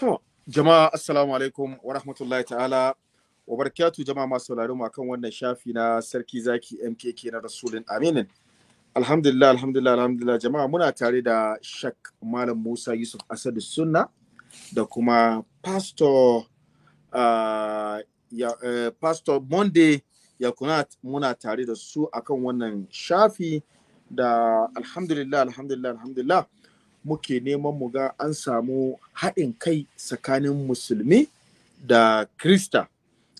To, jama'a assalamu alaikum wa rahmatullahi ta'ala wa barakatu jama'a masu sauraro mu akan wannan shafi na sarki zaki MKK na Rasulun Aminin. Alhamdulillah, alhamdulillah, alhamdulillah jama'a muna tare da Shak Malam Musa Yusuf Asadu Sunna da kuma Pastor uh, ya, uh, Pastor Monday Yakunat muna tare da su akan wannan shafi da alhamdulillah, alhamdulillah, alhamdulillah. muke neman mu ga an samu haɗin kai tsakanin musulmi da krista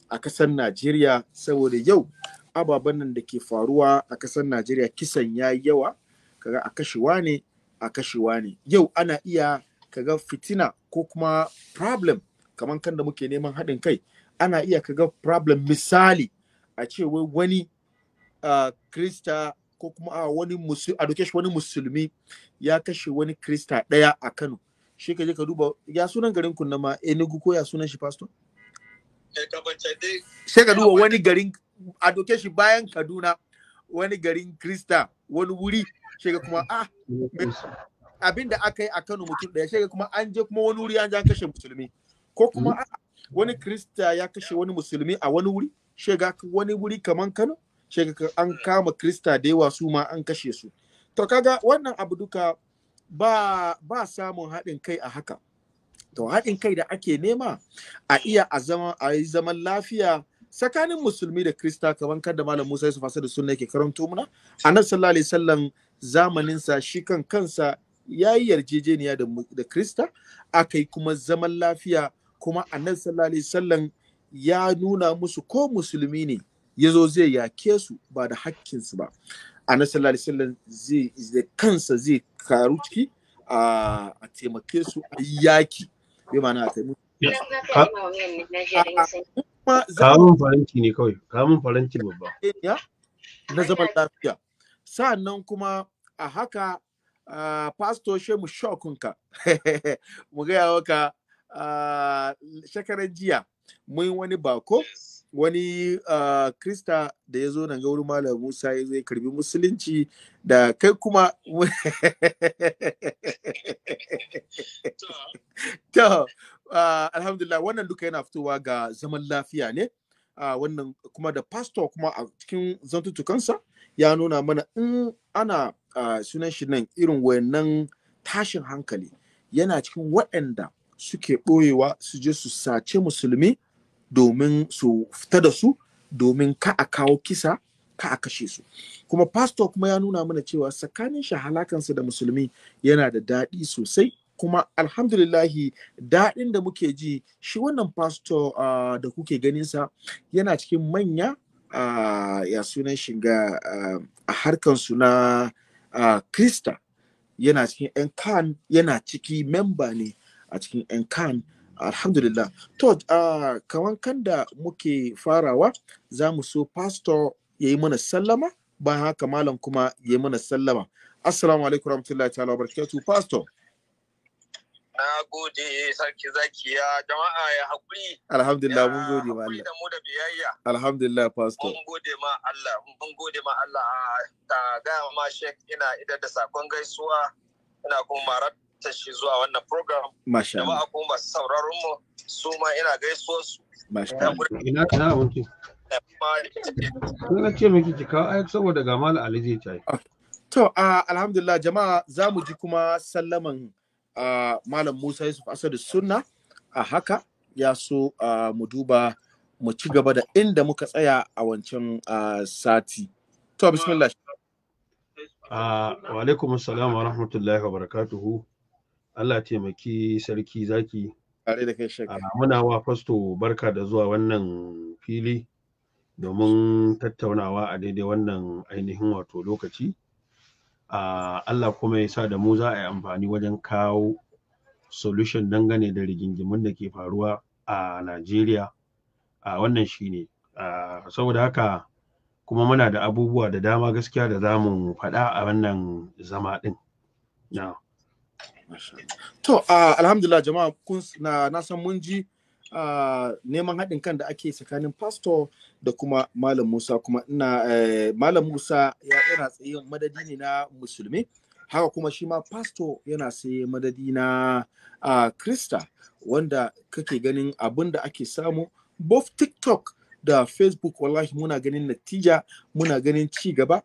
a ƙasar najeriya saboda yau ababen nan da ke faruwa a ƙasar najeriya kisan ya yi yawa kaga a kashewa ne a kashewa ne yau ana iya kaga fitina ko kuma problem kamar kan da muke neman haɗin kai ana iya kaga problem misali a ce wai wani ah, krista ko kuma a wani a doke shi wani musulmi ya kashe wani krista ɗaya a Kano shi ka je ka duba ya sunan garin kun ma Enugu ko ya sunan shi pastor eh, sai ka duba wani garin a doke shi bayan Kaduna wani garin krista wani wuri shi kuma a abin da aka yi a Kano mutum ɗaya shi kuma an je kuma wani wuri an je an kashe musulmi ko kuma wani krista ya kashe wani musulmi a wani wuri shi wani wuri kaman Kano ka an kama krista da yawa su ma an kashe su to kaga wannan abu duka ba ba samun haɗin kai a haka to haɗin kai da ake nema a iya a zama a yi zaman lafiya tsakanin musulmi da krista kamar kada malam musa yusuf da sunna yake karanto muna annabi sallallahu alaihi wasallam sa shi kan kansa ya yarjejeniya da, da krista akai kuma zaman lafiya kuma annabi sallallahu alaihi wasallam ya nuna musu ko musulmi ne ya zo zai yake su ba da hakkinsu ba a sallallahu alaihi zai zai kansa zai karu ciki a taimake su a yaki bai ma'ana a taimake kamun faranci ne kawai kamun faranci babba na zaman lafiya sa'annan kuma a haka pastor mu shokunka mu gaya waka shekaran jiya mun wani bako wani ah, krista da ya zo nan ga wurin malam musa ya zo karbi musulunci da kai kuma to ah, alhamdulillah wannan duka yana fitowa ga zaman lafiya ne ah, wannan kuma da pastor kuma a cikin zantutukansa ya nuna mana in ana sunan shi nan irin wayannan tashin hankali yana cikin waɗanda suke ɓoyewa su je su sace musulmi domin su fita da su domin ka a kawo kisa ka a kashe su kuma pastor kuma ya nuna mana cewa tsakanin shi halakansa da musulmi yana da daɗi sosai kuma alhamdulillahi daɗin da muke ji shi wannan pastor uh, da kuke ganinsa yana cikin manya uh, ya sunan shiga uh, a harkansu na krista yana cikin 'yan kan yana ciki memba ne a cikin 'yan kan Alhamdulillah. To, uh, kaman kan da muke farawa za mu so pastor ya yi mana sallama, ba haka malam kuma ya yi mana sallama. Assalamu alaikum warahmatullahi ta'ala barakatu pastor. Na gode sarki zakiya jama'a ya haƙuri. Alhamdulillah mun gode ma Allah. mu da biyayya. Alhamdulillah pastor. Mun gode ma Allah, mun gode ma Allah ta ga ma shek ina idan da sakon gaisuwa ina kuma marar gayyata shi zuwa wannan program. Masha Allah. Jama'a kuma masu sauraron mu su ma ina gaisuwa su. Masha Allah. Ina abinci. Ina ce miki ki kawo ayat saboda ga mala Ali zai tayi. Ah, to alhamdulillah jama'a za mu ji kuma sallaman Malam Musa Yusuf Asadu Sunna a haka ya so mu duba mu ci gaba da inda muka tsaya a wancan sati. To bismillah. Wa alaikum wa rahmatullahi wa barakatuhu. Allah taimaki sarki zaki tare da kai muna wa fasto barka da zuwa wannan fili domin tattaunawa a daidai wannan ainihin wato lokaci Allah kuma ya sa da mu za a yi amfani wajen kawo solution dangane da rigingimun da ke faruwa a Najeriya a wannan shine saboda haka kuma muna da abubuwa da dama gaskiya da za mu faɗa a wannan zama ɗin. Now. To, uh, alhamdulillah jama'a kun na, na san mun ji uh, neman haɗin kan da ake tsakanin pastor da kuma Malam Musa kuma ina eh, Malam Musa ya yana tsaye madadi ne na musulmi haka kuma shi ma pastor yana tsaye madadi na uh, Krista wanda kake ganin abin da ake samu both TikTok da Facebook wallahi muna ganin natija muna ganin ci gaba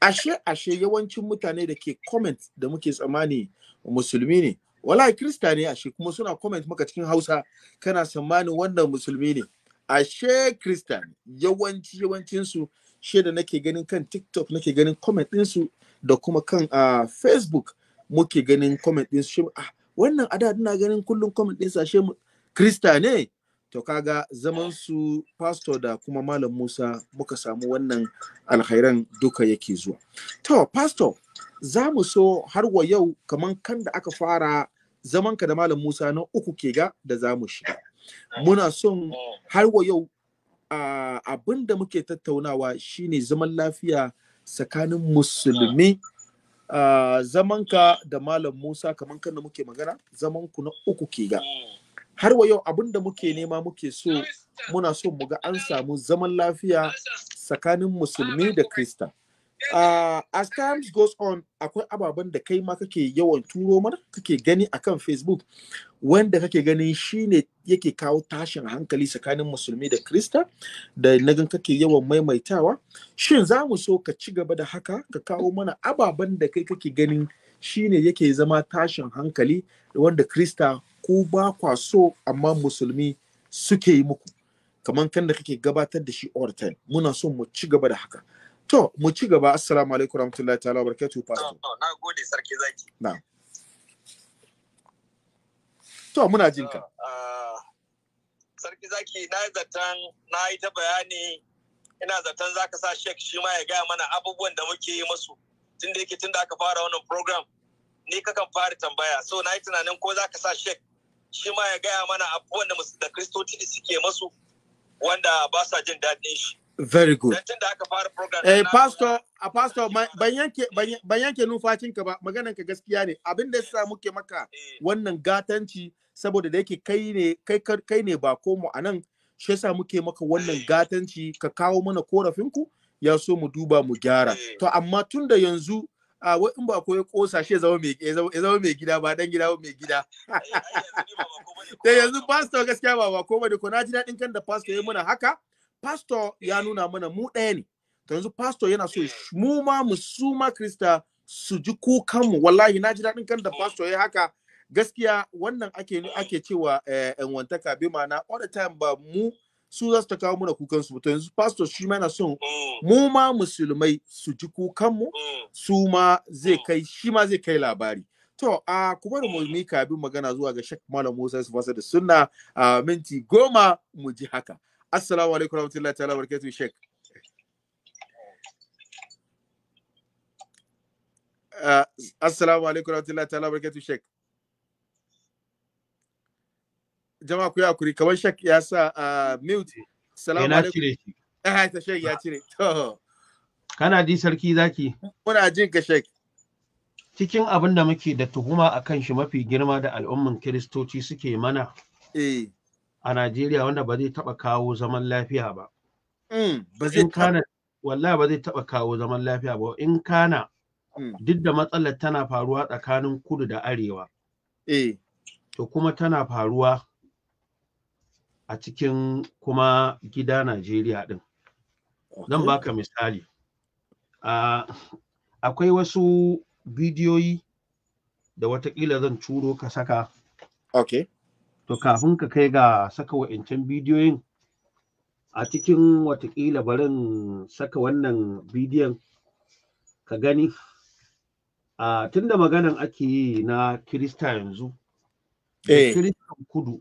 ashe ashe yawancin mutane da ke comment da muke tsammani musulmi ne wallahi krista ne ashe kuma suna comment maka cikin hausa kana tsammanin wannan musulmi ne ashe krista ne yawanci yawancinsu shi da nake ganin kan tiktok nake ganin comment ɗinsu da kuma kan uh, facebook muke ganin comment ɗinsu shi ah, wannan ada ina ganin kullum comment ɗinsu ashe krista ne to kaga zaman su pastor da kuma malam musa muka samu wannan alkhairan duka yake zuwa to pastor za mu so har wa yau kamar kan da aka fara zaman ka da malam Musa na uku ke ga da za mu shiga muna son har wa yau abin da muke tattaunawa shine zaman lafiya tsakanin musulmi zaman ka da malam Musa kamar kan da muke magana zaman ku na uku ke ga har wa yau abin da muke nema muke so muna so mu ga an samu zaman lafiya tsakanin musulmi da krista. uh, as times goes on akwai ababen da kai ma kake yawan turo mana kake gani akan facebook wanda kake ganin shine yake kawo tashin hankali tsakanin musulmi da krista da nagan kake yawan maimaitawa shin za mu so ka ci gaba da haka ka kawo mana ababen da kai kake ganin shine yake zama tashin hankali da wanda krista ku ba kwa so amma musulmi suke yi muku kamar kanda kake gabatar da shi all time muna so mu ci gaba da haka To, mu ci gaba. Assalamu alaikum warahmatullahi ta'ala barakatuhu pastor. To, na gode sarki zaki. Na. To, muna jin ka. Uh, sarki zaki na zaton na yi ta bayani ina zaton zaka sa shek shi ma ya gaya mana abubuwan da muke yi musu tun da yake tun da aka fara wannan program ni kakan fara tambaya so na yi tunanin ko zaka sa shek shi ma ya gaya mana abubuwan da kristoci suke musu wanda ba sa jin daɗin shi. very good eh pastor a pastor ban yanke ban yanke numfashinka ba maganan ka gaskiya ne abin da yasa muke maka eh. wannan gatanci saboda da yake kai ne kai kai ne ba ko mu anan shi yasa muke maka wannan eh. gatanci ka kawo mana korafinku ya so mu duba mu gyara eh. to amma tun da yanzu a wai in ba ko ya kosa shi ya zama mai gida ba dan gida ba mai gida da yanzu pastor gaskiya ba ba ko ba da ko na ji dadin kan da pastor ya muna haka pastor ya nuna mana mu ɗaya ne to yanzu pastor yana so mu ma mu su ma krista su ji kukanmu wallahi na ji daɗin kan da pastor ya haka gaskiya wannan ake ake cewa yan eh, wantaka bi ma'ana all the time ba mu su za su ta kawo mana kukan su to yanzu pastor shi ma yana son mu ma musulmai su ji kukanmu su ma zai kai shi ma zai kai labari To, a kuma da mulmi kabin magana zuwa ga Sheikh Malam Musa Fasa da Sunna a minti goma mu ji haka. assalamu alaikum warahmatullahi ta'ala barakatuhu shek uh, assalamu alaikum warahmatullahi ta'ala barakatuhu shek jama'a ku yi hakuri kamar shek ya sa uh, mute Assalamu alaikum eh ta shek ya cire to kana ji sarki zaki muna jin ka shek cikin abin da muke da tuhuma a kan shi mafi girma da al'umman kiristoci suke mana eh. a Najeriya wanda ba zai taɓa kawo zaman lafiya ba. Mm, ba kana wallahi ba zai taɓa kawo zaman lafiya ba in kana mm. duk da matsalar tana faruwa tsakanin kudu da arewa. Eh. To kuma tana faruwa a cikin kuma gida Najeriya ɗin. Zan baka misali. akwai wasu bidiyoyi da watakila zan curo ka saka. Okay. to kafin ka kai ga saka wa'incan bidiyoyin a cikin watakila barin saka wannan bidiyon ka gani a tunda maganan ake yi na kirista yanzu da eh. kiristan kudu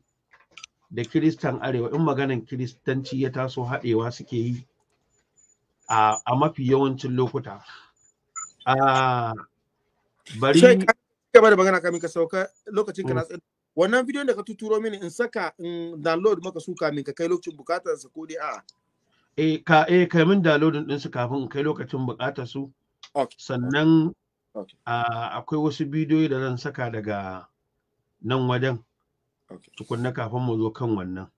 da kiristan arewa in maganan kiristanci ya taso haɗewa suke yi a mafi yawancin lokuta a bari gaba da magana kamin ka sauka lokacin ka mm. na wannan bidiyon da ka tuturo mini in saka in download maka su kamin ka kai lokacin bukatar su ko dai eh ka eh kai min download din su kafin in kai lokacin bukatar su sannan akwai wasu bidiyoyi da zan saka daga nan wajen tukunna kafin mu zo kan wannan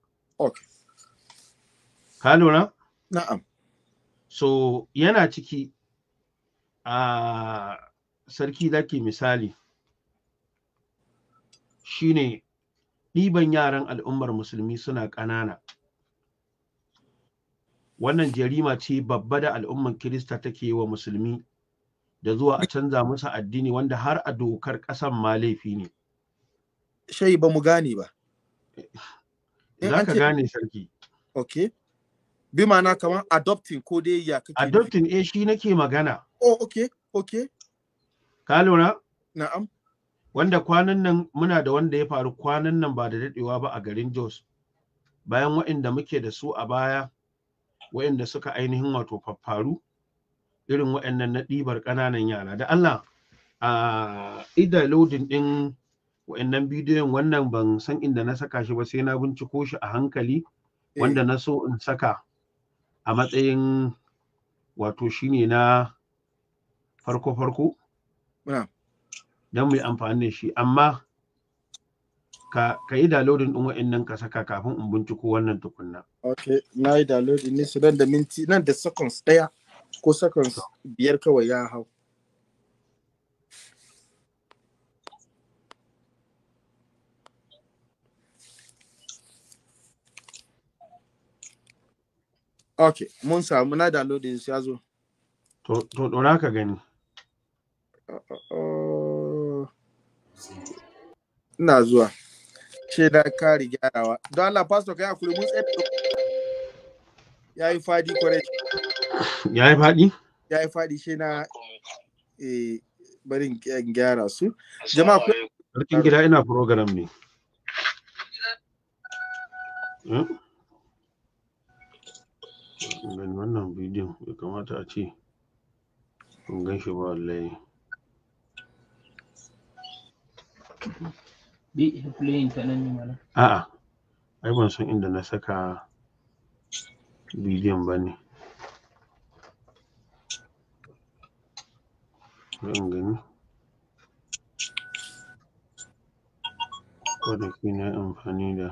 ka lura na'am so yana ciki a sarki zaki misali shine ɗiban yaran al'ummar musulmi suna ƙanana wannan jarima ce babba da al'ummar kirista take yi wa musulmi da zuwa a canza musu addini wanda har a dokar ƙasan ma laifi ne shai ba mu gane ba eh, za ka gane sarki ok bi ma'ana kamar adopting ko dai ya kake adopting eh shi nake magana oh ok ok ka lura na'am wanda kwanan nan muna da wanda ya faru kwanan nan ba da daɗewa ba a garin Jos bayan waɗanda muke da su a baya waɗanda suka ainihin wato faffaru irin waɗannan na ɗibar ƙananan yara da Allah a ida loading ɗin waɗannan bidiyon wannan ban san inda na saka shi ba sai na binciko shi a hankali eh. wanda na so in saka a matsayin wato shine na farko-farko don mu yi amfani da shi amma ka ka yi downloading din wa'annan ka saka kafin in binciko wannan tukunna okay na yi downloading ne su nan da minti nan da seconds daya ko seconds biyar kawai ya hau Ok, mun samu na downloading ya zo. To, to, ka gani. Uh, uh, uh. ina zuwa ce da kari gyarawa don Allah pastor kai hakuri mun tsaye ya yi fadi kwarai ya yi fadi ya yi fadi shi na eh, barin gyara su jama'a ku sarkin gida ina program ne eh? wannan bidiyon ya kamata a ce kun gan shi ba wallahi bi playing a'a ai ban san inda na saka bidiyon ba ne in gani ko na amfani da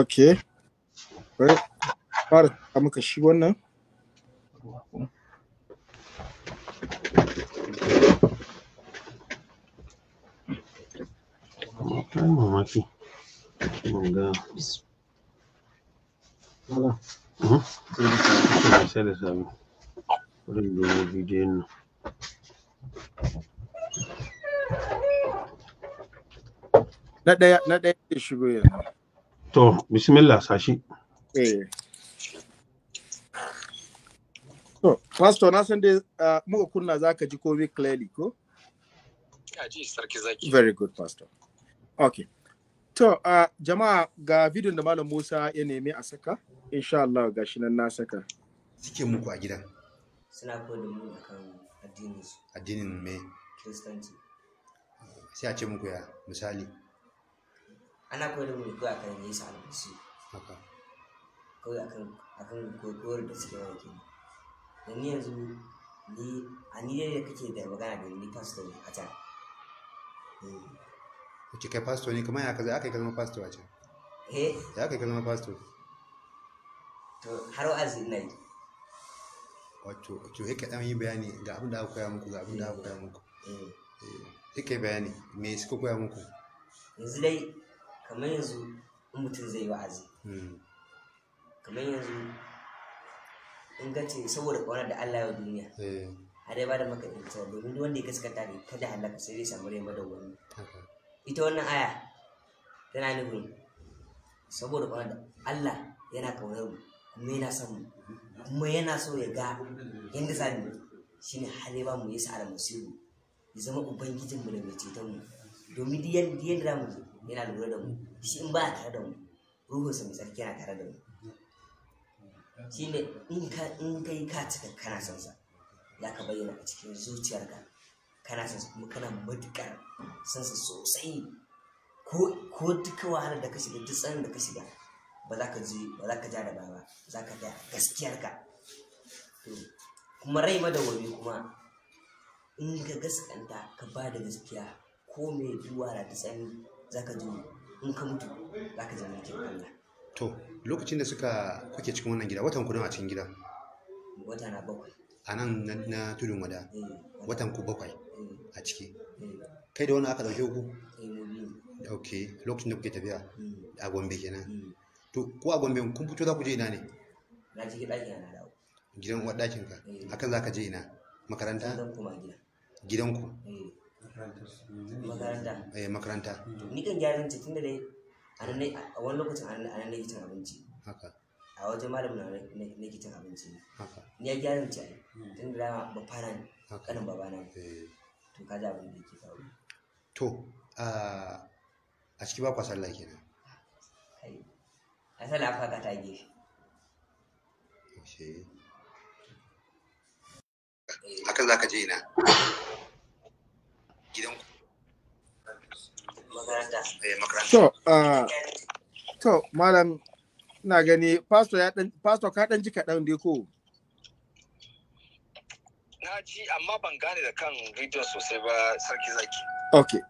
ok bari fara ta maka shi wannan Kan mamaki. Manga. Wala. Mhm. Sai da sami. Wurin da bidiyon nan. Na ɗaya, na ɗaya zai shigo yanzu. To, bismillah sashi. Eh. To, pastor na san dai muka kunna zaka ji komai clearly ko? Ina ji sarki zaki. Very good pastor. Okay. To, uh, jama'a ga bidiyon da Malam Musa ya nemi a saka, insha Allah ga shi nan na saka. Suke muku a gidan. Suna ko da mu akan addinin su. Addinin me? Kiristanci. Sai a ce muku ya misali. ana koyar da mu kawai akan Yesu almasi haka kawai akan akan koyar da suke wani kenan dan ni yanzu ni a ni ne kake da magana da ni pastor a can eh. Kuce kai pastor ne kuma ya kaza aka yi pastor a can. Eh? Ya kai yi pastor. To har wa'azi ina yi. Wato, wato ya kaɗan yi bayani ga abin da aka koya muku ga abin da aka koya muku. Eh. eh. Ya bayani me suka koya muku? Yanzu dai kamar yanzu in mutum zai wa'azi hmm. kamar yanzu ingancin saboda ƙaunar da Allah ya duniya har eh. ya da maka intawa domin wanda ya gaskata ne da halaka sai dai samu rai madawwami ita wannan aya tana nufin saboda ƙaunar da Allah yana ƙaunar mu kuma yana son mu kuma yana so ya ga yadda ne, shi ne har ya ba mu yi sa'ar musiru ya zama ubangijinmu da mai ceton mu domin duk yadda za mu je yana lura da mu shi in a tare da mu ruhunsa mai tsarki yana tare da mu shi ne in kai ka cika kana son sa za ka bayyana a cikin zuciyarka kana son kuma kana matukar son sa sosai ko ko duka wahalar da ka shiga duk tsarin da ka shiga ba za ka ji ba za ka ja da ba ba za ka ga gaskiyarka kuma rai madawwami kuma in ka gaskanta ka ba da gaskiya ko mai duwa da tsani ka ji in ka mutu ka ji mulkin Allah to lokacin da suka kuke cikin wannan gida watan kudin a cikin gida wata na bakwai a nan na tudun wada eh, watan ku bakwai eh. a ciki eh. kai da wani aka dauke ku ok lokacin da kuke tafiya hmm. a gombe kenan hmm. to ko a gombe kun fito za ku je ina ne na je ɗaki na dawo gidan uwar ɗakin ka akan za ka je ina makaranta ku? makaranta eh, makaranta ni kan gyaran ce tunda dai a wani lokacin a nan nake cin abinci haka a wajen malam na nake cin abinci ni ya gyaran ce hmm. tun da ba fara ne kanin babana eh. to ka ji abin da yake faru to a ciki ba kwa sallah kenan a sallah fa ka ta gefe eh. haka za ka je ina gidan eh, To, ah, to, malam na gani pastor ya dan pastor ka dan ji kaɗan dai ko na ji amma ban gane da kan video sosai ba sarki zaki okay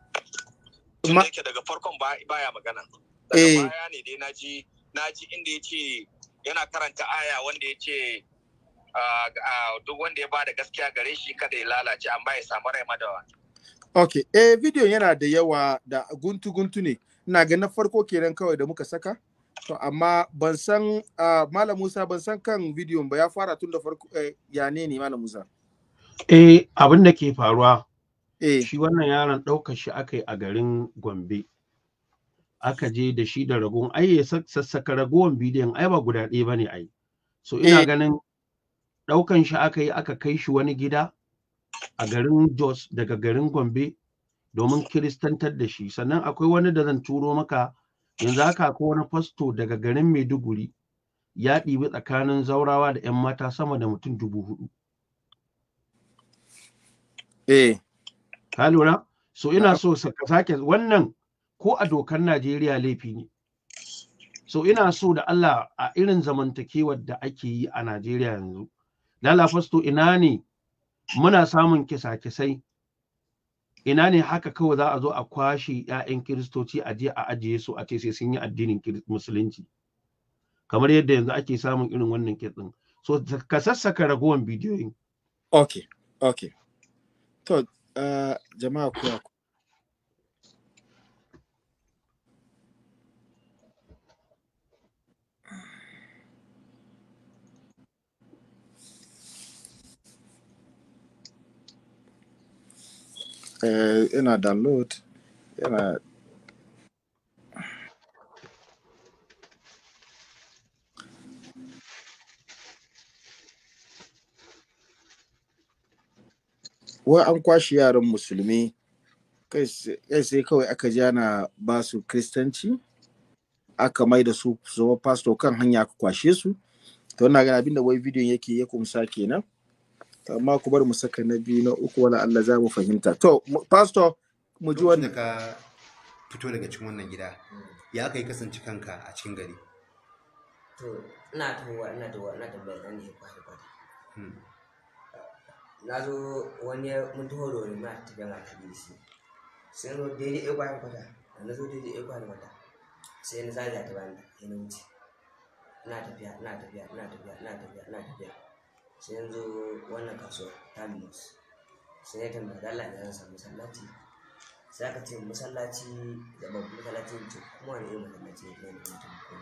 ma yake daga farkon baya magana daga eh. baya ne dai naji naji inda yace yana karanta aya wanda yace ah, ah, duk wanda ya ba da gaskiya gare shi kada ya lalace amma ya samu rai madawa Ok, eh video yana da yawa da guntu-guntu ne. Ina ga na farko kenan kawai da muka saka. To amma ban san uh, Malam Musa ban san kan bidiyon ba ya fara tun da farko eh, ya ne ne Malam Musa. Eh abin da ke faruwa. Eh. Shi wannan yaron ɗaukan shi aka yi a garin Gombe. Aka je da shi da ragon ai ya sassaka ragowan bidiyon ai ba guda ɗaya bane ai. So ina eh. ganin ɗaukan shi aka yi aka kai shi wani gida a garin Jos daga garin Gombe domin kiristantar da shi sannan akwai wani da zan turo maka yanzu haka akwai wani fasto daga garin Maiduguri ya ɗibi tsakanin zaurawa da 'yan mata sama da mutum dubu hudu. Eh. Ka lura? So ina so ka sake wannan ko a dokar Najeriya laifi ne. So ina so da Allah a irin zamantakewar da ake yi a Najeriya yanzu. Lala fasto ina ne muna samun kisa-kisai ina ne haka kawai za a zo a kwashe 'ya'yan kiristoci a je a ajiye su a ce sai sun yi addinin musulunci kamar yadda yanzu ake samun irin wannan kitsin so ka sassaka ragowan bidiyoyin okay okay to uh, jama'a ku Eh, ina download, ina an kwashe yaran musulmi kai sai kawai aka ja ana ba su kristanci aka mai da su zama pasto kan hanya aka kwashe su to na gana abinda wai bidiyon yake ya kumsa kenan amma ku bar mu saka na biyu na uku wala Allah za mu fahimta to pastor mu ji wannan ka fito daga cikin wannan gida ya kai kasance kanka a cikin gari to ina tawowa ina tawowa ina tambayar ɗan ne kwari kwari hmm. na zo wani mun taho da wani mara tafiya ma ta shi sai zo daidai ya kwari kwata na zo daidai ya kwari kwata sai na zagaya ta bani sai na wuce ina tafiya ina tafiya ina tafiya ina tafiya ina tafiya sai yanzu wannan kasuwa terminus sai ya tambaya da Allah ya samu masallaci sai aka ce masallaci da babban masallaci ce kuma wani irin masallaci ne ne ne ne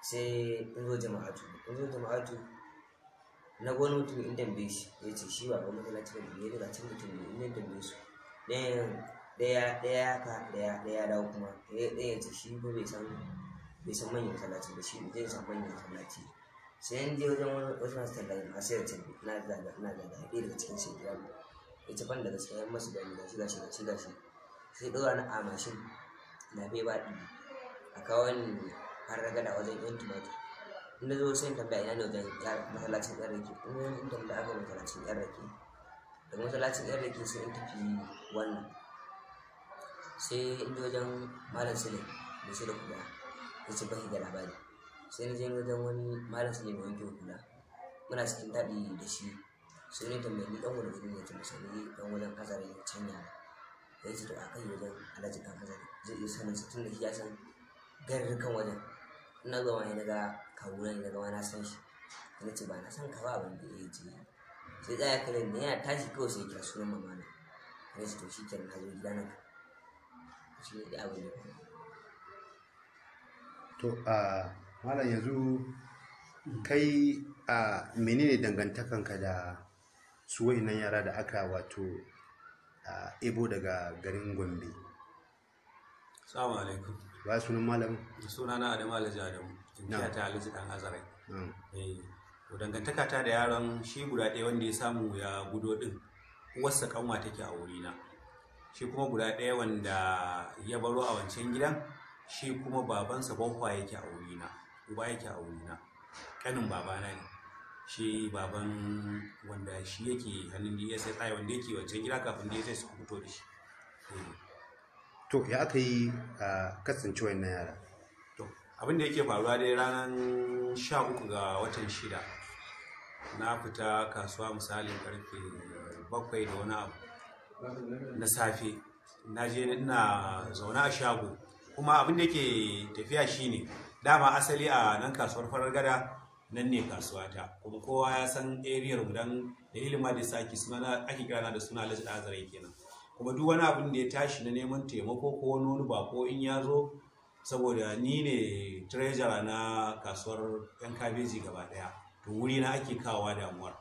sai in zo jama'atu in zo jama'atu na gwani mutum in dambe shi ya ce shi ba ba masallaci ne ya daga cikin mutum ne in dambe su ɗaya ɗaya ka ɗaya ɗaya dawo kuma ɗaya ɗaya ce shi ba bai san bai san manyan masallaci ba shi zai san manyan masallaci sai in wajen wasu masu tallan asiyar tin na da na da haɗe daga cikin sai gida ya ci fan daga cikin yan masu da gashi gashi gashi gashi sai ɗora na amashin, mashin na bai ba ɗi a kawo ni har ragada wajen yin tumatir inda zo sai tambaya ina ne wajen masallacin yan rake in wani inda da aka masallacin yan rake da masallacin yan rake sai in tafi wannan sai in wajen malam sule da shi da kuma ya ci bai da labari sai na je wajen wani malam ne mai wanke hula muna cikin daɗi da shi sai ne tambayi ni ɗan wani kudin yake musa ɗan wajen kazare ya canja ya ce to a kai wajen alhaji kan kazare zai iya sanin su tun da shi ya san kan wajen ina zama ya daga kawunan ya daga na san shi ina ce ba na san kawo abin da ya ce sai tsaya kalin da yana tashi kawai sai kira sunan mama na na ce to shi kenan na zo gida na shi ne abin da to a ah, malam yanzu kai a menene dangantakanka da su wayannan yara da aka wato a ebo daga garin gombe salamu alaikum ba sunan malam sunana adamu alhaji adamu inkiya ta alhaji dan azarai eh, to dangantaka ta da yaron shi guda ɗaya wanda ya samu ya gudo din wasa kanwa take a wurina shi kuma guda ɗaya wanda ya baro a wancan gidan shi kuma babansa bankwa yake a wurina uba yake a wurina kanin babana ne shi baban wanda shi yake hannun ya tsaye wanda yake wancan gida kafin da ya sai su fito da shi to ya aka yi a ciwon na yara to abin da yake faruwa dai ranar sha uku ga watan shida na fita kasuwa misalin karfe bakwai da wani abu na safe na je na zaune a shago kuma abin da yake tafiya shine dama asali a nan kasuwar farar gada nan ne kasuwa ta kuma kowa ya san ariyar mu dan da ilima da saki suna na ake kirana da suna Alhaji Azare kenan kuma duk wani abin da ya tashi na neman taimako ko wani ba ko in ya zo saboda ni ne treasurer na kasuwar yan kabeji gaba daya to wuri na ake kawowa damuwar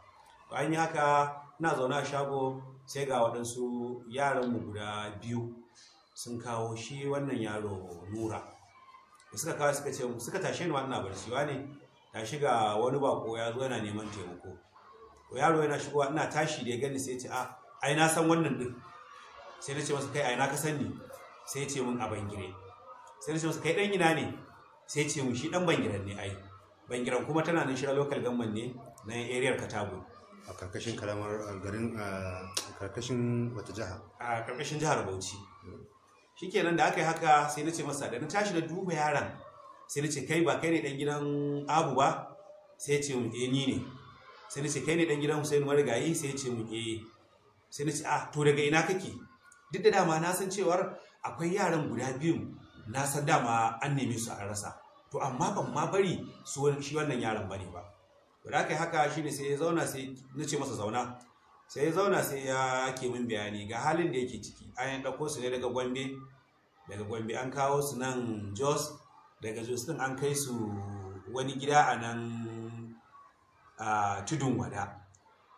yi haka na zaune a shago sai ga waɗansu yaranmu guda biyu sun kawo shi wannan yaro nura da suka kawo suka ce suka tashe ni wannan barci ne ta shiga wani bako ya zo yana neman taimako yaro yana shigowa ina tashi da ya gani sai ya ce a ah, ai na san wannan din sai na ce masa kai ai na ka sani sai ya ce min a bangire sai na ce masa kai dan gina ne sai ya ce min shi dan bangiren ne ai bangiren kuma tana nan shira local government ne na area Katagum a karkashin karamar garin a karkashin wata jiha a karkashin jihar Bauchi kenan da aka yi haka sai na ce masa da na tashi na duba yaran. sai na ce kai ba kai ne dan gidan abu ba sai ya ce mun eh ni ne sai na ce kai ne dan gidan husainu Marigayi sai ya ce mun eh sai na ce ah to daga ina kake duk da dama na san cewar akwai yaran guda biyu na san dama an nemi su a rasa to amma ban ma bari su shi wannan yaran bane ba to da aka yi haka shine sai ya zauna sai na ce masa zauna sai ya zauna sai ya ke min bayani ga halin da yake ciki an yi ɗauko su ne daga gwambe daga gwambe an kawo su nan jos daga jos din an kai su wani gida a nan a tudun wada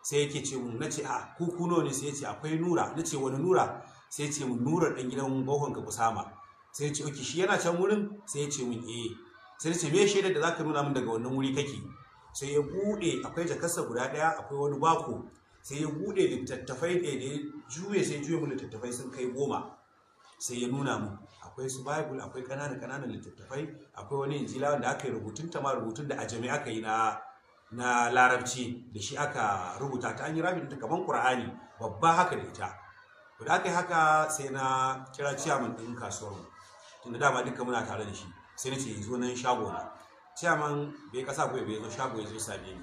sai yake ce mun na ce a kukuno ne sai ya ce akwai nura na ce wani nura sai ce mun nura ɗan gidan bohon ka kusama sai ya ce oke shi yana can wurin sai ya ce mun eh sai ce me shi da zaka nuna min daga wannan wuri kake sai ya buɗe akwai jakarsa guda ɗaya akwai wani bako sai ya bude littattafai ɗaya da ya juye sai juye mu littattafai sun kai goma sai ya nuna mu akwai su bible akwai ƙananan ƙananan littattafai akwai wani injila wanda aka yi rubutun ta ma rubutun da ajami aka yi na na larabci da shi aka rubuta ta an yi rabin ta kaman qur'ani babba haka da ita to da aka yi haka sai na kira ciyaman ɗin kasuwar mu tunda dama duka muna tare da shi sai na ce zo nan shago na ciyaman bai kasa bai zo shago ya zo same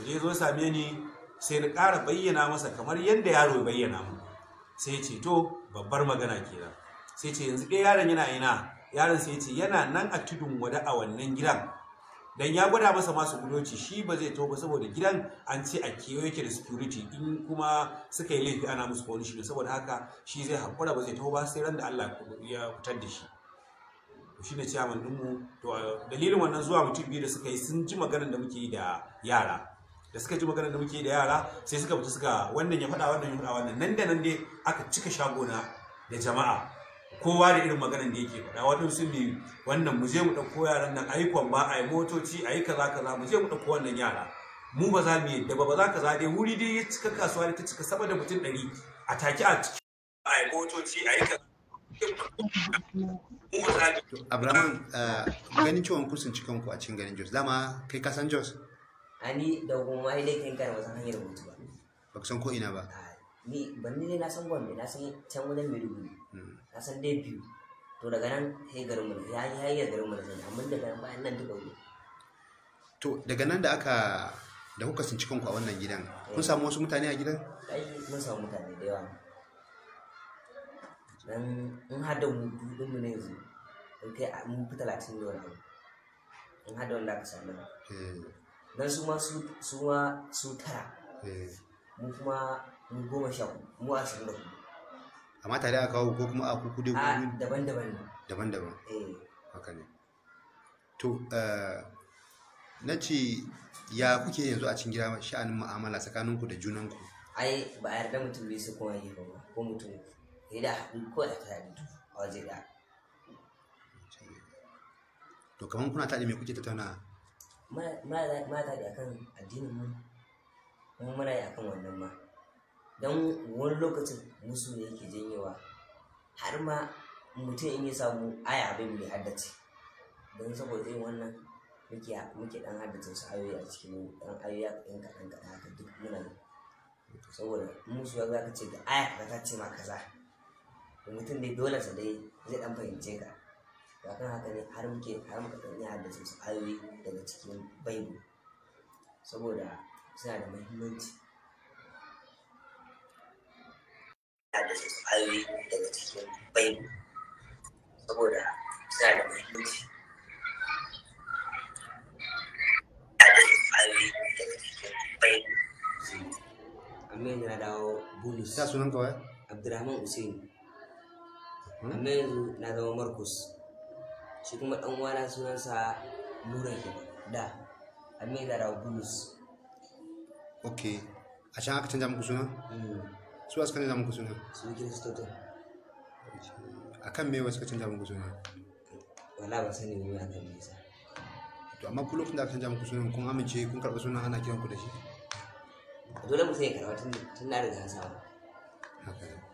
ni ya zo same ni sai na ƙara bayyana masa kamar yadda yaro ya bayyana mu sai ce to babbar magana kenan sai ce yanzu ɗaya yaron yana ina yaron sai ce yana nan a tudun wada a wannan gidan dan ya gwada masa masu gudoci shi ba zai to ba saboda gidan an ce a kewaye ke da security in kuma suka yi laifi ana musu punishment saboda haka shi zai haƙura ba zai to ba sai ran da Allah ya fitar da shi shi ne ciyaman ɗinmu to dalilin wannan zuwa mutum biyu da suka yi sun ji maganar da muke yi da yara da suka ji magana da muke da yara sai suka fita suka wannan ya faɗa wannan ya faɗa wannan nan da nan dai aka cika shagona da jama'a kowa da irin maganar da yake faɗa wata sun bi wannan mu je mu ɗauko yaran nan ayi kwamba ayi motoci ayi kaza kaza mu je mu ɗauko wannan yara mu ba za mu yi da ba za ka za dai wuri dai ya cika kasuwa da ta cika sama da mutum ɗari a take a ciki ayi motoci ayi kaza Abraham eh, ganin ciwon kusan cikin ku a cikin ganin Jos dama kai kasan Jos ani da goma ai laifin kai ba hanyar rubutu ba ba san ko ina ba ni ban ne na san gombe na san can wajen maiduguri hmm. na san dai biyu to daga nan sai garin mu ya yi hanyar garin mu zan amma daga nan bayan nan duka wuri to daga nan da aka da kuka sun cikin ku a wannan gidan kun samu wasu mutane a gidan ai mun samu mutane da yawa dan in har da mu dudun mu ne yanzu kai mun fi talatin ne wannan in har da wanda aka samu eh. dan su ma su ma su tara eh. mu kuma mu goma sha mu ashirin da hudu amma tare a kawo ko kuma a kuku dai gudu daban-daban daban daban eh haka ne to eh, na ce ya kuke yanzu a cikin gida sha'anin mu'amala tsakaninku da junanku ai ba a yarda mutum bai su kuma yi ba ko mutum ya da haɗu ko da ta yi a waje da to kamar kuna taɗi me kuke tattauna mata da akan addinin mu kuma muna yi akan wannan ma don wani lokacin musu ne yake janyewa har ma mutum in ya samu aya abin bai haddace don saboda yin wannan muke dan haddace su ayoyi a cikin dan ayoyi in kaɗan kaɗan haka duk muna yi saboda musu za ka ce ga aya ka ta ce ma kaza mutum dai dole sa dai zai dan fahimce ka ba kan haka ne har muke har muka ɗan haddace su ayoyi daga cikin baibu saboda suna da muhimmanci haddace su ayoyi cikin baibu saboda suna da muhimmanci amma yanzu na dawo bulus ya sunan kawai abdurrahman usaini hmm? amma yanzu markus shi kuma ɗan uwana sunansa nura kenan da amina rabulus ok a can aka canza muku suna mm. su aka canza muku suna su kiristocin a kan mewa suka canza muku suna wala ba sani ne a kan nisa to amma ku lokacin da aka canza muku suna kun amince kun karɓi sunan ana kiran ku da shi dole mu sai karɓa tun na riga samu haka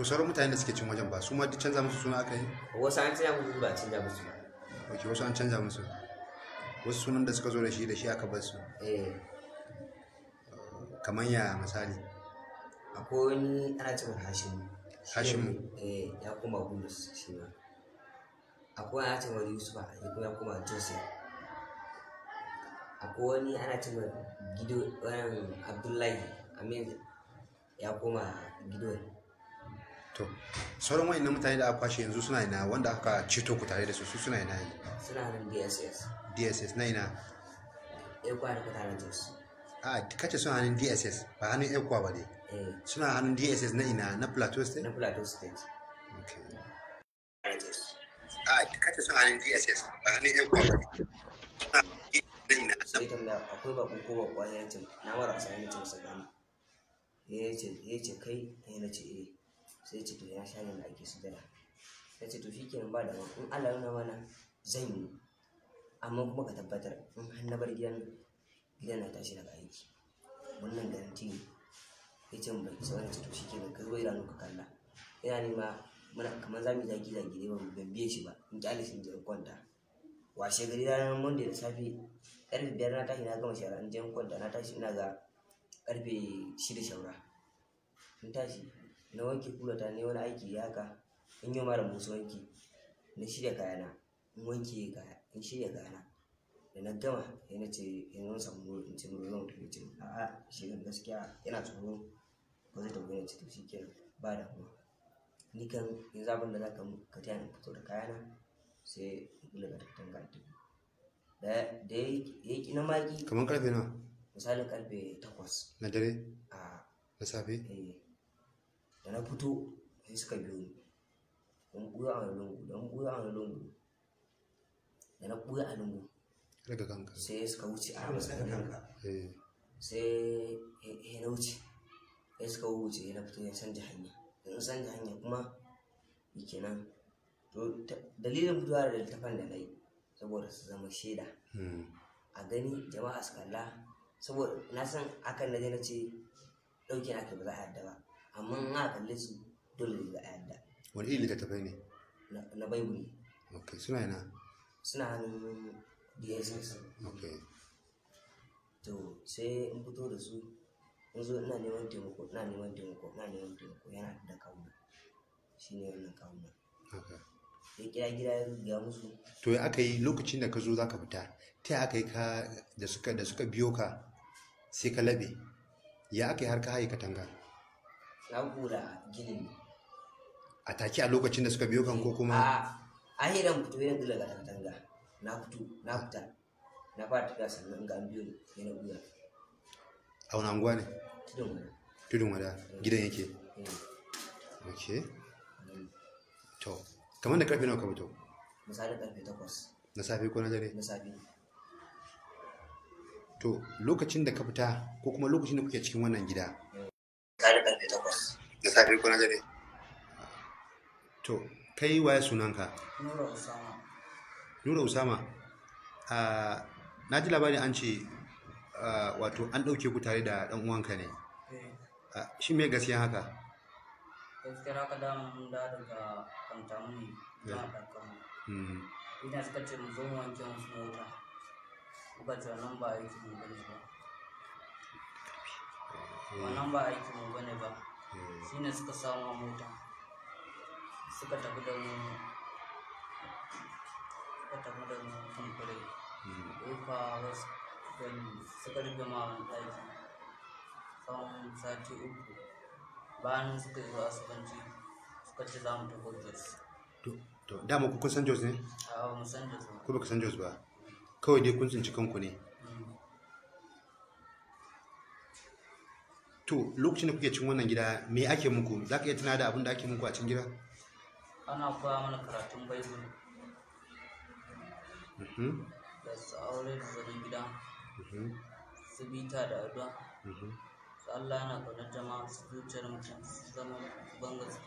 to sauran mutane da suke cin wajen ba su ma duk canza musu suna aka yi wasu an canza musu ba canza musu ba ok wasu an canza musu wasu sunan da suka zo da shi da shi aka bar su eh kamar ya misali akwai wani ana cewa hashimu hashimu eh ya koma bulus shi ma akwai ana cewa yusufa ya kuma ya koma joseph akwai wani ana cewa gido abdullahi amin ya koma gido to sauran wani na mutane da aka kwashe yanzu suna ina wanda aka ceto ku tare da su suna ina yanzu suna nan dss dss na ina ekwa da da su a kace suna hannun dss ba hannun ekwa ba ne eh. suna hannun dss na ina na plateau state na plateau state a kace suna hannun dss ba hannun ekwa ba ne sai tambaya akwai bakon ko bakon ya ce na mara sa ya ce masa gano ya ce kai ya ce eh sai ce to ya sha da ake sujada sai ce to shi kenan ba da in Allah nuna mana zan yi amma kuma ka tabbatar in har na bar gidan gidan na tashi daga aiki wannan garanti ne ya ce mu bai sai wani ce to shi kenan ka zo idanu ka kalla ina nema muna kamar za mu zagi zagi ne ban biye shi ba in kyale shi in kwanta washe gari ranar monday da safe karfe biyar na tashi na gama shara in je kwanta na tashi ina ga karfe shida shaura in tashi na wanke kula ta ne wani aiki ya haka in yi mara musu wanki na shirya kayana in wanke kaya in shirya kayana da na gama ya na ce in wani samu in ce mura zan tafi ce a'a shi kan gaskiya yana tsoro ba zai tafi ne ce to shi ba da kuma ni kan in zaɓin da za ka ka taya in fito da kayana sai in kula da katanga ta da da ya yi na maki kamar karfe na misalin karfe takwas na dare a na safe eh da na fito sai suka biyo ni mun a lungu da mun ɓuya a lungu da na ɓuya a lungu sai suka wuce a kanka eh. sai ya eh, eh, na wuce sai suka wuce ya na fito ya canja hanya da na canja hanya kuma kenan to dalilin fitowa da littafan da na yi saboda su zama shaida hmm. a gani jama'a su kalla saboda na san akan na je na ce ɗauke na ke ba za a yadda ba amma in kalli su dole ne ga yadda wani irin littattafai ne na baibuli ok suna yana suna hannun dss ok to sai in fito da su in zo ina neman taimako ina neman taimako ina neman taimako yana da kawo shi ne wannan kawo ya kira gida ya ga musu to ya aka yi lokacin da ka zo za ka fita ta aka yi ka da suka biyo ka sai ka labe ya aka yi har ka haika tanga? na ginin a take a lokacin da suka biyo kan ko kuma a hiran fito yana dula ga tantanga na fito na fita na fara tafiya sannan ga biyo ne na buya a wani anguwa ne tudun wada tudun wada mm. gidan yake mm. ok mm. to kamar da karfe nawa ka fito misalin karfe takwas na safe ko na dare na safe to lokacin da ka fita ko kuma lokacin da kuke cikin wannan gida tare karfe takwas da safe ko na dare to kai waye sunanka nura usama nura usama na ji labarin an ce wato an ɗauke ku tare da ɗan uwanka ne eh. shi me gaskiya haka gaskiya haka da mun da daga kantamu ne eh. na ɗaukan hmm. ina suka ce mu zo wanke musu mota muka ce nan ba yake mu gani ba wannan ba eh. aiki mu bane ba eh. ne suka samu mota suka tafi da mu suka tafi da mu kumfure ufa wasu suka rufe ma wani ɗaki tsawon sati uku bayan suka yi wasu banci suka ce za mu tafi jos to dama kun san jos ne? a mu san jos ba ku ka san jos ba kawai dai kun tsinci kanku ne to lokacin da kuke cin wannan gida me ake muku za ka iya tuna da abin da ake muku a cin gida ana koya mana karatun baibul mm-hmm. da aure da zarin gida mm-hmm. su bita da addu'a mm-hmm. su Allah yana kwanar jama su zuciyar mutum su zama banga su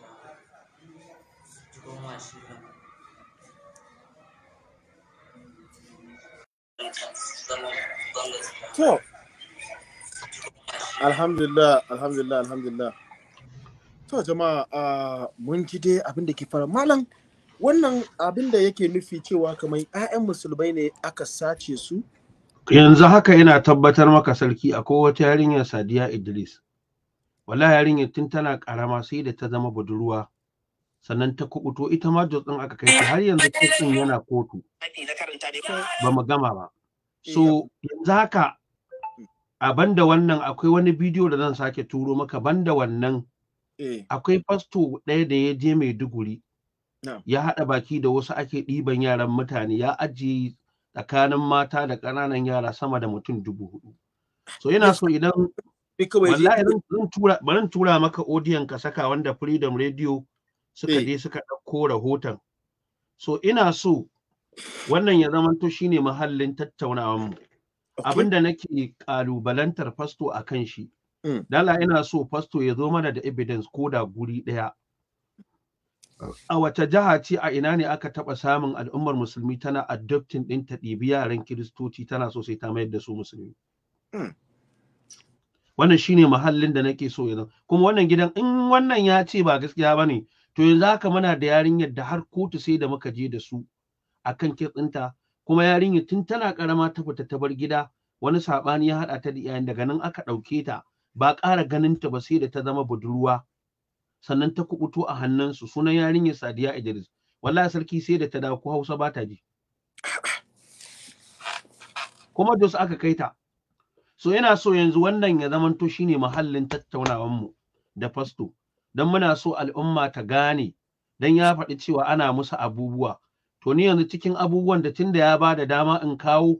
su ci goma shi kan su zama banga Alhamdulillah, alhamdulillah, alhamdulillah. To jama'a mun ji dai abin da ke fara malam wannan abin da yake nufi cewa kamar 'ya'yan musulmai ne aka sace su yanzu haka ina tabbatar maka sarki akwai wata yarinya Sadiya Idris wala yarinya tun tana karama sai da ta zama budurwa sannan ta kubuto ita ma din aka kai ta har yanzu kitsin yana kotu ba mu gama ba so eh. yanzu haka a banda wannan akwai wani bidiyo da zan sake turo maka banda wannan eh. akwai fasto ɗaya da ya je mai duguri ya haɗa baki da wasu ake ɗiban yaran mutane ya ajiye tsakanin mata da ƙananan yara sama da mutum dubu hudu so yana so idan wallahi zan tura maka odiyon ka saka wanda freedom radio suka eh. je suka ɗauko rahoton so ina so wannan ya zamanto shine mahallin tattaunawanmu mu abin da nake kalubalantar fasto a kan shi mm. dala ina so fasto ya zo mana da evidence ko da guri ɗaya a wace jiha ce a ina ne aka taɓa samun al'ummar musulmi tana adoptin ɗin ta ɗibi yaran kiristoci tana so sai ta mayar da su musulmi mm. wannan shine mahallin da nake so yanzu kuma wannan gidan in wannan ya ce ba gaskiya ba ne to yanzu haka muna da yarinyar da har kotu sai da muka je da su akan kitsinta kuma yarinya tun tana karama ta fita ta bar gida wani sabani ya hada ta da iyayen daga nan aka dauke ta ba ƙara ganin ta ba sai da ta zama budurwa sannan ta kubuto a hannun su sunan yarinyar Sadiya Idris wallahi sarki sai da ta da ku Hausa ba ta ji kuma Jos aka kai ta so ina so yanzu wannan ya zamanto shine mahallin tattaunawan mu da fasto dan muna so al'umma ta gane dan ya faɗi cewa ana musu abubuwa to ni yanzu cikin abubuwan da tunda ya ba da dama in kawo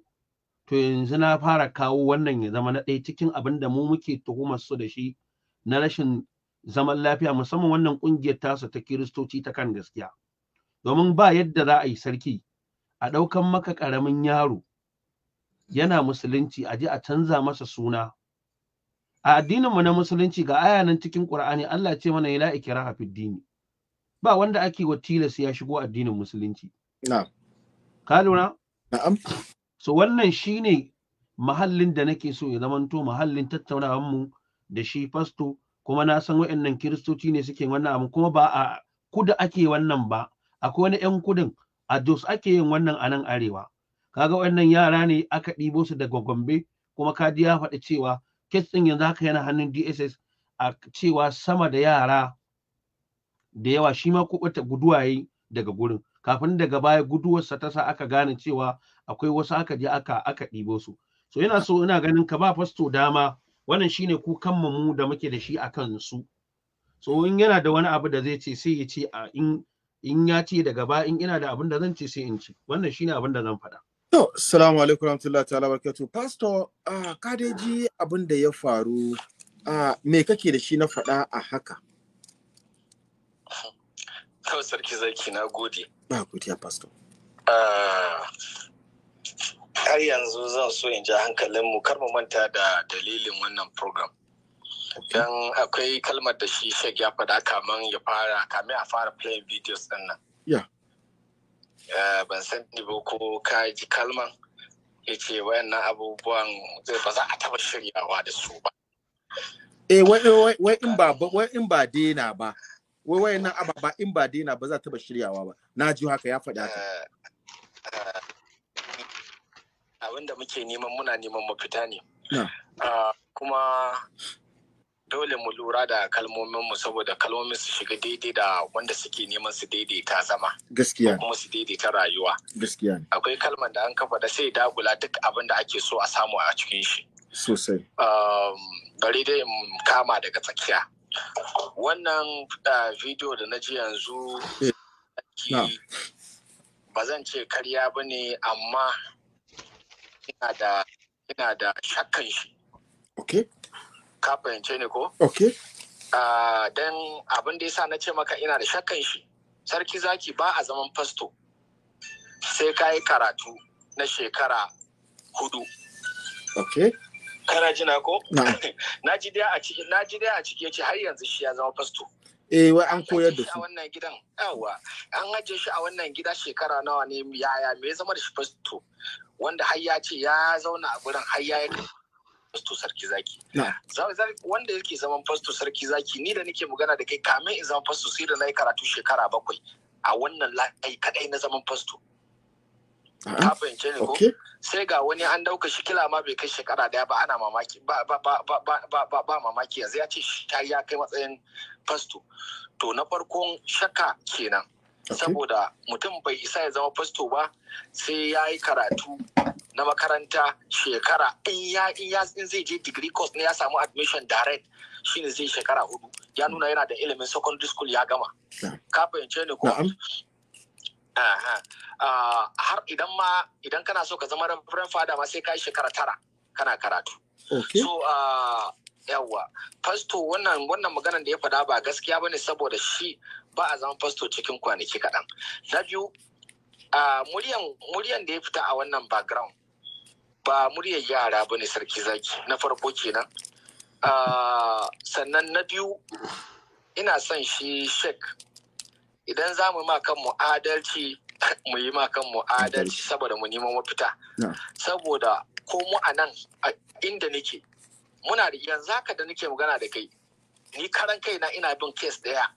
to yanzu na fara kawo wannan ya zama na ɗaya cikin abin da mu muke tuhumar su da shi na rashin zaman lafiya musamman wannan ƙungiyar tasa ta kiristoci ta kan gaskiya domin ba yadda za a yi sarki a ɗaukan maka ƙaramin yaro yana musulunci a ji a canza masa suna a addininmu na musulunci ga aya nan cikin ƙur'ani Allah ce mana ila ikira fid dini ba wanda ake wa tilas ya shigo addinin musulunci na'am ka lura na'am so wannan shine mahallin da nake so ya zamanto mahallin tattaunawar mu da shi fasto kuma na san wa'annan kiristoci ne suke wannan abu kuma ba a kuda ake wannan ba akwai wani yan kudin a Jos ake yin wannan a nan arewa kaga wa'annan yara ne aka ɗibo su daga Gombe kuma ka ji ya faɗi cewa kes ɗin yanzu haka yana hannun DSS a cewa sama da yara da yawa shi ma kuɓuta guduwaye daga gurin kafin daga baya guduwarsa ta sa aka gane cewa akwai wasu aka je aka aka ɗibo su so ina so ina ganin ka ba fasto dama wannan shine ku kanmu mu da muke da shi akan su so in yana da wani abu da zai ce sai ya ce a in in ya ce daga baya in ina da abin da zan ce sai in ce wannan shine abin da zan faɗa to assalamu alaikum warahmatullahi ta'ala barakatuh pastor ka dai ji abin da ya faru me kake da shi na faɗa a haka Yau sarki zaki na gode. Na godiya pastor. Ah, har yanzu zan so in ji hankalinmu kar mu manta da dalilin wannan program. Don akwai kalmar da shi shek ya faɗa kaman ya fara kamin a fara play videos ɗin nan. Ya. Eh, ban san ni ba ko ka ji kalmar ya ce wayannan abubuwan ba za a taba shiryawa da su ba. Eh, wai in ba dena ba. wai wayannan ababa in ba daina ba za ta ba shiryawa ba na ji haka ya faɗi haka eh, eh, abin da muke neman muna neman mafita ne ah, kuma dole mu lura da kalmomin mu saboda kalmomin su shiga daidai da wanda suke neman su daidai ta zama gaskiya kuma su ta rayuwa gaskiya akwai kalman da an kafa da sai dagula duk abin da ake so a samu a cikin shi sosai um, bari dai kama daga tsakiya wannan ah, video da na ji yanzu eh, ba zan ce karya ba ne amma ina da shakkan shi ka fahimce ni ko ah, don abin da yasa na ce maka ina da shakkan shi sarki zaki ba a zaman fasto sai ka yi karatu na shekara hudu okay kana jina ko na ji dai a ciki na ji dai a yace har yanzu shi ya zama fasto eh wai an koyar da su a wannan gidan yawa an haje shi a wannan gida shekara nawa ne yaya me ya zama da shi fasto wanda har ya ce ya zauna a gurin har ya fasto sarki zaki wanda yake zaman fasto sarki zaki ni da nake magana da kai kamin in zama fasto sai da na yi karatu shekara bakwai a wannan layi kadai na zaman fasto ka fahimce ni ko sai ga wani an dauka shi kila ma bai kai shekara daya ba ana mamaki ba ba ba ba ba mamaki yanzu ya ce shi ya kai matsayin fasto to na farkon shakka kenan saboda mutum bai isa ya zama fasto ba sai ya yi karatu na makaranta shekara in ya in ya in zai je degree course ne ya samu admission direct shine zai shekara hudu ya nuna yana da ilimin secondary school ya gama ka fahimce ni ko Ah, har idan ma idan kana so ka zama reverend fada ma sai ka yi shekara tara kana karatu so ah, yawwa fasto wannan wannan maganar da ya faɗa ba gaskiya bane saboda shi ba a zama fasto cikin kwanaki kaɗan na biyu ah, muryan da ya fita a wannan background ba muryar yara ba ne sarki zaki na farko kenan sannan na biyu ina son shi shek idan za mu ma kanmu adalci mu yi ma kanmu adalci saboda mu neman mafita saboda ko mu a nan inda nake muna da yanzu haka da nake magana da kai ni karan kai na ina bin kes daya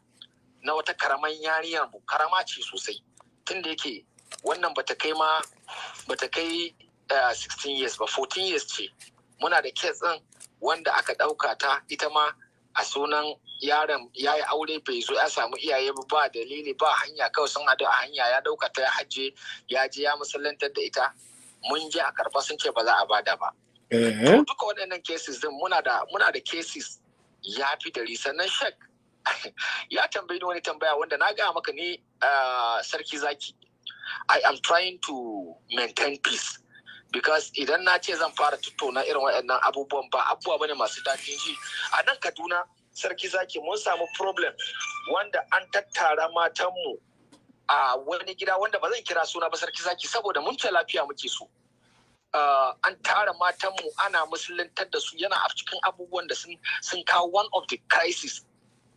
na wata karaman yariyar mu karama ce sosai tunda yake wannan bata kai ma bata kai 16 eh, years ba 14 years ce muna da kes din wanda aka ɗauka ta ita ma a sunan yaron ya yi aure bai zo ya samu iyaye ba ba dalili ba hanya kawai sun hadu a hanya ya dauka ta hajje ya je ya musulantar da ita mun je a karba sun ce ba za a bada ba eh. duka waɗannan cases din muna da muna da cases ya fi dari sannan shek ya tambayi wani tambaya wanda na gaya maka ni ah, sarki zaki i am trying to maintain peace because idan na ce zan fara tattauna irin waɗannan abubuwan ba abubuwa bane masu daɗin ji a nan kaduna sarki zaki mun samu problem wanda an tattara matanmu a wani gida wanda ba zan kira suna ba sarki zaki saboda mun ce lafiya muke so uh, an tara matanmu ana musuluntar da su yana a cikin abubuwan da sun kawo one of the crisis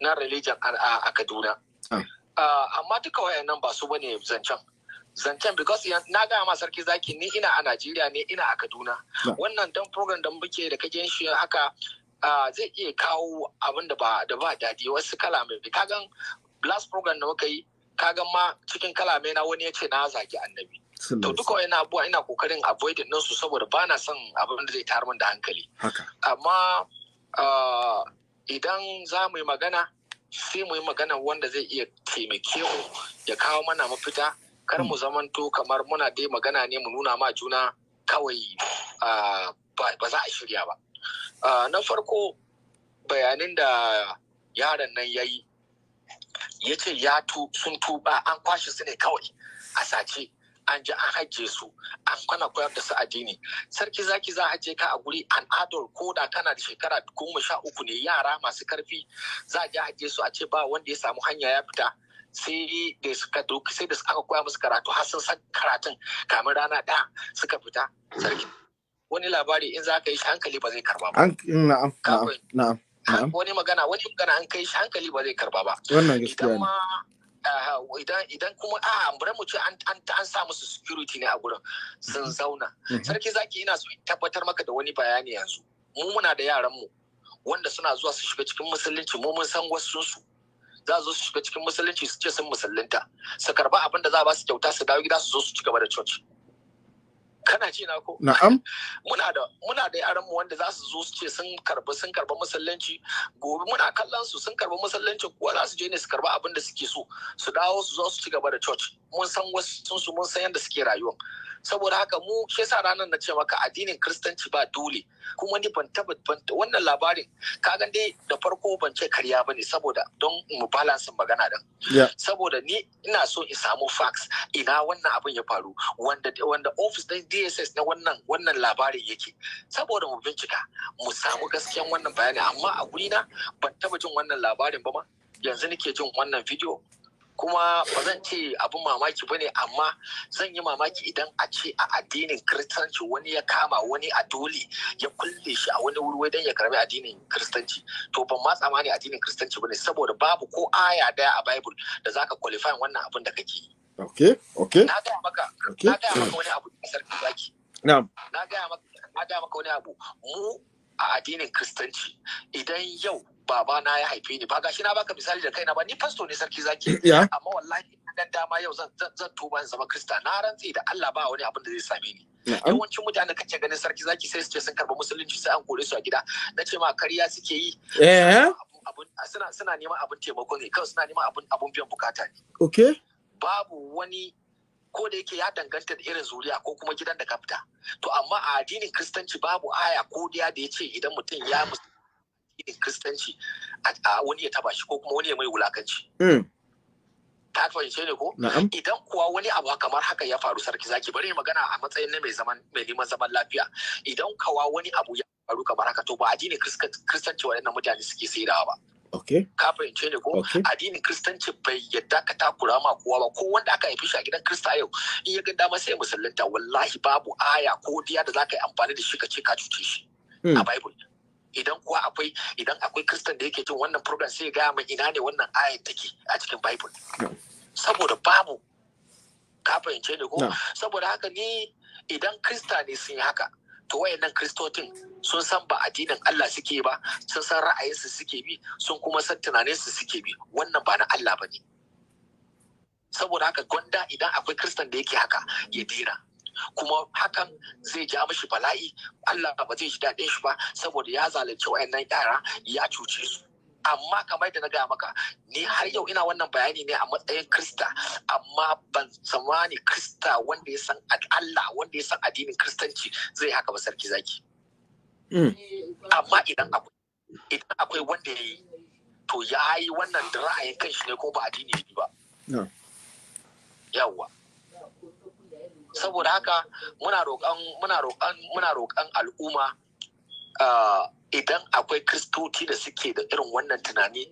na religion a kaduna ah. uh, amma duka wayannan ba su bane zancen zancen because na gaya ma sarki zaki ni ina a Najeriya ne ina a Kaduna wannan dan program da muke da kake shi haka zai iya kawo abin da ba da ba dadi wasu kalame kagan last program da muka yi kagan ma cikin kalame na wani ya ce na zaki annabi to duka wani abuwa ina kokarin avoid din su saboda ba na son abin da zai tayar min da hankali amma idan za mu yi magana sai mu yi magana wanda zai iya taimake mu ya kawo mana mafita kar mu hmm. zamanto kamar muna dai magana ne mu nuna ma juna kawai ba za a shirya ba na farko bayanin da yaron nan ya yi ya ce ya sun tuba an kwashe su ne kawai a sace an ji an hajje su an kwana koyar da su addini sarki zaki za a hajje ka a guri an adol ko da kana da shekara goma sha uku ne yara masu karfi za a je hajje su a ce ba wanda ya samu hanya ya fita sai da suka doki, sai da suka koya musu karatu har sun san karatun kamar rana ɗaya suka fita sarki wani labari in za ka yi shi hankali ba zai karba ba mm, na'am ah, na'am wani magana wani magana an kai shi hankali ba zai karba ba wannan gaskiya ne ah, idan kuma a ah, bari mu ce an sa musu security ne a gurin sun mm-hmm. zauna mm-hmm. sarki zaki ina so tabbatar maka da wani bayani yanzu mu muna da yaran mu wanda suna zuwa su shiga cikin musulunci mu mun san wasu su za su shiga cikin musulunci su ce sun musulunta su karba abin da za ba su kyauta su dawo gida su zo su ci gaba da coci kana ce na ko na'am muna da muna da yaran mu wanda za su zo su ce sun karba sun karba musulunci gobe muna kallon su sun karba musulunci kuwa za su je ne su karba abin da suke so su dawo su zo su ci gaba da coci mun san wasu sun su mun san yadda suke rayuwa saboda haka mu ke sa ranar na ce maka addinin kiristanci ba dole kuma ni ban taba wannan labarin ga dai da farko ban ce karya bane saboda don mu balansin magana din saboda ni ina so in samu fax ina wannan abin ya faru wanda wanda office din DSS na wannan wannan labarin yake saboda mu bincika mu samu gaskiyan wannan bayani amma a guri na ban taba jin wannan labarin ba ma yanzu nake jin wannan video kuma ba zan ce abin mamaki ba ne amma zan yi mamaki idan a ce a addinin kiristanci wani ya kama wani a dole ya kulle shi a wani wuri don ya karbi addinin kiristanci to ban ma tsammani addinin kiristanci ba ne saboda babu ko aya daya a bible da zaka qualify wannan abin da kake yi okay okay na gaya maka na gaya maka wani abu sarki zaki na gaya maka wani abu mu a addinin kristanci idan yau baba na ya haife ni ba gashi na baka misali da kaina ba ni fasto ne sarki zaki amma wallahi dan dama yau zan zan tuba zama krista na rantsi da Allah ba wani abin da zai same ni yawancin mutane kace ganin sarki zaki sai su ce sun karba musulunci sai an kore su a gida na ce ma karya suke yi eh. suna suna neman abin taimako ne kawai suna neman abin abin biyan bukata ne okay babu wani ko da yake ya danganta da irin zuriya ko kuma gidan da ka to amma a addinin kristanci babu aya ko da ya ce idan mutum ya addinin kristanci a wani ya taba shi ko kuma wani ya mai wulakanci ta hmm. fahimce ne ko idan kuwa wani abu kamar haka ya faru sarki zaki bari magana a matsayin na mai zaman mai neman zaman lafiya idan kawa wani abu ya faru kamar haka to ba addinin kristanci waɗannan mutane suke saidawa ba Ka fahimce ne ko? Addinin kristanci bai yadda ka takura ma kowa ba ko wanda aka haifi shi a gidan Kirista yau in ya gada masa ya musallanta wallahi babu aya ko diya da za ka yi amfani da shi ka ce ka cuce shi hmm. a Bible. Idan kuwa akwai idan akwai Kiristan da yake jin wannan program sai ya gaya mai ina ne wannan aya take a cikin Bible. Saboda babu ka fahimce ne ko? Saboda haka ni idan Kirista ne sun yi haka to wayannan kristotin sun san ba addinin Allah suke ba sun san ra'ayinsu suke bi sun kuma san tunaninsu suke bi wannan ba na Allah ba ne saboda haka gwanda idan akwai kristan da yake haka ya dira kuma hakan zai ja mishi bala'i Allah ba zai ji daɗin shi ba saboda ya zalunci wayannan yara ya cuce su amma kamar da na gaya maka ni har yau ina wannan bayani ne a matsayin krista amma ban tsammani krista wanda ya san Allah wanda ya san addinin kristanci zai haka ba sarki zaki mm. amma idan akwai idan akwai wanda ya yi to ya yi wannan ra'ayin kanshi ne ko ba addini ne ba yawwa saboda haka muna roƙan muna roƙan muna roƙan al'umma ah, idan akwai kristoci da suke da irin wannan tunani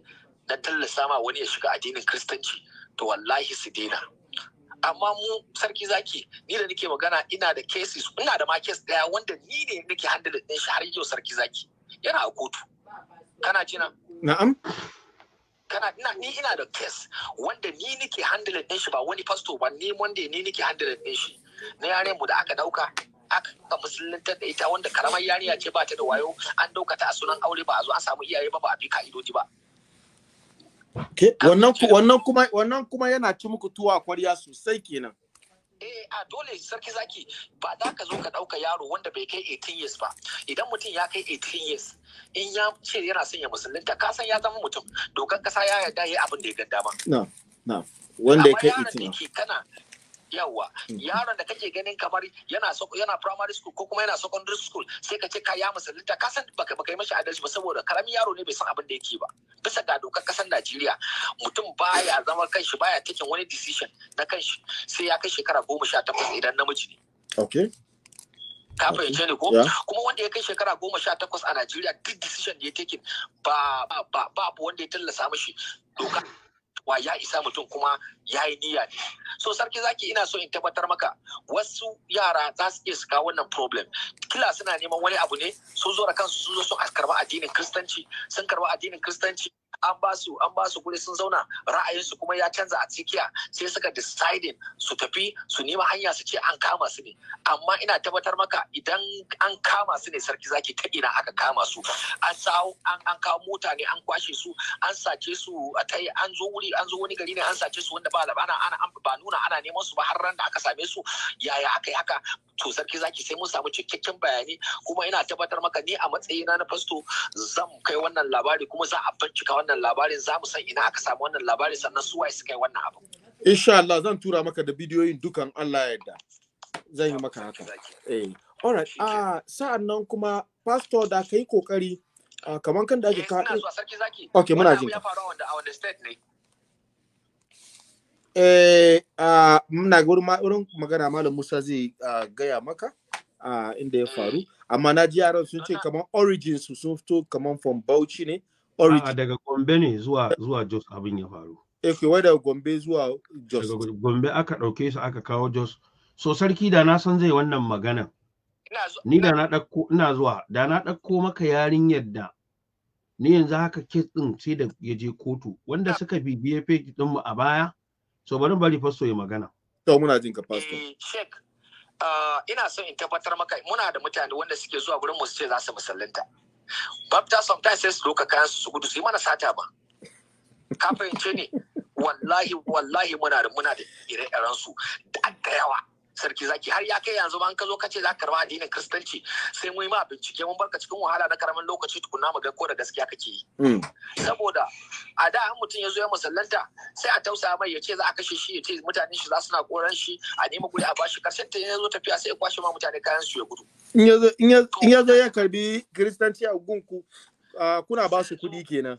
na tallasa ma wani ya shiga addinin kristanci to wallahi su daina amma mu sarki zaki ni da nake magana ina da cases ina da ma case daya wanda ni ne nake handle din shi har yau sarki zaki yana a kotu kana jina na'am kana ina ni ina da case wanda ni nake handle din shi ba wani pastor ba ni wanda ni nake handle din shi na yaren mu da aka dauka aka musulunta da ita wanda karamar yarinya ce ba ta da wayo an dauka ta a sunan aure ba a zo an samu iyaye ba ba a bi ka'idoji ba wannan kuma wannan kuma yana ci muku tuwa kwarya sosai kenan eh a dole sarki zaki ba za ka zo ka ɗauka yaro wanda bai kai 18 years ba idan mutum ya kai 18 years in ya ce yana son ya musulunta ka san ya zama mutum dokar kasa ya yarda ya abin da ya ganda ba na na wanda ya kai 18 kana yawa mm-hmm. yaron da kake ganin kamar yana yana primary school ko kuma yana secondary school sai ka ce ka ya musulunta ka san baka baka yi mashi adalci ba saboda karamin yaro ne bai san abin da yake ba bisa ga dokar kasar Najeriya mutum baya zama kanshi baya taking wani decision na kanshi sai ya kai shekara goma sha takwas idan namiji ne okay ka fahimce ni ko kuma wanda ya kai shekara goma sha takwas a Najeriya duk decision da ya take ba ba ba wanda ya tallasa mashi doka wa ya isa mutum kuma ya yi niyya ne so sarki zaki ina so in tabbatar maka wasu yara za su iya suka wannan problem kila suna neman wani abu ne sun zo da kansu sun zo sun karba addinin kristanci sun karba addinin kristanci an ba su an ba su kuɗi sun zauna ra'ayinsu kuma ya canza a cikiya sai suka deciding su tafi su nema hanya su ce an kama su ne amma ina tabbatar maka idan an kama su ne sarki zaki ta ina aka kama su an sawo an an kawo mota ne an kwashe su an sace su a tai an zo wuri an zo wani gari ne an sace su wanda malama ana ana ba nuna ana neman su ba har ran da aka same su yaya aka yi haka to sarki zaki sai mun samu cikakken bayani kuma ina tabbatar maka ni a matsayina na fasto zan kai wannan labari kuma za a bincika wannan labarin za mu san ina aka samu wannan labari sannan su waye su kai wannan abu insha Allah zan tura maka da bidiyoyin dukan Allah ya yarda zan yi maka haka eh alright ah sa'an nan kuma pastor da kai kokari ah, kamar kan da ake eh, ka okay muna jin ya faru a wanda state ne eh uh, muna ga wurin magana malam Musa zai gaya maka inda ya faru amma na ji yaran sun ce kamar origin su sun fito kamar from Bauchi ne origin daga Gombe ne zuwa zuwa Jos abin ya faru eh, okay wai daga Gombe zuwa Jos daga Gombe aka dauke su aka kawo Jos so sarki da na san zai wannan magana ni da na ɗauko ina zuwa da na ɗauko maka yarinyar da ni yanzu haka kes ɗin sai da yaje kotu wanda suka bibiye fake ɗinmu a baya so bari bari fasto ya magana to muna jin ka fasto check eh, uh, ina son in tabbatar maka muna da mutane wanda suke zuwa gurin mu su ce za su musallinta Baptist sometimes sai su doka kayan su gudu su yi mana sata ba ka fahimce ne wallahi wallahi muna da muna da ire-iren su da yawa sarki zaki har ya kai yanzu an ka zo ka ce za ka karba addinin kristanci sai mu yi ma bincike mun barka cikin wahala na karamin lokaci tukunna mu ga ko da gaskiya kake yi hmm. saboda a da an mutum ya zo ya musallanta sai a tausaya mai ya ce za a kashe shi ya ce mutane shi za su na koran shi a nemi guri a bashi karshen ta ya zo tafiya sai ya kwashe ma mutane kayan su ya gudu in ya zo ya karbi kristanci a gunku kuna ba su kuɗi kenan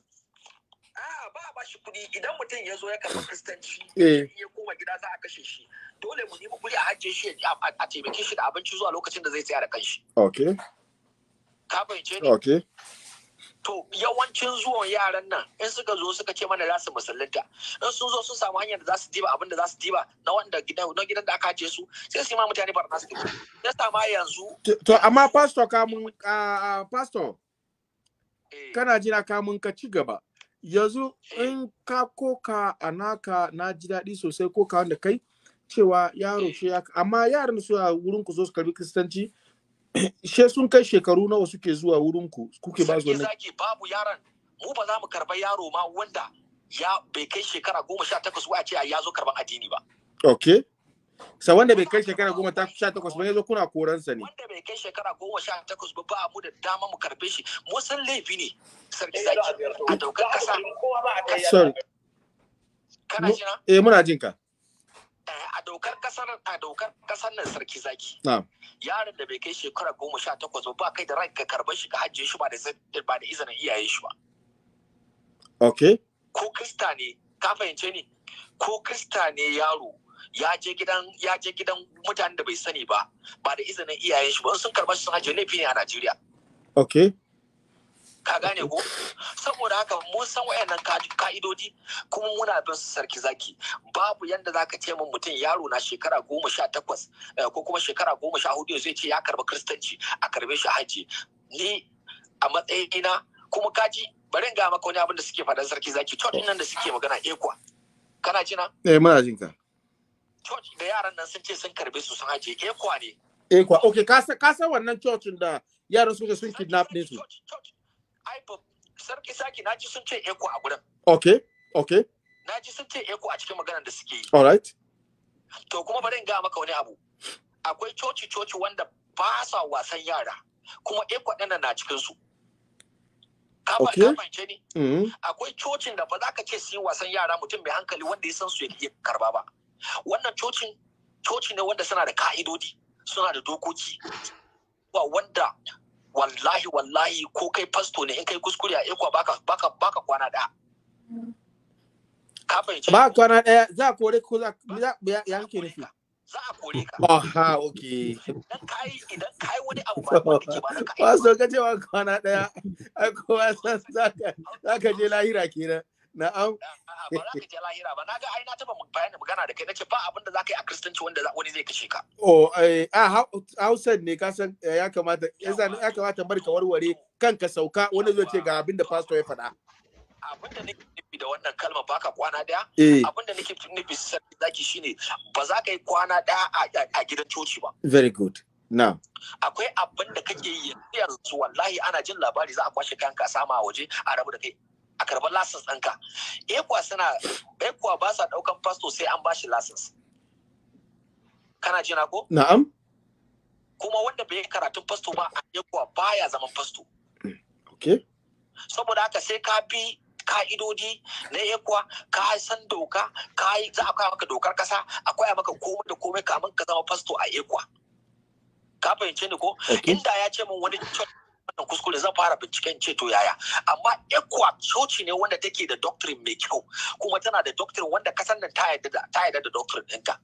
ba a bashi kuɗi idan mutum ya zo ya karɓi kristanci eh. ya koma gida za a kashe shi dole mu nemi guri a hajjin shi a taimake shi da abinci zuwa lokacin da zai tsaya da kanshi Ok. ka fahimce ni okay to yawancin zuwan yaran nan in suka zo suka ce mana za su musulunta in sun zo sun samu hanyar da za su diba abin da za su diba na wanda gidan gidan da aka je su sai su ma mutane barna su ya sama yanzu to amma pastor kamun pastor eh. kana jira kamun ka ci gaba yanzu eh. in ka koka a naka na ji daɗi sosai koka wanda kai cewa yaro shi ya amma yaran su a wurin ku zo su karbi kristanci she sun kai shekaru nawa suke zuwa wurin ku kuke ba su zaki babu yaran mu ba za mu karba yaro ma wanda ya bai kai shekara goma sha takwas a ce ya zo karban addini ba okay sa wanda bai kai shekara goma sha takwas ba ya zo kuna koransa ne wanda bai kai shekara goma sha takwas ba ba mu da dama mu karbe shi mu san laifi ne sarki zaki a daukar kasa sorry kana jina eh muna jinka. ka Eh, a dokar kasar a dokar kasar nan sarki zaki yaron da bai kai shekara goma sha takwas ba kai da ranka ka karɓar shi ka hajje shi ba da ba da izinin iyaye shi ba ok ko krista ne ka fahimce ni ko krista ne yaro ya je gidan ya je gidan mutanen da bai sani ba ba da izinin iyayen shi ba sun karɓar shi sun hajje laifi ne a Najeriya Ok. ka gane ko saboda haka mun san wayannan ka'idodi kuma muna bin su sarki zaki babu yanda zaka ce mun mutum yaro na shekara goma sha takwas eh, ko kuma shekara goma sha hudu zai ce ya karba kristanci a karbe shi haji ni a matsayina kuma kaji bari ga maka wani abin da suke faɗan sarki zaki church nan da suke magana ekwa eh kana jina eh muna jinka ka church da yaran nan sun ce sun karbe su sun haje ekwa eh ne ekwa okay ka san wannan churchin da yaran suka sun kidnap ne su ai sarki saki na ji sun ce eko a gurin okay okay na ji sun ce eko a cikin maganar da suke yi all to kuma bari in ga maka wani abu akwai coci coci wanda ba sa wasan yara kuma eko ɗin na cikin su Okay. ne. Mm-hmm. Akwai cocin da ba za ka ce su yi wasan yara mutum mai hankali wanda ya san su ya karba ba. Wannan cocin coci ne wanda suna da ka'idodi, suna da dokoki, ba wanda wallahi wallahi ko kai fasto ne in kai kuskure a ikwa baka baka baka kwana da ka fahimci ba kwana daya za a kore ko za ya yanke ne za a kore ka ha okay dan kai idan kai wani abu ba ka ke ba ka ba so ce wa kwana daya ai ko za ka za ka je lahira kenan Na'am. Ba za ka je lahira ba. Na ga ai na taba bayani magana da kai nace ba abin da za ka yi a kristanci wanda wani zai kashe ka. Oh, a Hausan ne ka san eh, ya kamata ya kamata bar ka warware kanka sauka wani zai ce ga abin da pastor ya faɗa. Abin da nake nufi da wannan kalma baka kwana daya. Eh. Abin da nake nufi sarki zaki shine ba za ka yi kwana daya a gidan coci ba. Very good. Na'am. Akwai abin da kake yi yanzu wallahi ana jin labari za a kwashe kanka sama a waje a rabu da kai a karɓar lasas ɗinka ekuwa eh suna ekuwa eh ba sa ɗaukan fasto sai an bashi lasas kana jina ko na'am kuma wanda bai karatun fasto ba a eh ekuwa baya zaman fasto okay saboda haka sai ka bi ka'idodi na ekuwa ka san doka ka yi za a maka dokar kasa akwai maka komai da komai kamin ka zama fasto a ekuwa ka fahimce ni ko inda ya ce min wani wannan kuskure zan fara binciken ce to yaya amma ekwa coci ne wanda take da doctrine mai kyau kuma tana da doctrine wanda kasan nan ta yarda da doctrine ɗinka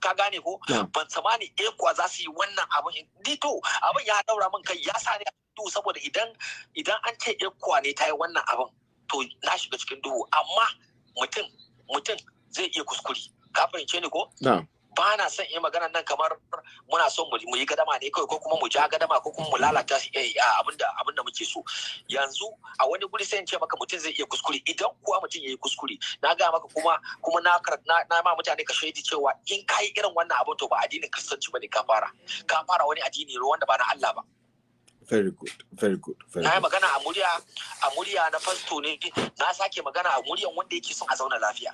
ka gane ko ban samani ekwa za su yi wannan abin dito abin ya daura min kai ya sa ne duhu saboda idan idan an ce ekwa ne ta yi wannan abin to na shiga cikin duhu amma mutum mutum zai iya kuskure ka fahimce ni ko na'am ba na son yi magana nan kamar muna son mu yi gadama ne kawai ko kuma mu ja gadama ko kuma mu lalata eh, abinda abinda muke so yanzu a wani guri sai in ce maka mutum zai iya kuskure idan kuwa mutum yayi kuskure na ga maka kuma kuma na na ma mutane ka shaidi cewa in kai irin wannan abin to ba addinin kristanci bane ka fara ka fara wani addini ne wanda ba na Allah ba very good very good very na magana a murya a murya na fasto ne na sake magana a muryan wanda yake son a zauna lafiya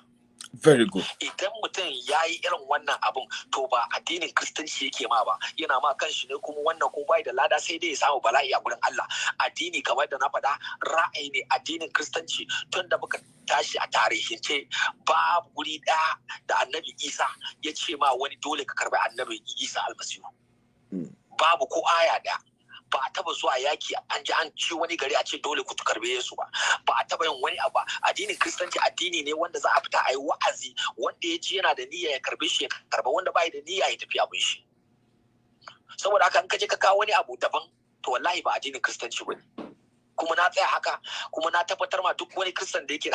very good idan mutum ya yi irin wannan abun to ba addinin kristanci yake ma ba yana ma kan shi ne kuma wannan ko bai da lada sai dai ya samu bala'i a gurin Allah addini kamar da na faɗa ra'ayi ne addinin kristanci tun da muka tashi a tarihince babu guri ɗaya da annabi isa ya ce ma wani dole ka karbi annabi isa almasihu hmm. babu ko aya ɗaya ba a taba zuwa yaki an ji an ci wani gari a ce dole ku karbe yesu ba ba a taba yin wani abu ba. addinin kristanci addini ne wanda za a fita a yi wa'azi wanda ya ci yana da niyya ya karbe shi ya karba wanda ba da niyya ya tafi abin shi saboda haka in ka je ka kawo wani abu daban to wallahi ba addinin kristanci ba kuma na tsaya haka kuma na tabbatar ma duk wani kristan da yake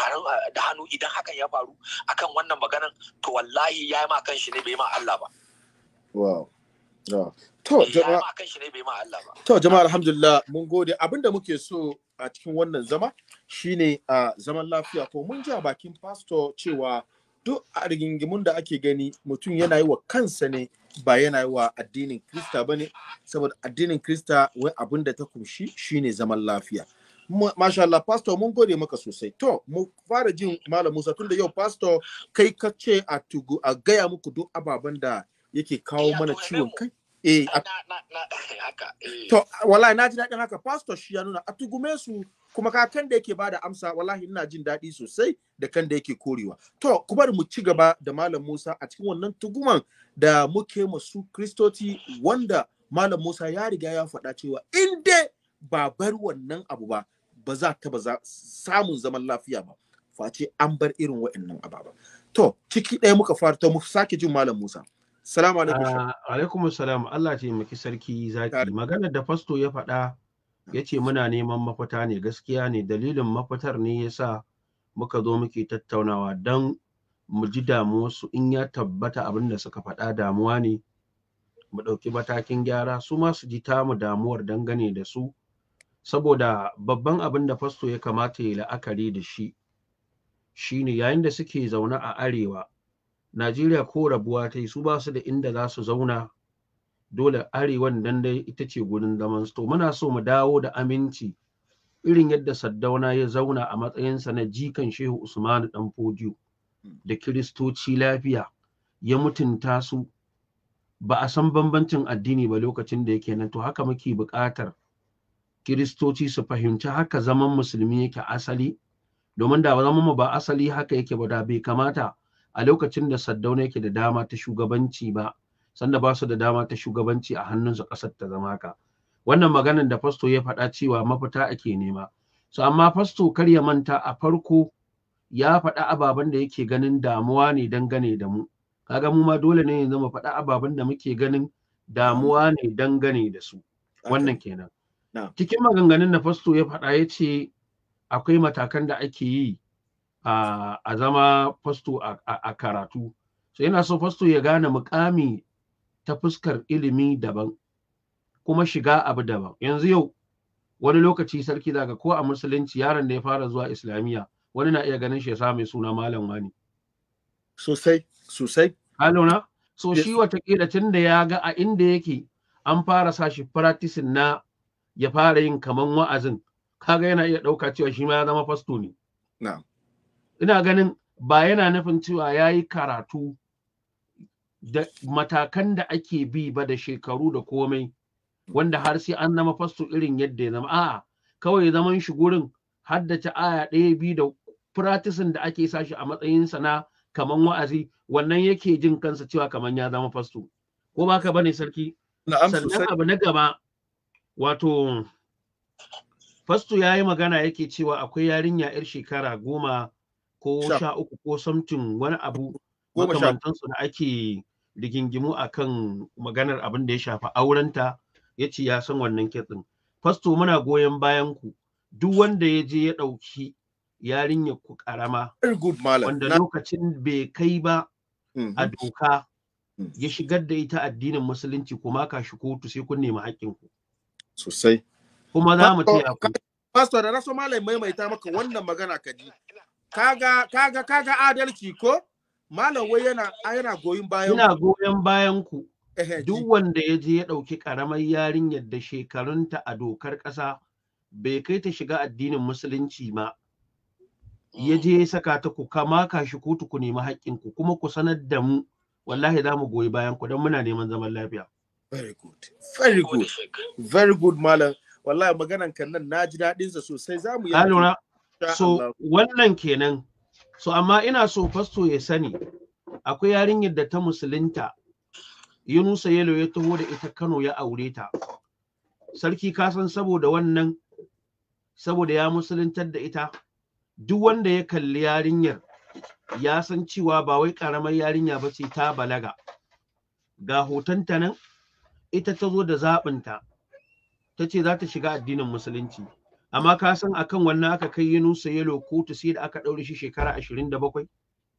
da hannu idan hakan ya faru akan wannan maganan to wallahi ya yi ma kan shi ne bai ma Allah ba. To eh, jama'a kan shi ne To jama'a alhamdulillah mun gode abinda muke so a cikin wannan zama shine a zaman lafiya Ko mun ja bakin pastor cewa duk a rigingimun da ake gani mutum yana yi wa kansa ne ba yana yi wa addinin Krista ba ne saboda addinin Krista wai abin da ta kumshi shine zaman lafiya. Masha Allah, pastor mun gode maka sosai. To, mu fara jin Malam Musa tunda yau pastor kai ka ce a tugu a gaya muku duk ababen da yake kawo eh, mana ciwon kai. eh haka eh. to na ji daɗin haka pastor shi ya nuna a tugume su kuma ka kan da yake bada amsa wallahi ina jin daɗi sosai da kan da yake korewa to ku bari mu ci gaba da malam Musa a cikin wannan tuguman da muke masu kristoti wanda malam Musa ya riga ya faɗa cewa in dai ba bar wannan abu ba ba za ta ba za samun zaman lafiya ba face an bar irin wa'annan ababa to ciki ɗaya muka fara to mu sake jin malam Musa Salamu alaikum. Ah, alaikum salam. Allah ce maki sarki zaki. Maganar da fasto ya faɗa ya ce muna neman mafita ne gaskiya ne dalilin mafitar ne ya sa muka zo muke tattaunawa don mu ji wasu. in ya tabbata abin da suka faɗa damuwa ne mu ɗauki matakin gyara su ma su ji tamu damuwar dangane da su saboda babban abin da fasto ya kamata ya yi la'akari da shi shine yayin da suke zaune a arewa najeriya ko rabuwa ta yi su ba su da inda za su zauna dole arewan nan dai ita ce gurin zaman to muna so mu dawo da aminci irin yadda saddauna ya zauna a matsayin sa na jikan shehu usman dan fodiyo da kiristoci lafiya ya mutunta su ba a san bambancin addini ba lokacin da yake nan to haka muke buƙatar kiristoci su fahimci haka zaman musulmi yake asali domin da zaman mu ba asali haka yake ba da bai kamata a lokacin da Saddauna yake da dama ta shugabanci ba sanda ba su da dama ta shugabanci a hannunsu ƙasar ta zama ka wannan maganar da fasto ya faɗa cewa mafita ake nema Su amma fasto kar ya manta a farko ya faɗa ababen da yake ganin damuwa ne dangane da mu kaga mu ma dole ne yanzu mu faɗa ababen da muke ganin damuwa ne dangane da su wannan kenan cikin maganganun da fasto ya faɗa ya ce akwai matakan da ake yi a zama fasto a karatu so yana so fasto ya gane mukami ta fuskar ilimi daban kuma shiga abu daban yanzu yau wani lokaci sarki zaka ko a musulunci yaron da ya fara zuwa islamiyya wani na iya ganin shi ya sa mai suna malam wani sosai sosai halona so shi watakila tun da ya ga a inda yake an fara sa shi practicing na ya fara yin kaman wa'azin kaga yana iya ɗauka cewa shi ma ya zama fasto ne na'am ina ganin ba yana nufin cewa ya yi karatu da matakan da ake bi ba da shekaru da komai wanda har sai an zama fasto irin yadda ya zama a'a kawai zaman shi gurin haddace aya ɗaya biyu da practicing da ake sashi a matsayin sana kaman wa'azi wannan yake jin kansa cewa kaman ya zama fasto ko baka bane sarki sannan abu na gaba wato fasto ya yi magana yake cewa akwai yarinya 'yar shekara goma ko sha uku ko samtin wani abu makamantansu da ake rigingimu a kan maganar abin da ya shafa aurenta ya ce ya san wannan kitsin. Fasto muna goyon bayan duk wanda ya je ya ɗauki yarinyar ku ƙarama wanda lokacin bai kai ba a mm-hmm. doka mm. ya shigar da ita addinin musulunci kuma ka shi kotu sai kun nemi haƙƙin ku. Sosai. Kuma za mu taya ku. Pastor da na so malam maimaita maka wannan magana ka ji. kaga kaga kaga adalci ko malam wai yana yana goyon bayan ina goyon bayan ku duk wanda ya je ya ɗauki ƙaramar yarinyar da shekarunta a dokar ƙasa bai kai ta shiga addinin musulunci ma ya je ya saka ta ku kama ka shi kotu ku nemi haƙƙin ku kuma ku sanar da mu wallahi za mu goyi bayan ku don muna neman zaman lafiya very good very good very good malam wallahi maganan kan nan na ji daɗinsa sosai za mu yi So wannan kenan. So amma ina so fasto ya sani akwai yarinyar da ta musulunta Yunusa Yelo ya taho da ita Kano ya aure ta. Sarki kasan san saboda wannan saboda ya musuluntar da ita duk wanda ya kalli yarinyar ya san cewa ba wai ƙaramar yarinya ba ce ta balaga. Ga hotonta nan ita ta zo da zaɓinta ta ce za ta shiga addinin musulunci. amma ka san akan wannan aka kai Yunusa Yelo kotu sai da aka ɗaure shi shekara 27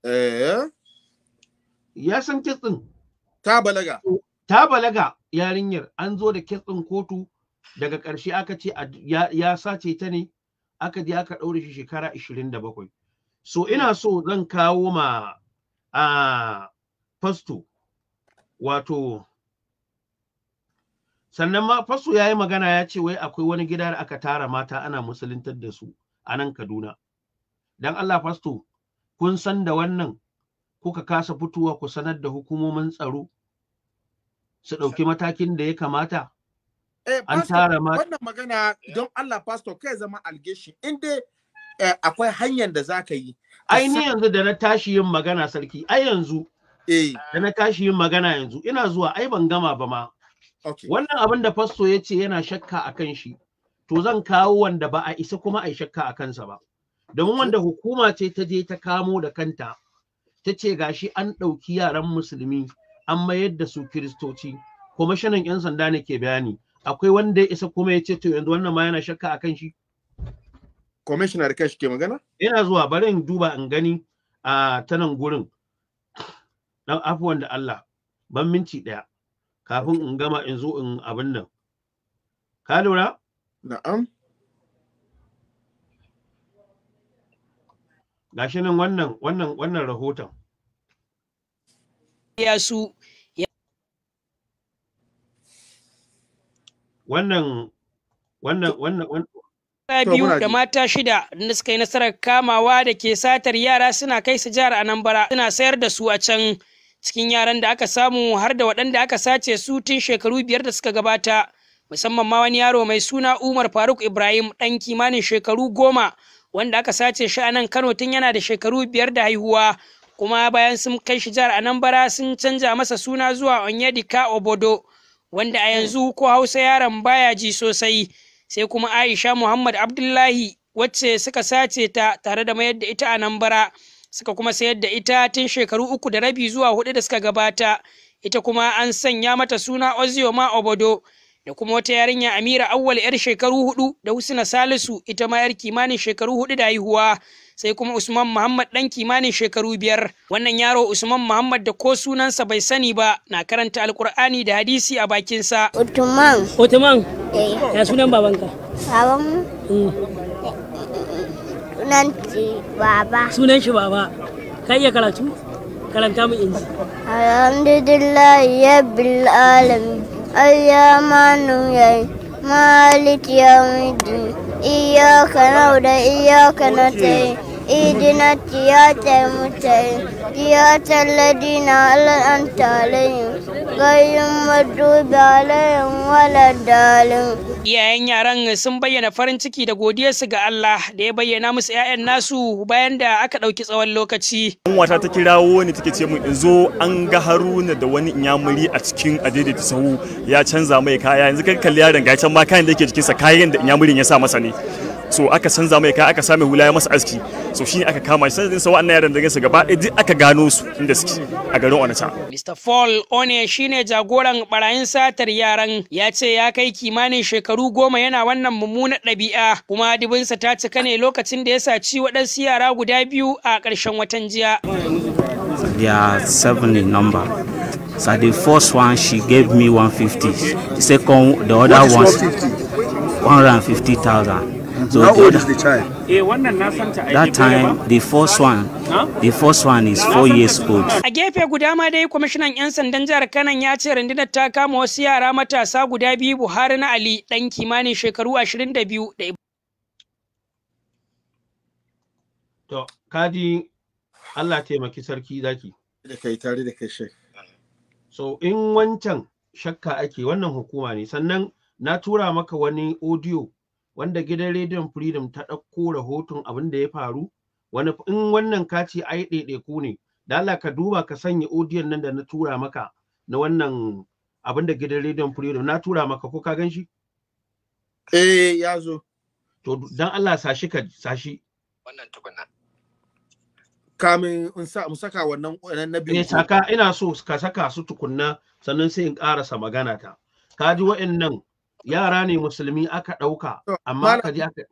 eh ya san kitsin ta balaga ta balaga yarinyar an zo da kitsin kotu daga ƙarshe aka ce ya sace ta ne aka je aka ɗaure shi shekara 27 so hmm. ina so zan kawo ma a ah, fasto wato sannan ma faso ya yi magana ya ce wai akwai wani gida da aka tara mata ana musuluntar da su a nan kaduna don allah fasto kun san da wannan kuka kasa fitowa ku sanar da hukumomin tsaro su ɗauki matakin da ya kamata eh, an tara mata wannan magana don allah fasto kai zama algeshi Inde eh, akwai hanyar da za ka yi ai ni yanzu da na tashi yin magana sarki ai yanzu eh. da na tashi yin magana yanzu ina zuwa ai ban gama ba ma Wannan abin da fasto ya ce yana shakka a kan shi, to zan kawo wanda ba a isa kuma a yi shakka a kansa ba. Domin wanda hukuma ce ta je ta kamo da kanta, ta ce gashi an ɗauki yaran musulmi an mayar da su kiristoci, kuma kwamishinan 'yan sanda ne ke bayani. Akwai wanda ya isa kuma ya ce to yanzu wannan ma yana shakka a kan shi? kashi ke magana? Yana zuwa bari in duba in gani a ta gurin. Dan afuwan da Allah, ban minti ɗaya. kafin in gama in zo in abin nan ka lura na'am gashi nan wannan wannan wannan rahoton ya su wannan wannan wannan biyu da mata shida da suka yi nasarar kamawa da ke satar yara suna kai su jihar anambra suna sayar da su a can cikin yaran da aka samu har da waɗanda aka sace su tun shekaru biyar da suka gabata musamman ma wani yaro mai suna umar faruk ibrahim ɗan kimanin shekaru goma wanda aka sace shi a nan kano tun yana da shekaru biyar da haihuwa kuma bayan sun kai shi jihar anambra sun canja masa suna zuwa onyedika obodo wanda a yanzu ko hausa yaron baya ji sosai sai kuma aisha muhammad abdullahi wacce suka sace ta tare da mayar da ita a nan bara suka kuma sayar da ita tun shekaru uku da rabi zuwa hudu da suka gabata ita kuma an sanya mata suna ozioma obodo da kuma wata yarinya amira awwal yar shekaru hudu da husna salisu ita ma yar kimanin shekaru hudu da haihuwa sai kuma usman muhammad dan kimanin shekaru biyar wannan yaro usman muhammad da ko sunansa bai sani ba na karanta alkur'ani da hadisi a bakinsa Otuman. Otuman. Eh. ya sunan babanka babanmu mm. Sunan shi baba. Sunan shi baba. Ka iya karatu? Karanta mu inji. Alhamdulillah ya bil alamin. Ayyamanu yayi. Malik yawmiddin. اهدنا الصراط المستقيم صراط الذين أنعمت عليهم غير المغضوب عليهم ولا الضالين iyayen yaran sun bayyana farin ciki da godiyarsu ga Allah da ya bayyana musu 'ya'yan nasu bayan da aka ɗauki tsawon lokaci. wata ta kirawo ni take ce mun in zo an ga Haruna da wani inyamuri a cikin adaidaita sahu ya canza mai kaya yanzu kan kalli yaron ga can ma kayan da yake jikinsa kayan da inyamurin ya sa masa ne. so aka canza mai kaya aka same hula ya masa aski so shine aka kama shi sanadin sa wa'annan yaran da su gaba ɗaya duk aka gano su inda suke a garin Onitsha Mr Paul One shine jagoran barayin satar yaran ya ce ya kai kimanin shekaru goma yana wannan mummunar ɗabi'a kuma dibinsa ta cika ne lokacin da ya saci waɗansu yara guda biyu a ƙarshen watan jiya They are So the first one she gave me 150. second, the other one 150,000. So How old is the child? Eh, That time, the first one, the first one is four years old. A gefe guda ma dai kwamishinan 'yan sandan jihar Kanan ya ce rundunar ta kama wasu yara matasa guda biyu Buhari na Ali ɗan kimanin shekaru 22 da To, kadi Allah taimaki sarki zaki. Da kai tare da kai shek. So, in wancan shakka ake wannan hukuma ne, sannan na tura maka wani audio wanda gidan rediyon freedom ta ɗauko rahoton abin da ya faru wani in wannan ka a ai ɗaiɗaiku ne da Allah ka duba ka sanya odiyon nan da na tura maka na wannan abin da gidan rediyon freedom na tura maka ko ka gan shi eh ya zo to dan Allah sashi ka sashi wannan tukuna kamin in sa mu saka wannan wannan na biyu eh, saka ina so ka saka su tukunna sannan sai in karasa magana ta ka ji wa'annan yara ne musulmi aka ɗauka amma ka ji aka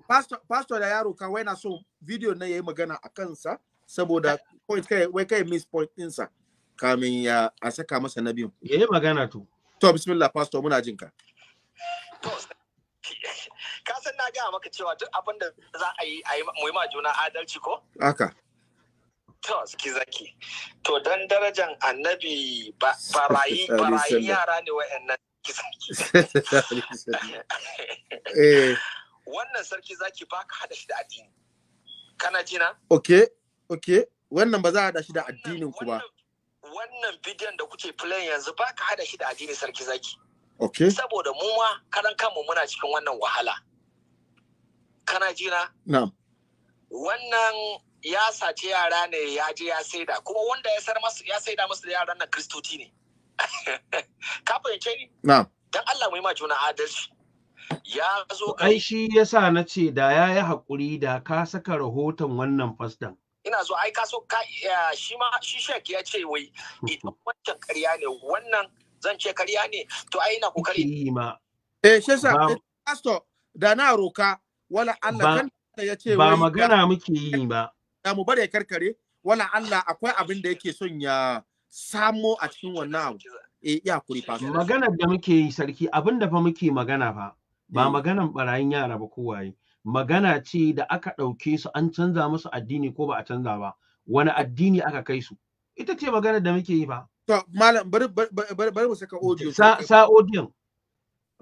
pastor da yaro kan waina na so video na yayi magana a kansa saboda point kai wai kai miss point sa kamin ya a saka masa na biyu yayi magana to to bismillah pastor muna jin ka ka san na gaya maka cewa duk abin da za a yi a yi ma juna adalci ko haka to zaki zaki to dan darajan annabi ba rayi yara ne wa'annan Eh. wannan sarki zaki ba ka hada shi da addini kana jina okay okay wannan ba za a hada shi da addinin ku ba wannan bidiyon da kuke playing yanzu ba ka hada shi da addini sarki zaki okay saboda mu ma karan kanmu muna cikin wannan wahala kana jina na'am wannan ya sace yara ne ya je ya saida kuma wanda ya sayar masu ya saida masu da yaran nan kristoti ne ka fahimce ni na'am dan Allah mu yi ma juna adalci ya zo kai shi yasa na ce da ya yi haƙuri da ka saka rahoton wannan fasdan ina so ai ka so ka shi ma shi shek ya ce wai idan wancan karya ne wannan zan ce karya ne to ai ina kokari ma eh shi yasa eh, pastor da na roka wala Allah kan ya ce ba magana muke yi ba da mu bare karkare wala Allah akwai abin da yake son ya samo a cikin wannan abu eh ya kuri fa magana da muke yi sarki abin da fa muke magana fa ba eh. maganan barayin yara ba kowaye magana ce da aka ɗauke su an canza musu addini ko ba a canza ba wani addini aka kai su ita ce magana da muke yi fa to malam bari bari bari mu saka audio sa sa audio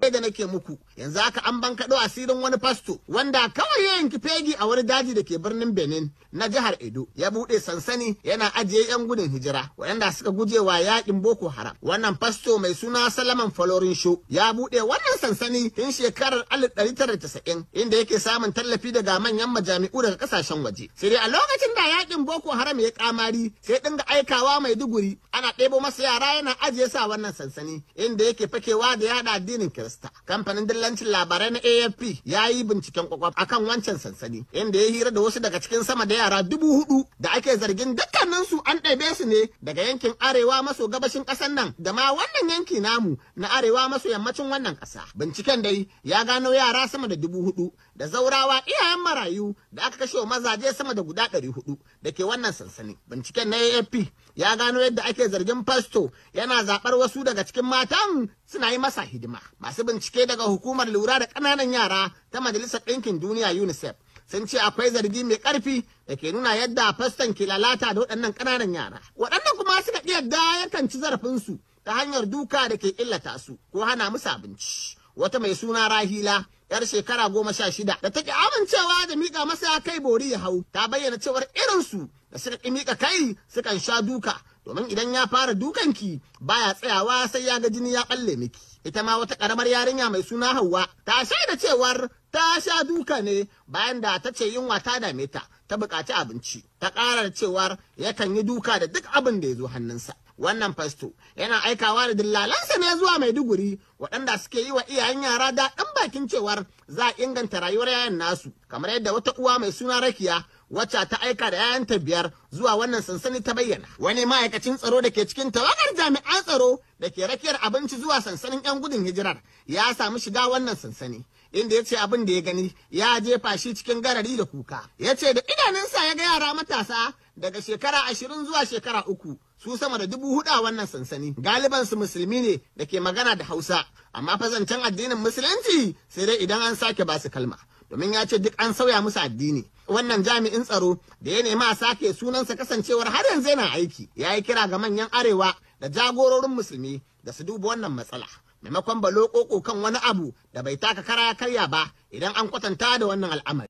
da nake muku yanzu haka an ban kaɗo asirin wani fasto wanda kawai ya yanki fegi a wani daji da ke birnin benin na jihar edo ya buɗe sansani yana ajiye yan gudun hijira waɗanda suka guje wa yaƙin boko haram wannan fasto mai suna salaman falorin sho ya buɗe wannan sansani tun shekarar alif ɗari tara 1990 inda yake samun tallafi daga manyan majami'u daga kasashen waje sai dai a lokacin da yaƙin boko haram ya kamari sai dinga aikawa mai duguri ana ɗebo masa yara yana ajiye sa wannan sansani inda yake fakewa da yaɗa addinin kirista Manchester. Kamfanin dillancin labarai na AFP ya yi binciken kwakwaf akan wancan sansani inda ya hira da wasu daga cikin sama da yara dubu hudu da ake zargin dukkaninsu an ɗabe su ne daga yankin arewa maso gabashin ƙasar nan da ma wannan yanki namu na arewa maso yammacin wannan ƙasa. Binciken dai ya gano yara sama da dubu hudu da zaurawa iyayen marayu da aka kashe mazaje sama da guda ɗari hudu da ke wannan sansani. Binciken na AFP ya gano yadda ake zargin fasto yana zaɓar wasu daga cikin matan suna yi masa hidima. Masu bincike daga hukumar lura da ƙananan yara ta Majalisar Ɗinkin Duniya UNICEF sun ce akwai zargi mai ƙarfi da ke nuna yadda faston ke lalata da waɗannan ƙananan yara. Waɗannan kuma suka iya da zarafin zarafinsu ta hanyar duka da ke illata su ko hana musu abinci. Wata mai suna Rahila yar shekara goma sha shida da take amincewa da mika masa ya kai bori ya hau ta bayyana cewar irinsu da suka ƙi mika kai sukan sha duka domin idan ya fara dukanki baya tsayawa sai ya ga jini ya ɓalle miki ita ma wata ƙaramar yarinya mai suna Hauwa ta shaida cewar ta sha duka ne bayan da ta ce yunwa ta dame ta ta buƙaci abinci ta da cewar yakan yi duka da duk abin da ya zo hannunsa wannan fasto yana aikawa da dillalansa ne zuwa maiduguri waɗanda suke yi wa iyayen yara daɗin bakin cewar za a inganta rayuwar yayan nasu kamar yadda wata uwa mai suna rakiya wacce ta aika da 'yayan ta biyar zuwa wannan sansani ta bayyana wani ma'aikacin tsaro da ke cikin tawagar jami'an tsaro da ke rakiyar abinci zuwa sansanin 'yan gudun hijirar ya samu shiga wannan sansani inda ya ce abin da ya gani ya jefa shi cikin garari da kuka ya ce da idanunsa ya ga yara matasa daga shekara ashirin zuwa shekara uku su sama da dubu hudu a wannan sansani galiban su musulmi ne da ke magana da hausa amma fa zancen addinin musulunci sai dai idan an sake basu kalma domin ya ce duk an sauya musu addini wannan jami'in tsaro da ya nema a sake sunansa kasancewar har yanzu yana aiki ya yi kira ga manyan arewa da jagororin musulmi da su duba wannan matsala maimakon ba koko kan wani abu da bai taka kara karya ba idan an kwatanta da wannan al'amari.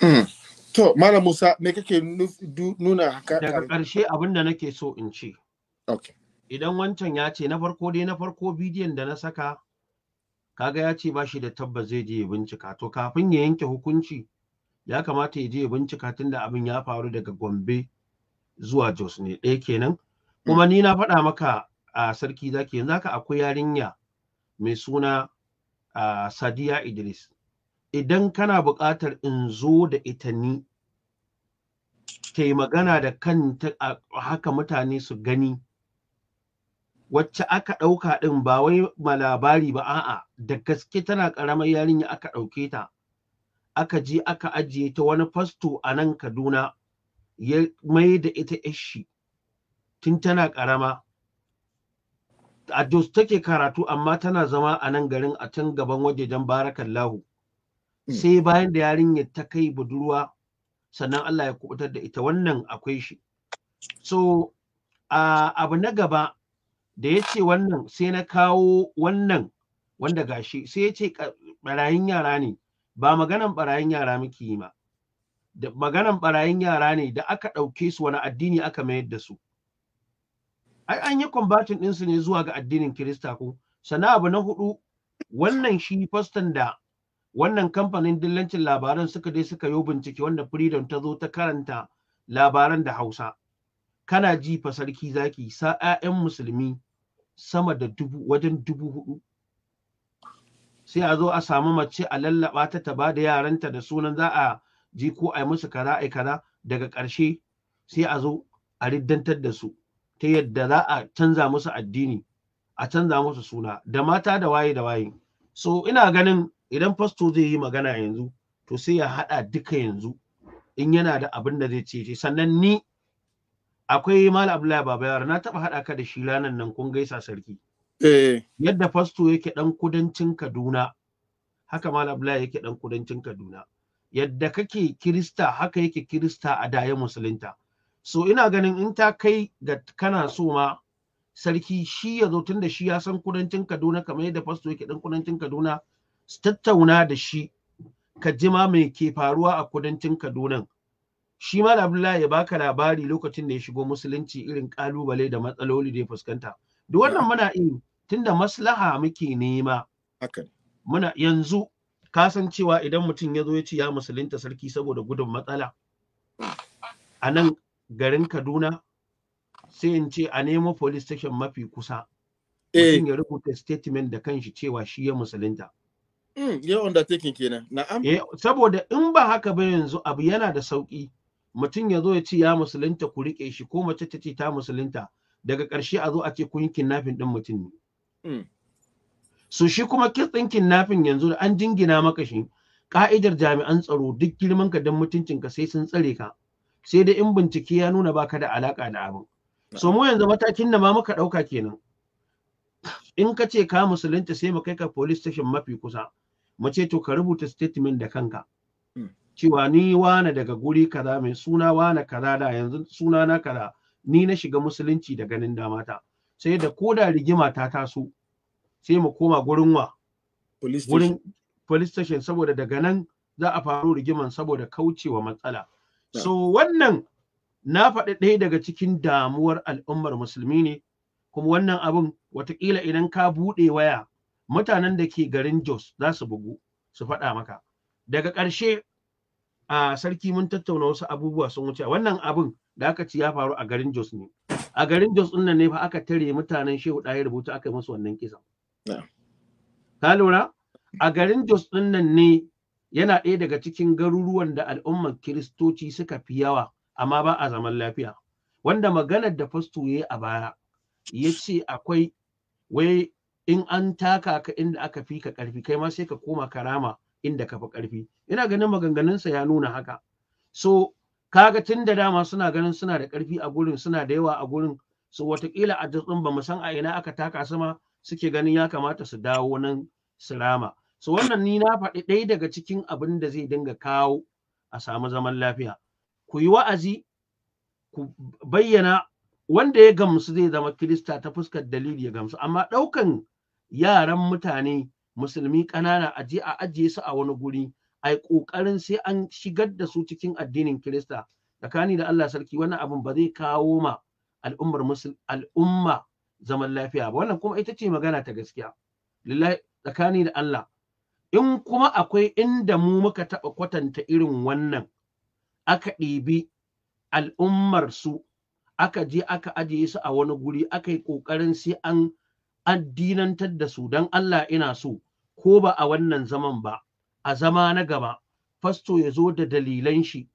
Hmm. To, Malam Musa, me kake nuna haka? Daga ƙarshe abin da nake so in ce. Okay. Idan wancan ya ce na farko dai na farko bidiyon da na saka kaga ya ce ba da tabbas zai je ya bincika to kafin ya yanke hukunci ya kamata ya je ya bincika da abin ya faru daga Gombe zuwa Jos ne ɗaya kenan kuma ni na faɗa maka a sarki zaki yanzu haka akwai yarinya mai suna Sadiya Idris idan kana buƙatar in zo da ita ni ta yi magana da kanta haka mutane su gani wacce aka ɗauka ɗin ba wai ma labari ba a'a da gaske tana ƙaramar yarinya aka ɗauke ta aka je aka ajiye ta wani fasto a nan kaduna ya mai da ita shi tun tana ƙarama a jos take karatu amma tana zama a nan garin a can gaban wajejen Lahu. Hmm. sai bayan da yarinyar ta kai budurwa sannan Allah ya kubutar da ita wannan akwai shi so uh, abu na gaba da ya ce wannan sai na kawo wannan wanda gashi sai ya ce barayin yara ne ba maganan barayin yara muke yi ma da maganan barayin yara ne da aka ɗauke su wani addini aka mayar da su ai an yi din su ne zuwa ga addinin kirista ko Sannan abu na hudu wannan shi fastan da wannan kamfanin dillancin labaran suka dai suka yi bincike wanda freedom ta zo ta karanta labaran da hausa kana ji fa sarki zaki sa 'ya'yan musulmi sama da dubu wajen dubu hudu sai a zo a samu mace a lallaba ta ta da yaranta da sunan za a ji ko a yi musu kaza a kaza daga ƙarshe sai a zo a riddantar da su ta yadda za a canza musu addini a canza musu suna da mata da waye da waye so ina ganin idan fasto zai yi magana yanzu to sai ya haɗa duka yanzu in yana da abin da zai ce sannan ni akwai mal abdullahi babayar na taɓa haɗa ka da shi ranar nan kun gaisa sarki eh. yadda fasto yake ɗan kudancin kaduna haka mal abdullahi yake ɗan kudancin kaduna yadda kake kirista haka yake kirista a daya musulunta so ina ganin in ta kai ga kana so ma sarki shi ya zo tun da shi ya san kudancin kaduna kamar yadda fasto yake ɗan kudancin kaduna Su tattauna da shi ka jima mai ke faruwa a kudancin Kaduna shi ma Abdullahi ya baka labari lokacin da ya shigo musulunci irin kalubale da matsaloli da ya fuskanta duk wannan muna iya tunda maslaha muke nema muna yanzu ka san cewa idan mutum ya zo ya ci ya musulunta sarki saboda gudun matsala a nan garin Kaduna sai in ce a nemo police station mafi kusa eh. mutum ya rubuta statement da kanshi cewa shi ya musulunta Hmm, Yau eh, saboda in ba haka ba yanzu abu yana da sauƙi. Mutum ya zo ya ce ya musulunta ku riƙe shi ko mace ta ce ta musulunta daga ƙarshe a zo a ce kun yi kinnafin ɗin mutum ne. Hmm. So shi kuma kitsin kinnafin yanzu da an jingina maka shi ka'idar jami'an tsaro duk girman ka don mutuncinka sai sun tsare ka sai dai in bincike ya nuna baka da alaka da abin. So mu yanzu matakin da ma muka ɗauka kenan. In ka ce ka musulunta sai mu kai ka police station mafi kusa. mu ce to ka rubuta statement da kanka hmm. cewa ni wane daga guri kaza mai suna wane kaza da yanzu suna na kaza ni na shiga musulunci da ganin damata sai da ko da rigima ta taso sai mu koma gurin wa gurin police station saboda daga nan za a faru rigiman saboda kaucewa matsala so wannan na faɗi ɗaya daga cikin damuwar al'ummar musulmi ne kuma wannan abin watakila idan ka buɗe waya mutanen da ke garin Jos za su bugu su faɗa maka daga ƙarshe a sarki mun tattauna wasu abubuwa sun wuce wannan abin da aka ci ya faru a garin Jos ne a garin Jos ɗin nan ne fa aka tare mutanen Shehu Ɗaya rubuta aka yi musu wannan kisan ka lura a garin Jos ɗin nan ne yana ɗaya daga cikin garuruwan da al'ummar Kiristoci suka fi yawa amma ba a zaman lafiya wanda maganar da fasto ya yi a baya ya ce akwai wai in an taka ka inda aka fi ka ƙarfi kai ma sai ka koma karama inda ka fi ƙarfi ina ganin maganganunsa ya nuna haka so kaga tun da dama suna ganin suna da ƙarfi a gurin suna da yawa a gurin so watakila a dutsen ba mu san a ina aka taka sama suke ganin ya kamata su dawo nan su rama so wannan ni na faɗi ɗaya daga cikin abin da zai dinga kawo a samu zaman lafiya ku yi wa'azi ku bayyana wanda ya gamsu zai zama kirista ta fuskar dalili ya gamsu amma ɗaukan yaran mutane musulmi ƙanana a je a ajiye su a wani guri ai ƙoƙarin sai an shigar da su cikin addinin Kirista tsakani da Allah sarki wannan abin ba zai kawo ma al'ummar al'umma zaman lafiya ba wannan kuma ita ce magana ta gaskiya lillahi tsakani da Allah in kuma akwai inda mu muka taɓa kwatanta irin wannan aka ɗibi al'ummar su aka je aka ajiye su a wani guri aka yi ƙoƙarin sai an addinantar da su don Allah ina so ko ba a wannan zaman ba a zama na gaba fasto ya zo da dalilan shi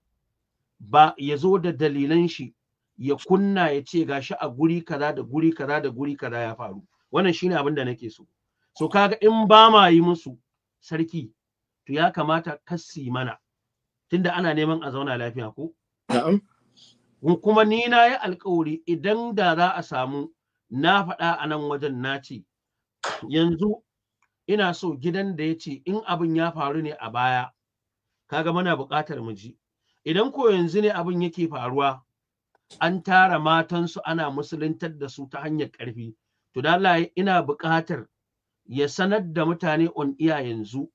ba ya zo da dalilan shi ya kunna ya ce gashi a guri kaza da guri kaza da guri kaza ya faru wannan shine abin da nake so so kaga in ba ma yi musu sarki to ya kamata kasi mana tunda ana neman a zauna lafiya ko na'am kuma ni na yi alkawari idan da za a samu na faɗa a nan wajen na ce yanzu ina so gidan da ya ce in abin ya faru ne a baya kaga muna buƙatar mu ji idan ko yanzu ne abin yake faruwa an tara matansu ana musuluntar da su ta hanyar ƙarfi to da Allah ina buƙatar ya sanar da mutane on iya yanzu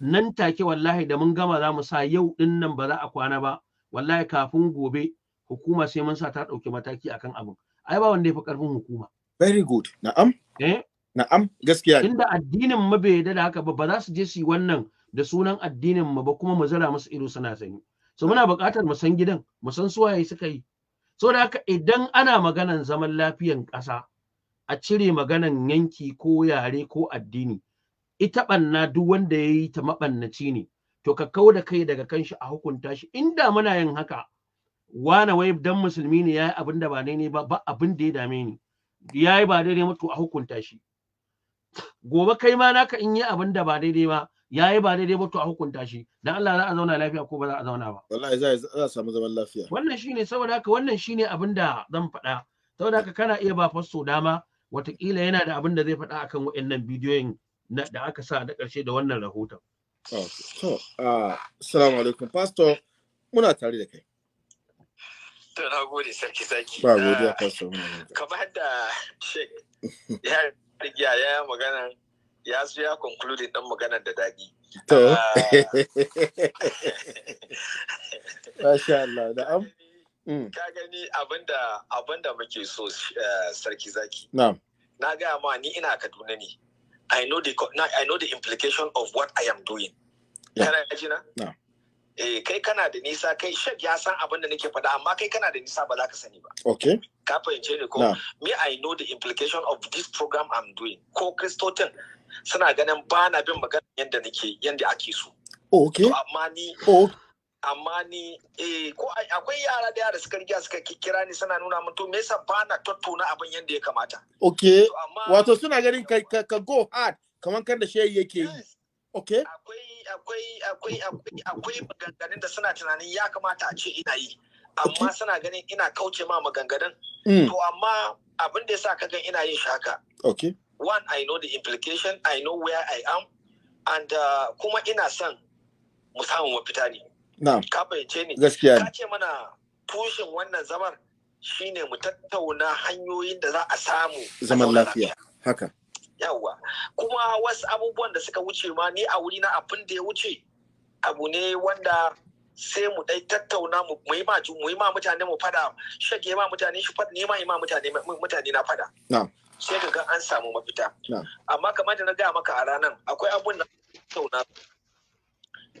nan take wallahi da mun gama za mu sa yau ɗin nan ba za a kwana ba wallahi kafin gobe hukuma sai mun sa ta ɗauki mataki akan abin ai ba wanda ya fi karfin hukuma very good na'am eh? na'am gaskiya inda addinin mu bai yarda da haka ba ba za su je su yi wannan da sunan addinin mu ba kuma mu zara musu ido suna sani so muna buƙatar mu san gidan mu san su waye suka yi so da haka idan ana maganan zaman lafiyan ƙasa a cire maganan yanki ko yare ko addini ita ɓanna duk wanda ya yi ta maɓannaci ne to ka kau da kai daga kanshi a hukunta shi inda muna yin haka wane wai dan musulmi ne yayi abin da ba ne ba ba abin da ya dame ni yayi ba daidai mutu a hukunta shi gobe kai ma naka in yi abin da ba daidai ba yayi ba daidai mutu a hukunta shi dan Allah za a zauna lafiya ko ba za a zauna ba wallahi za a samu zaman lafiya wannan shine saboda haka wannan shine abin da zan faɗa saboda haka kana iya ba fasto dama watakila yana da abin da zai faɗa akan wa'annan bidiyoyin da aka sa na ƙarshe da wannan rahoton. Ah, assalamu alaikum, Pastor, muna tare da kai. To na gode sarki zaki. Ba godiya pastor. Kamar da Sheikh ya rigiya ya magana ya su ya conclude dan maganar da dadi. To. Masha Allah da am. Ka gani mm. abinda abinda muke so eh, sarki zaki. Na'am. Na gaya ma ni ina Kaduna ne. I know the I know the implication of what I am doing. Kana ji na? Na'am. eh kai kana da nisa kai shek ya san abin da nake faɗa amma kai kana da nisa ba za ka sani ba okay ka fahimce ni ko me i know the implication of this program i'm doing ko kristotin suna ganin ba na bin magana yadda nake yadda ake so okay amma ni amma ni eh ko akwai yara da yara suka riga suka kira ni suna nuna min to me yasa ba na tattauna abin yadda ya kamata okay wato suna ganin ka, go hard kamar kan da shi yake yi okay akwai akwai akwai akwai akwai maganganun da suna tunanin ya kamata a ce ina yi amma suna ganin ina kauce ma maganganun mm. to amma abin da yasa ka gan ina yin shi haka okay one i know the implication i know where i am and uh, kuma ina son mu samu mafita ne ka fahimce ni gaskiya ka ce mana tushen wannan zamar shine mu tattauna hanyoyin da za a samu zaman lafiya haka yawa kuma wasu abubuwan da suka wuce ma ni a wuri na abin da ya wuce abu ne wanda sai mu dai tattauna mu yi ma mu yi ma mutane mu fada shage ma mutane shi fada nema yi ma mutane mutane na fada sai ga an samu mafita amma kamar da na gaya maka a ranar akwai abun da tattauna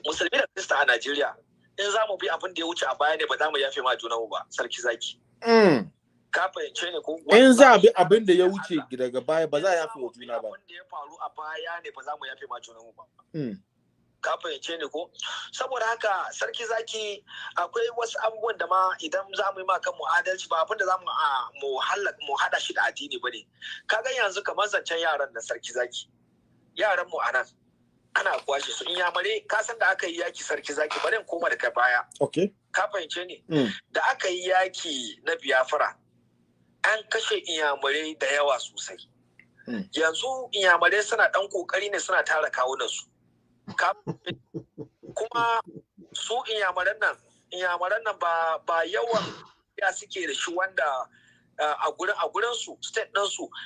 musulmi da krista a Najeriya in za mu bi abin da ya wuce a baya ne ba za mu yafe ma junanmu ba sarki zaki mm. ka fahimce ne ko in za bi abin da ya wuce daga baya ba za a yafe wa juna ba abin da ya faru a baya ne ba za mu yafe ma junanmu ba hmm. ka fahimce ne ko saboda haka sarki zaki akwai wasu abubuwan da ma idan za mu yi ma kan adalci ba abin da za mu hada shi da addini ba ne ka ga yanzu kamar zancen yaran da sarki zaki yaran mu anan ana kwashe su in yamare ka san da aka yi yaki sarki zaki bari in koma daga baya ka fahimce ne hmm. da aka yi yaki na biyafara an kashe inyamurai da yawa sosai hmm. yanzu inyamurai suna ɗan ƙoƙari ne suna tara kawunansu kuma su inyamuran nan inyamuran nan ba yawan ya suke da shi wanda a gurinsu state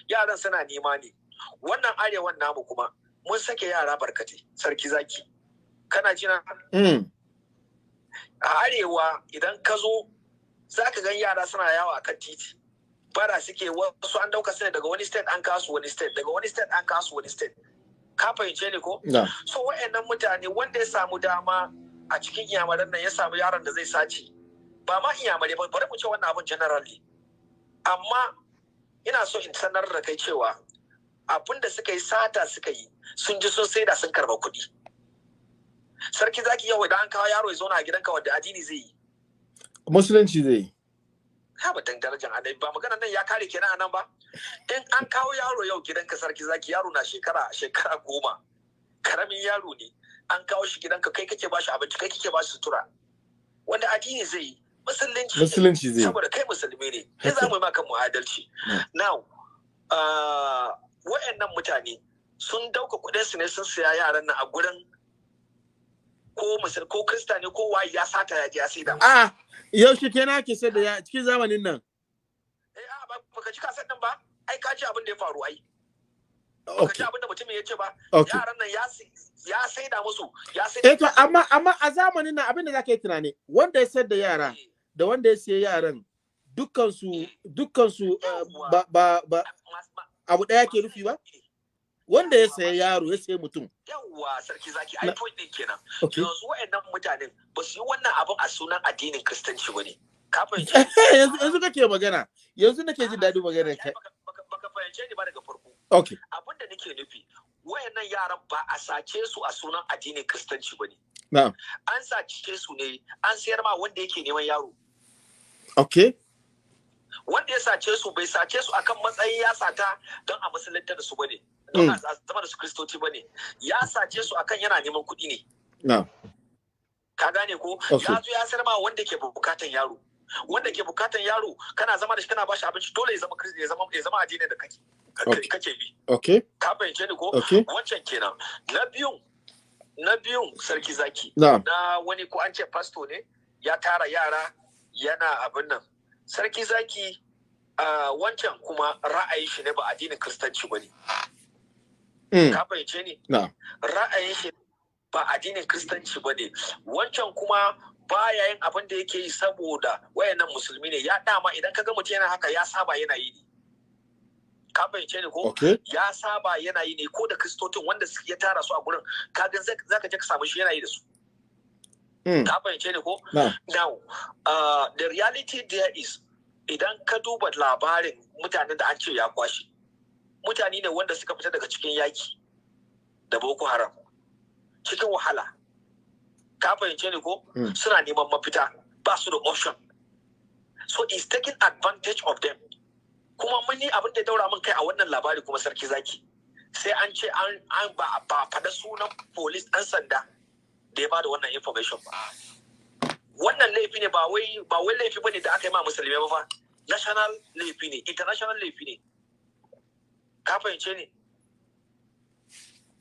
yaran suna nema ne wannan arewan namu kuma mun sake yara barkatai sarki zaki kana jina hmm. a arewa idan ka zo za ka gan yara suna yawa a kan titi bara suke wasu an dauka su daga wani state an kasu wani state daga wani state an kasu wani state ka fahimce ni ko so wa'annan mutane wanda ya samu dama a cikin iyamaran nan ya samu yaron da zai sace ba ma iyamare ba bari mu ce wannan abun generally amma ina so in sanar da kai cewa abun da suka yi sata suka yi sun ji sun saida sun karba kuɗi sarki zaki yau idan an kawo yaro ya zauna a gidanka wanda addini zai yi musulunci zai yi a batun darajar annabi ba magana nan ya kare kenan anan ba in an kawo yaro yau gidan ka, sarki zaki yaro na shekara shekara goma karamin yaro ne an kawo shi gidan ka, kai kake shi abinci kai kake shi sutura wanda addini zai yi musulunci musulunci zai saboda kai musulmi ne kai za mu yi maka mu'adalci now uh, wa'annan mutane sun dauka kudin su ne sun siya yaran nan a gurin ko musul ko krista ne ko waye ya sata ya je ya saida a ah, yaushe kenan ake sai da ya cikin zamanin nan eh a ah, ba baka ji kasar din ba ai ka ji abin da ya faru ai baka ji abin da mutumin ya ce ba yaran nan ya ya da musu ya sai eh to amma amma a zamanin nan abin da zaka yi tunani wanda ya sayar da yara eh. da wanda ya sayi yaran dukkan su dukkan su eh, eh, ba ba abu daya ke rufi ba wanda ya saya yaro ya saya mutum yawwa sarki zaki ai point din kenan yanzu wa'annan mutanen ba su yi wannan abin a sunan addinin kristanci bane ka fahimci yanzu kake magana yanzu nake jin daɗin magana kai baka fahimce ni ba daga farko okay abin da nake nufi wa'annan yaran ba a sace su a sunan addinin kristanci bane na'am an sace su ne an sayar ma wanda yake neman yaro okay wanda ya sace su bai sace su akan matsayin ya sata don a musulunta da su bane Mm. a zama da su kristoci ba ne ya sace su akan yana neman kuɗi ne ka gane ko ya zo ya sayar ma wanda ke bukatan yaro wanda ke bukatan yaro kana zama da shi kana bashi abinci dole ya zama kristi ya zama addini da kake kake bi ka fahimce ni ko wancan kenan na biyun na biyun sarki zaki na wani ko an ce pasto ne ya tara yara yana abin nan sarki zaki ah, wancan kuma ra'ayi shi ne ba addinin kristanci ba ne Mm. ka fahimce ni ra'ayin shi ba addinin kristanci ba ne wancan kuma baya yin abin da yake yi saboda wayannan musulmi ne ya dama idan ka ga mutum yana haka ya saba yana yi ne ka fahimce ni ko ya saba yana yi ne ko da kristotin wanda ya tara su a gurin ka ga zaka je ka samu shi yana yi da su mm. ka fahimce ni ko now uh, the reality there is idan ka duba labarin mutanen da an ce ya kwashi mutane ne wanda suka fita daga cikin yaki da boko haram cikin wahala ka fahimce ni ko hmm. suna neman mafita ba su da option so is taking advantage of them kuma mun yi abin da daura mun kai a wannan labari kuma sarki zaki sai an ce an ba ba faɗa sunan police ɗan sanda da ya bada wannan information ba wannan laifi ne ba wai ba wai laifi bane da aka yi ma musulmi ba fa national laifi ne international laifi ne ka fahimce ni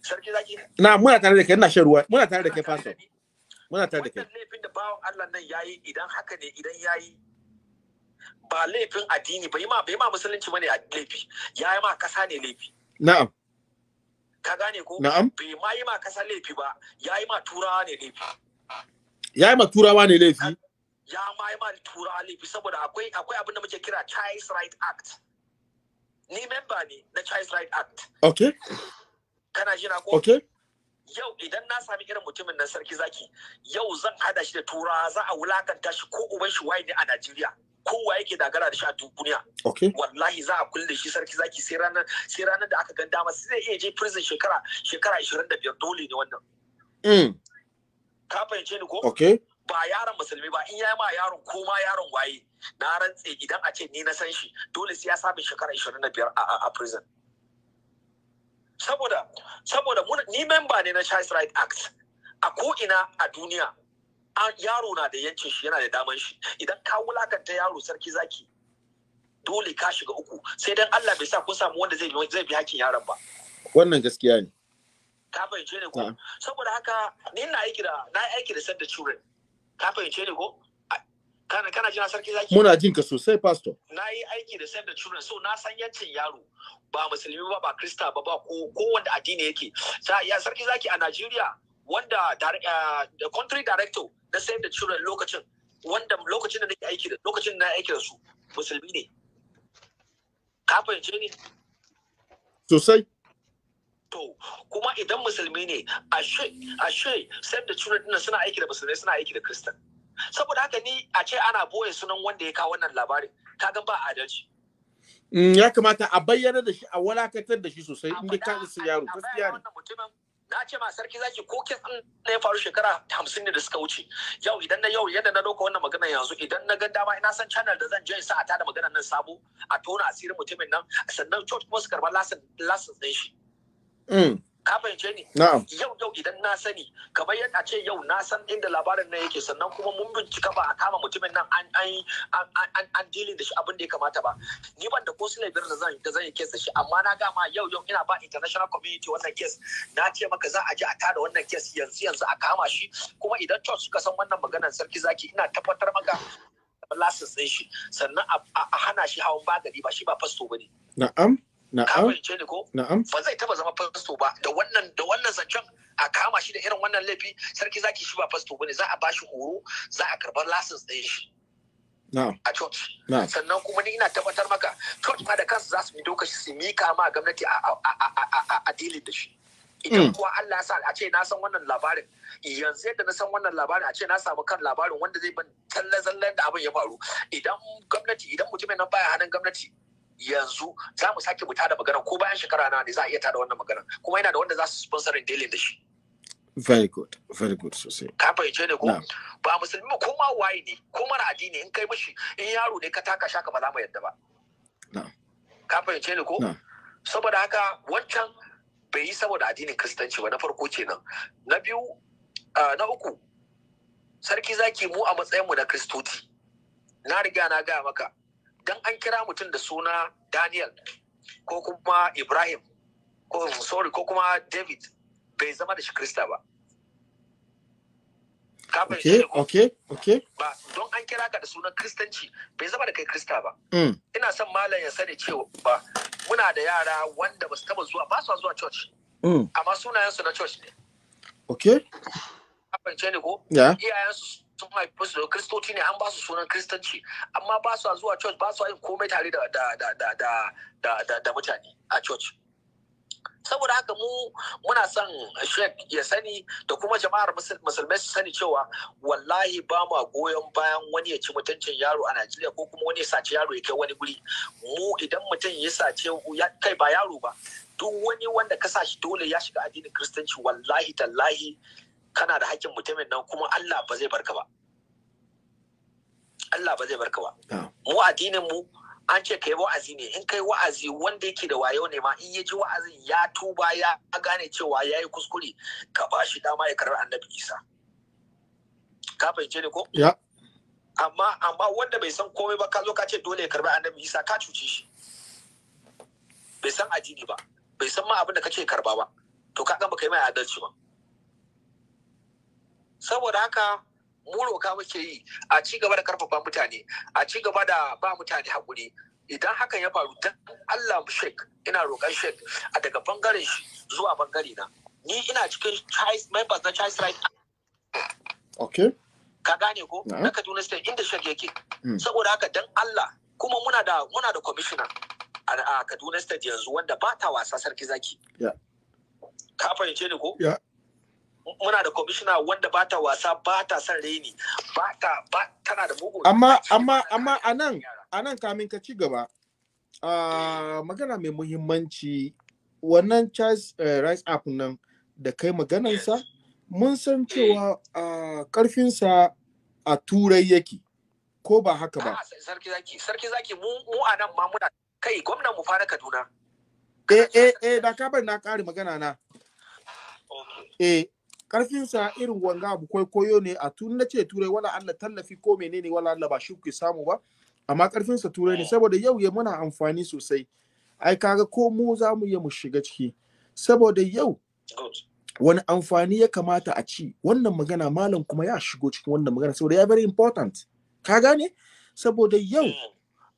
sarki zaki na muna tare da kai ina shan ruwa muna tare da kai faso muna tare da kai wannan laifin da bawan Allah nan yayi idan haka ne idan yayi ba laifin addini bai ma bai ma musulunci bane laifi yayi ma kasa ne laifi na'am ka gane ko na'am bai ma yi ma kasa laifi ba yayi ma turawa ne laifi yayi ma turawa ne laifi ya ma yi ma turawa laifi saboda akwai akwai abin da muke kira Child Right Act ni memba ne na Child Right Act. Okay. Kana jina ko? Okay. Yau idan na sami irin mutumin nan sarki zaki, yau zan hada shi da tura za a wulakanta shi ko uban shi waye ne a Najeriya. Kowa yake dagara da shi a duniya. Okay. Wallahi za a kulle shi sarki zaki sai ranar sai ranar da aka gan dama sai zai iya je prison shekara shekara 25 dole ne wannan. Mm. Ka fahimce ni ko? Okay. Ba yaron musulmi ba in yayi ma yaron ko ma yaron waye. na rantse idan a ce ni na san shi dole sai ya samu shekara 25 a prison saboda saboda ni memba ne na Child Right Act a ko ina a duniya yaro na da yancin shi yana da daman shi idan ka wulakanta yaro sarki zaki dole ka shiga uku sai dan Allah bai sa kun samu wanda zai zai bi hakkin yaron ba wannan gaskiya ne ka fahimce ne ko saboda haka ni na aiki da na aiki da sadda children ka fahimce ne ko kana kana jina sarki zaki muna jin ka sosai pastor na yi aiki da sayar the children so na san yancin yaro ba musulmi ba ba krista ba ba ko ko wanda addini yake ya sarki zaki a Najeriya wanda uh, the country director na sayar the children lokacin wanda lokacin da nake aiki da lokacin da na aiki da su musulmi ne ka ce ne? sosai to kuma idan musulmi ne ashe ashe save the children suna aiki da musulmi suna aiki da kristan saboda haka ni a ce ana boye sunan wanda ya kawo wannan labarin ga ba adalci mm, ya kamata a bayyana da shi a walakatar da shi sosai in dai ka isa yaro gaskiya ne na ce ma sarki zaki ko kin na ya faru shekara hamsin ne da suka wuce yau idan na yau yadda na doka wannan magana yanzu idan na ga dama ina san channel da zan je sa a tada maganar nan sabo a tona asirin mutumin nan sannan church kuma su karɓa lasin lasin din shi mm. ka fahimce ni yau yau idan na sani kamar yadda ce yau na san inda labarin nan yake sannan kuma mun bincika ba a kama mutumin nan an an an an dili da shi abin da ya kamata ba ni ban da ko su da zan da zan yi kes da shi amma na gama yau yau ina ba international community wannan kes na ce maka za a je a tada wannan kes yanzu yanzu a kama shi kuma idan church suka san wannan maganar sarki zaki ina tabbatar maka lasis ɗin shi sannan a hana shi hawan bagari ba shi ba fasto bane na'am Na'am. Ka ko? Na'am. Ba zai taba zama fasto ba da wannan da wannan zancen a kama shi da irin wannan laifi sarki zaki shi ba fasto bane za a ba shi horo za a karbar license ɗin shi. a church sannan kuma ni ina tabbatar maka church ma da kansu za su bi doka su mika ma gwamnati a dilin da shi idan mm. kuwa Allah ya sa a ce na san wannan labarin yanzu yadda na san wannan labarin a ce na samu kan labarin wanda zai ban talle zallan da abin ya faru idan gwamnati idan mutumin nan baya hannun gwamnati yanzu za mu sake mu magana ko bayan shekara na ne za a iya tada wannan magana kuma yana da wanda za su in daily da shi very good very good sosai ka fahimce ne ko ba musulmi ko ma waye ne ko mara addini in kai mishi in yaro ne ka taka shaka ba za mu yadda ba ka fahimce ne ko saboda haka wancan bai yi saboda addinin kristanci ba na farko kenan na biyu na uku sarki zaki mu a matsayinmu na kristoci na riga na gaya maka dan an kira mutum da suna Daniel ko kuma Ibrahim ko sorry ko kuma David bai zama da shi Krista ba. Okay, okay, okay. Ba don an kira ka da sunan Kristanci bai zama da kai Krista ba. Mm. Ina son malam ya sani cewa ba muna da yara wanda ba su taba zuwa ba su zuwa church. Mm. Amma sunayensu na church ne. Okay. Ka fahimce ni ko? Yeah. Iyayensu sun haifi su kristoci ne an ba su sunan kristanci amma ba su zuwa church ba su yin komai tare da da mutane a church saboda haka mu muna son shek ya sani da kuma jama'ar musulmai su sani cewa wallahi ba ma goyon bayan wani ya ci mutuncin yaro a najeriya ko kuma wani ya sace yaro ya kai wani guri mu idan mutum ya sace kai ba yaro ba duk wani wanda ka sa shi dole ya shiga addinin kristanci wallahi tallahi kana da haƙƙin mutumin nan kuma Allah ba zai barka ba Allah ba zai barka ba ah. mu addinin mu an ce kai wa'azi ne in kai wa'azi wanda yake da wayo ne ma in ya ji wa'azin ya tuba ya gane cewa ya yi kuskure ka ba shi dama ya karar annabi isa ka fahimce ne ko ya amma amma wanda bai san komai ba ka zo ka ce dole ya karbi annabi isa ka cuce shi bai san addini ba bai san ma abin da kace karba ba to ka ga baka yi mai adalci ba saboda haka mu roka muke yi a ci gaba da karfafa mutane a ci gaba da ba mutane hakuri idan hakan ya faru dan Allah shek ina roƙan shek a daga bangaren shi zuwa bangare na ni ina cikin members na child right okay ka gane ko na Kaduna state inda shek yake hmm. saboda haka dan Allah kuma muna da muna da commissioner a Kaduna state yanzu wanda ba ta wasa sarki zaki ka fahimce ni ko muna da kwamishina wanda ba ta wasa ba ta son reni ba ta ba tana da mugun amma amma amma anan anan kamin ka ci gaba eh. magana mai muhimmanci wannan Charles eh, Rice app nan da kai maganansa mun san eh. cewa uh, karfinsa a turai yake ko ba haka ba ah, sarki zaki sarki zaki mu mu anan ma muna kai gwamnan mu fara Kaduna eh eh eh da ka bari na kare magana na eh karfinsa irin wanga abu koyo ne a tun na ce turai wala Allah tallafi ko menene wala Allah ba shi ke samu ba amma karfinsa turai ne saboda yau ya muna amfani sosai ai kaga ko mu za mu iya mu shiga ciki saboda yau wani amfani ya kamata a ci wannan magana malam kuma ya shigo cikin wannan magana saboda ya very important ka gane saboda yau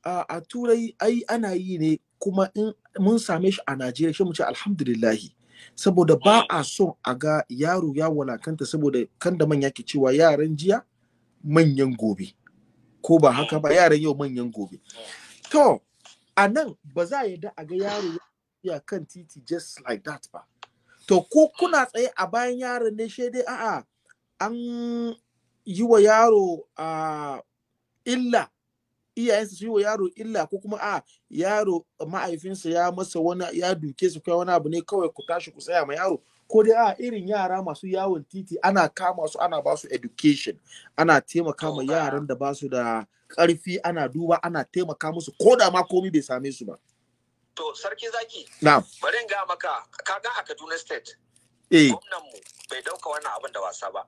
a turai ai ana yi ne kuma in mun same shi a najeriya shi mu ce alhamdulillahi saboda ba mm. a so a ga yaro ya walakanta saboda kan da manya ke cewa yaran jiya manyan gobe ko ba haka ba yaran yau manyan gobe to a nan ba za a da a ga yaro ya kan titi just like that ba to ko kuna tsaye a bayan yaron ne shi dai a'a an yi wa yaro a ah, illa iyayensa su yi wa yaro illa ko kuma a yaro ma'aifinsa ya masa wani ya duke su kai wani abu ne kawai ku tashi ku tsaya ma yaro ko dai a irin yara masu yawon titi ana kama su ana basu su education ana taimaka ma yaran da ba su da karfi ana duba ana taimaka musu ko da ma komi bai same su ba to sarki zaki na'am bari in ga maka kaga a Kaduna state eh gwamnan mu bai dauka wannan abin da wasa ba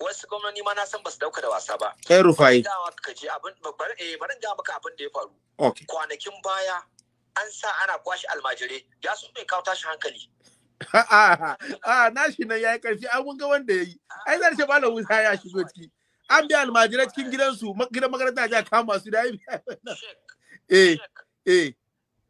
wasu gwamnoni ma na san ba su dauka da wasa ba. Ɗan rufai. Barin ga eh, maka abin da ya faru. Kwanakin baya an sa ana kwashe almajirai ya su mai kawo tashi hankali. A'a, ah, ah, na shi nan ya yi ƙarfi, an mun ga wanda ya yi. Ai zan ce Malam Musa ya shigo ciki. An bi almajirai cikin gidansu, gidan makaranta ya kama masu da ya Eh, eh.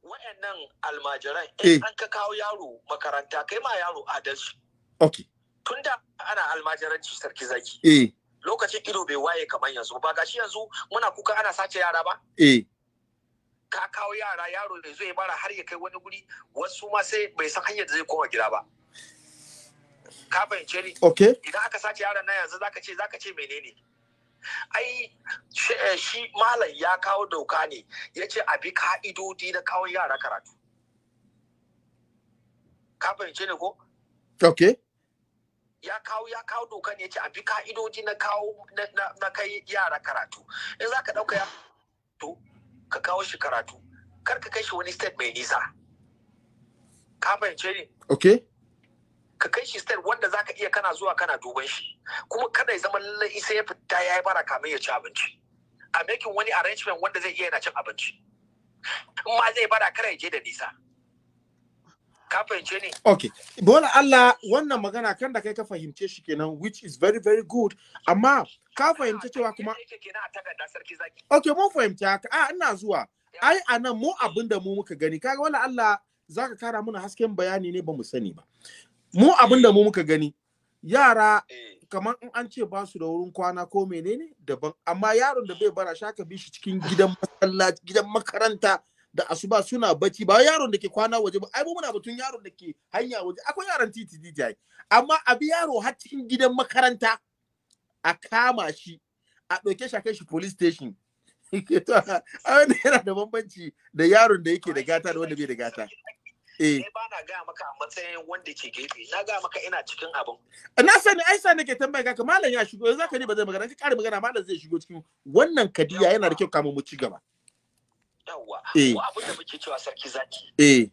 Wa'annan almajirai, eh. an ka kawo yaro makaranta, kai ma yaro adalci. Okay. tun da ana almajiranci sarki zaki eh lokacin ido bai waye kamar yanzu ba gashi yanzu muna kuka ana sace yara ba eh ka kawo yara yaro da zai bara har ya kai wani guri wasu ma sai bai san hanyar da zai koma gida ba ka fahimce ni okay idan aka sace yara na yanzu zaka ce zaka ce menene ai eh, shi malam ya kawo doka ne ya ce a bi ka'idodi na kawo yara karatu ka fahimce ni ko okay ya kawo ya kawo doka ne yace a bi ka'idoji na kawo na kai yara karatu in za ka dauka ya to ka kawo shi karatu kar ka kai shi wani state mai nisa ka fahimce ni okay ka kai shi state wanda za ka iya kana zuwa kana duban shi kuma kada ya zama lallai sai ya fita ya yi bara kamar ya ci abinci a making wani arrangement wanda zai iya yana cin abinci in ma zai bara kare ya je da nisa ka fahimce Allah wannan magana kan da kai ka fahimce shi kenan which is very very good amma ka fahimce cewa kuma okay mun fahimci haka a ina zuwa ai anan mu abin da mu muka gani kaga wala Allah zaka kara mana hasken bayani ne ba mu sani ba mu abin da mu muka gani yara eh. kamar in an ce ba su da wurin kwana ko menene daban amma yaron da bai bara shaka bi shi cikin gidan masallaci gidan makaranta da asuba suna bacci ba yaron da ke kwana waje ba ai muna batun yaron da ke hanya waje akwai yaron titi DJ amma abi yaro har cikin gidan makaranta a kama shi a ɗauke shi a kai shi police station wani yana da bambanci da yaron da yake da gata da wanda bai da gata eh ba na ga maka matsayin wanda ke gefe na ga maka ina cikin abin na sani ai sani ke tambaya ka malam ya shigo yanzu zaka ne ba zai magana ka kare magana malam zai shigo cikin wannan kadiya yana da kyau kamun mu ci gaba yawwa ko eh. abinda muke cewa sarki zaki eh,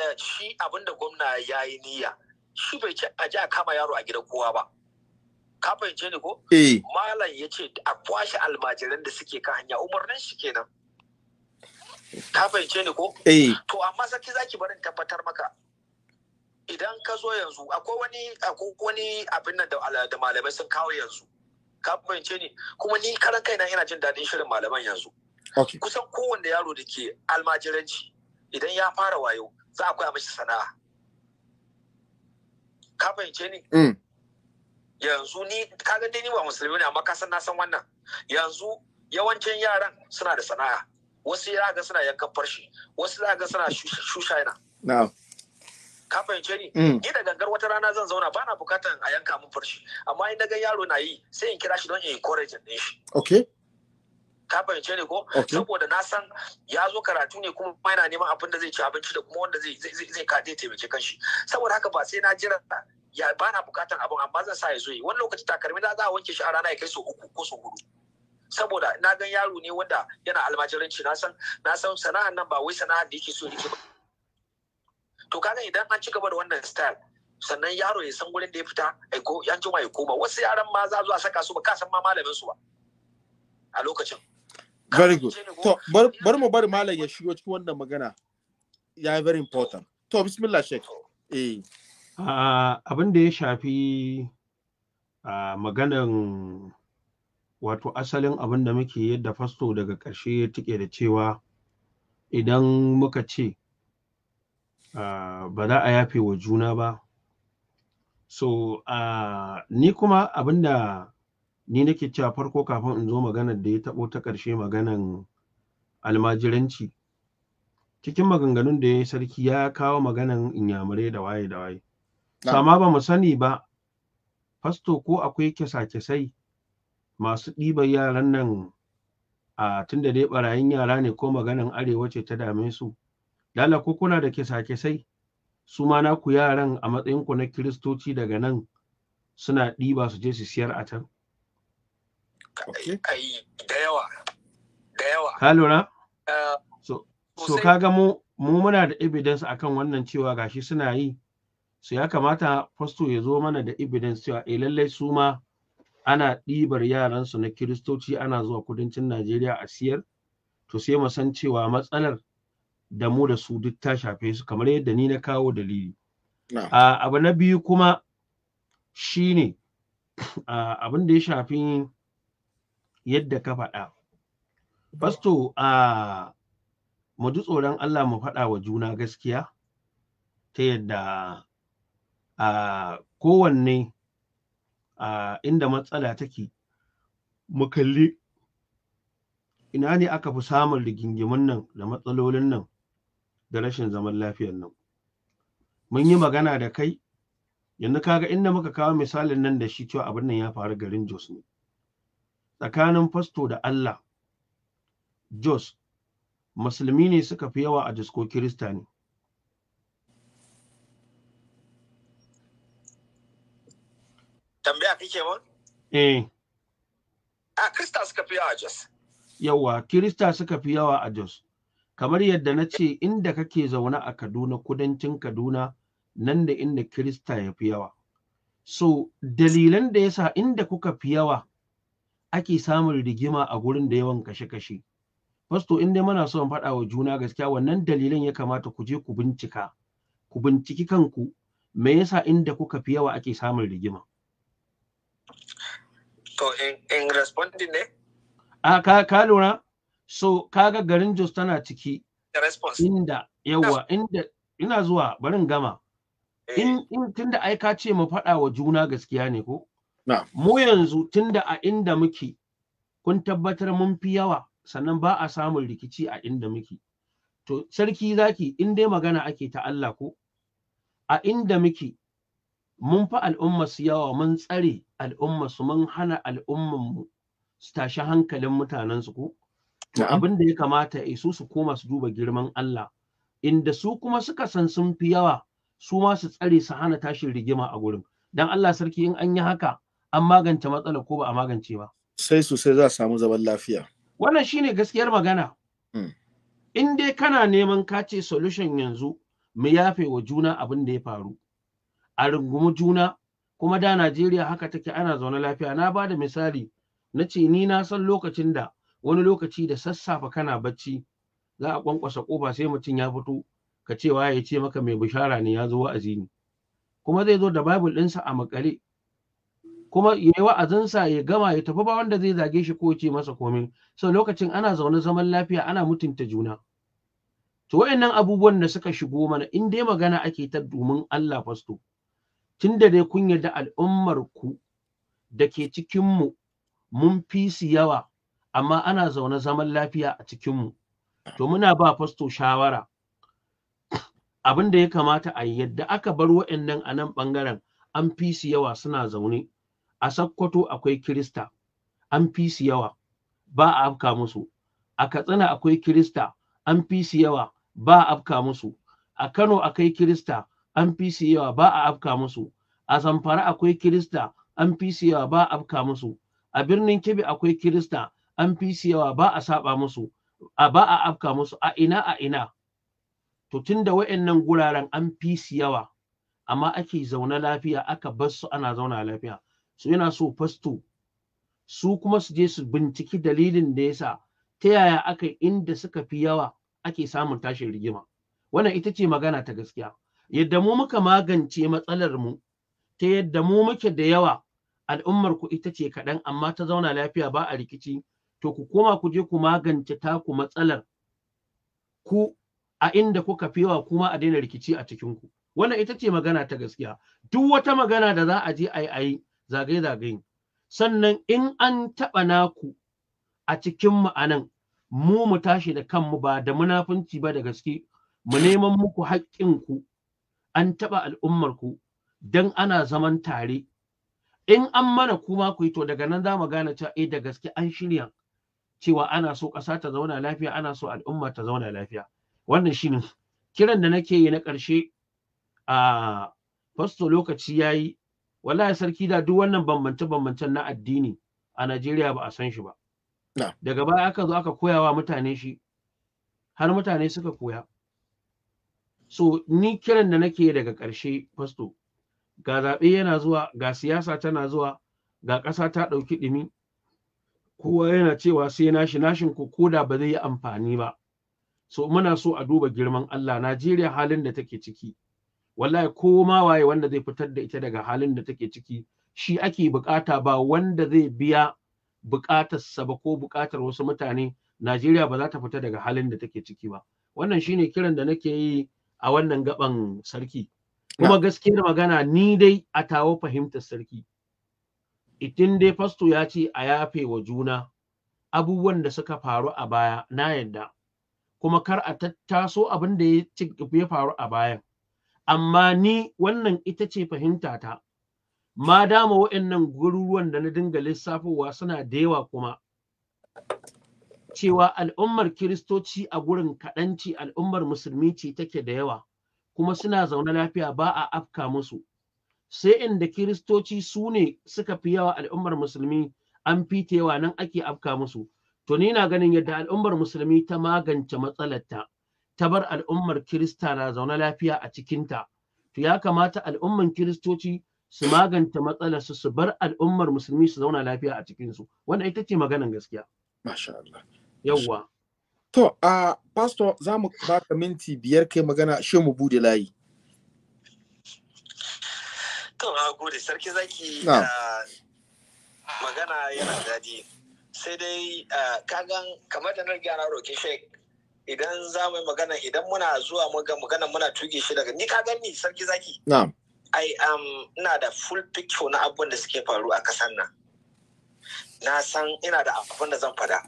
eh shi abinda gwamna ya yi niyya shi bai ce a ji a kama yaro a gidan kowa ba ka fahimce ni ko eh. malam ya ce a kwashe almajiran da suke kan hanya umarnin shi kenan ka fahimce ni ko to amma sarki zaki barin tabbatar maka idan ka zo yanzu akwai wani akwai wani abin nan da malamai sun kawo yanzu ka fahimce ni kuma ni karan kaina ina jin daɗin shirin malaman yanzu kusan kowanne yaro da ke almajiranci idan ya fara wayo za a koya mashi sana'a ka fahimce ni mm. yanzu ni kaga dai ni ba musulmi ne amma ka san na san wannan yanzu yawancin yaran suna da sana'a wasu yara ga suna yankan farshi wasu za ga suna shusha yana. ka fahimce ni mm. ni da gangar wata rana zan zauna bana bukatan a yanka min farshi amma in na ga yaro na yi sai in kira shi don in encourage ne shi okay ka fahimce ne ko saboda na san ya zo karatu ne kuma yana neman abin da zai ci abinci da kuma wanda zai zai ka zai taimake kanshi saboda haka ba sai na jira ya ba na bukatar abin amma zan sa ya zo yi wani lokaci takalmi za a wanke shi a rana ya kai so uku ko so hudu saboda na gan yaro ne wanda yana almajiranci na san na san sana'an nan ba wai sana'a da yake so yake ba to kaga idan an ci gaba da wannan style sannan yaro ya san gurin da ya fita ko yan jima ya koma wasu yaran ma za a saka su ba ka san ma malamin su ba a lokacin very good to bari mu bari malam ya shigo cikin wannan magana ya yi very important to bismillah sheikh eh abin da ya shafi uh, maganan wato asalin abin da muke yadda fasto daga ƙarshe ya tike da cewa idan muka ce ba za a yafe wa juna ba so ni kuma abin da ni nake cewa farko kafin in zo maganar da ya taɓo ta ƙarshe maganan almajiranci cikin maganganun da ya sarki ya kawo maganan inyamurai da waye da waye sama ba mu sani ba fasto ko akwai kyasa-kyasai masu ɗiba yaran nan a tun da dai ɓarayin yara ne ko maganan arewa ce ta dame su lala ko kuna da kyasa-kyasai su ma naku yaran a matsayinku na kiristoci daga nan suna ɗiba su je su siyar a can ai da ka lura eh, so so kaga mu mu muna da evidence akan wannan cewa gashi suna yi so ya kamata fasto ya zo mana da evidence cewa eh lallai su ma ana ɗibar yaransu na kiristoci ana zuwa kudancin najeriya a siyar to sai mu san cewa matsalar da mu da su duk ta shafe su kamar yadda ni na kawo dalili abu na biyu kuma shine abin da ya shafi yadda ka faɗa mm. fasto a mu tsoron Allah mu faɗa wa juna gaskiya ta yadda a kowanne a inda matsala take mu kalli ina ne aka fi samun rigingimin nan da matsalolin nan da rashin zaman lafiyar nan mun yi magana da kai yanzu kaga inda muka kawo misalin nan da shi cewa abin nan ya faru garin jos ne tsakanin fasto da Allah Jos musulmi ne suka fi yawa a jisko kirista ne tambaya eh. kirista suka fi yawa a Jos kirista suka fi yawa a Jos kamar yadda na ce inda kake zaune a Kaduna kudancin Kaduna nan da inda kirista ya fi yawa so dalilan da ya sa inda kuka fi yawa ake samun rigima a gurin da yawan kashe-kashe fasto in dai muna son faɗa wa juna gaskiya wannan dalilan ya kamata ku je ku bincika ku binciki kanku me yasa inda kuka fi yawa ake samun rigima to in, in ne a ka, ka lura so kaga garin jos tana ciki inda yawa inda ina zuwa barin gama eh. in, in tunda ai ka ce mu faɗa wa juna gaskiya ne ko mu yanzu tunda a inda muke kun tabbatar mun fi yawa sannan ba a samun rikici a inda muke to sarki zaki in dai magana ake ta Allah ko a inda muke mun fi su yawa mun tsare al'umma su, mun hana al'umman mu su tashi hankalin mutanen su, ko abin da ya kamata ya eh, su su koma su duba girman Allah inda su kuma suka san sun fi yawa su ma su tsare su hana tashin rigima a gurin dan Allah sarki in an yi haka an magance matsalar ko ba a magance ba sai sosai za a samu zaman lafiya wannan shine gaskiyar magana hmm. in dai kana neman kace solution yanzu mu yafe wa juna abin da ya faru a rungumi juna kuma da Najeriya haka take ana zaune lafiya na bada misali na ce ni na san lokacin da wani lokaci da sassafe kana bacci za a kwankwasa kofa sai mutum ya fito ka ce wa ya ce maka mai bishara ne ya zo wa'azi ne kuma zai zo da bible ɗinsa a makale kuma ya yi wa'azinsa ya gama ya tafi ba wanda zai zage shi ko ce masa komai sau lokacin ana zaune zaman lafiya ana mutunta juna to wayannan abubuwan da suka shigo mana in dai magana ake ta domin Allah fasto tun da dai kun yarda al'ummar ku da ke cikin mu mun fi su yawa amma ana zaune zaman lafiya a cikin mu to muna ba fasto shawara abin da ya kamata a yadda aka bar wayannan a nan bangaren an fi su yawa suna zaune a sakkwato akwai kirista an fi su yawa ba a afka musu a katsina akwai kirista an fi su yawa ba a afka musu a kano akwai kirista an fi su yawa ba a afka musu a zamfara akwai kirista an fi su yawa ba a afka musu a birnin kebbi akwai kirista an fi su yawa ba a saba musu a ba a afka musu a ina a ina to tun da wa'annan guraren an fi su yawa amma ake zaune lafiya aka bar su ana zauna lafiya Su yana so fasto su kuma su je su binciki dalilin da yasa ta yaya aka inda suka fi yawa ake samun tashin rigima wannan ita ce magana ta gaskiya yadda mu muka magance matsalar mu ta yadda mu muke da yawa al'ummar ku ita ce kaɗan amma ta zauna lafiya ba a rikici to ku koma ku je ku magance taku matsalar ku a inda kuka fi yawa kuma a daina rikici a cikin ku wannan ita ce magana ta gaskiya duk wata magana da za a je a yi zagaye-zagaye sannan in an taɓa naku a cikin ma'anan mu mu tashi da kanmu ba da munafunci ba da gaske mu neman muku haƙƙinku an taɓa al'ummarku don ana zaman tare in an mana kuma ku yi to daga nan za mu gane cewa eh da gaske an shirya cewa ana so ƙasa ta zauna lafiya ana so al'umma ta zauna lafiya wannan ne kiran da nake yi na ƙarshe a ah, fasto lokaci ya yi. wallahi sarki da duk wannan bambance bambancen na addini a Najeriya ba a san shi ba daga baya aka zo aka koya wa mutane shi har mutane suka koya so ni kiran da nake daga ƙarshe fasto ga zaɓe yana zuwa ga siyasa tana zuwa ga ƙasa ta ɗauki ɗumi kowa yana cewa sai nashi nashin ko koda ba zai yi amfani ba so muna so a duba girman Allah Najeriya halin da take ciki wallahi ko ma waye wanda zai fitar da ita daga halin da take ciki shi ake bukata ba wanda zai biya bukatarsa ba ko bukatar wasu mutane Najeriya ba za ta fita daga halin da take ciki ba wannan shine kiran da nake yi a wannan gaban sarki kuma gaskiyar magana ni dai a tawo fahimtar sarki itin dai fasto ya ce a yafe wa juna abubuwan da suka faru a baya na yadda kuma kar a tattaso abin da ya faru a bayan amma ni wannan ita ce fahimta ta ma dama wa'annan garuruwan da na dinga lissafowa suna da yawa kuma cewa al'ummar kiristoci a gurin kaɗanci al'ummar musulmi ce take da yawa kuma suna zaune lafiya ba a afka musu sai inda kiristoci su ne suka fi yawa al'ummar musulmi an fita nan ake afka musu to ni na ganin yadda al'ummar musulmi ta magance matsalarta ta bar al'ummar Kirista na zaune lafiya a cikinta, to ya kamata al'ummar Kiristoci su maganta matsalarsu su bar al'ummar musulmi su zauna lafiya a cikinsu. Wannan ita ce maganan gaskiya. Masha Allah. Yawwa. To, a pastor za mu baka minti biyar kai magana shi mu bude layi. To, a gode, sarki zaki magana yana daɗi. Sai dai kagan kamar da na gyara roke shek idan za mu magana idan muna zuwa muga magana muna tuge shi daga ni ka gani sarki zaki na'am ai am ina da full picture na abun da suke faru a kasar nan na san ina da abin da zan fada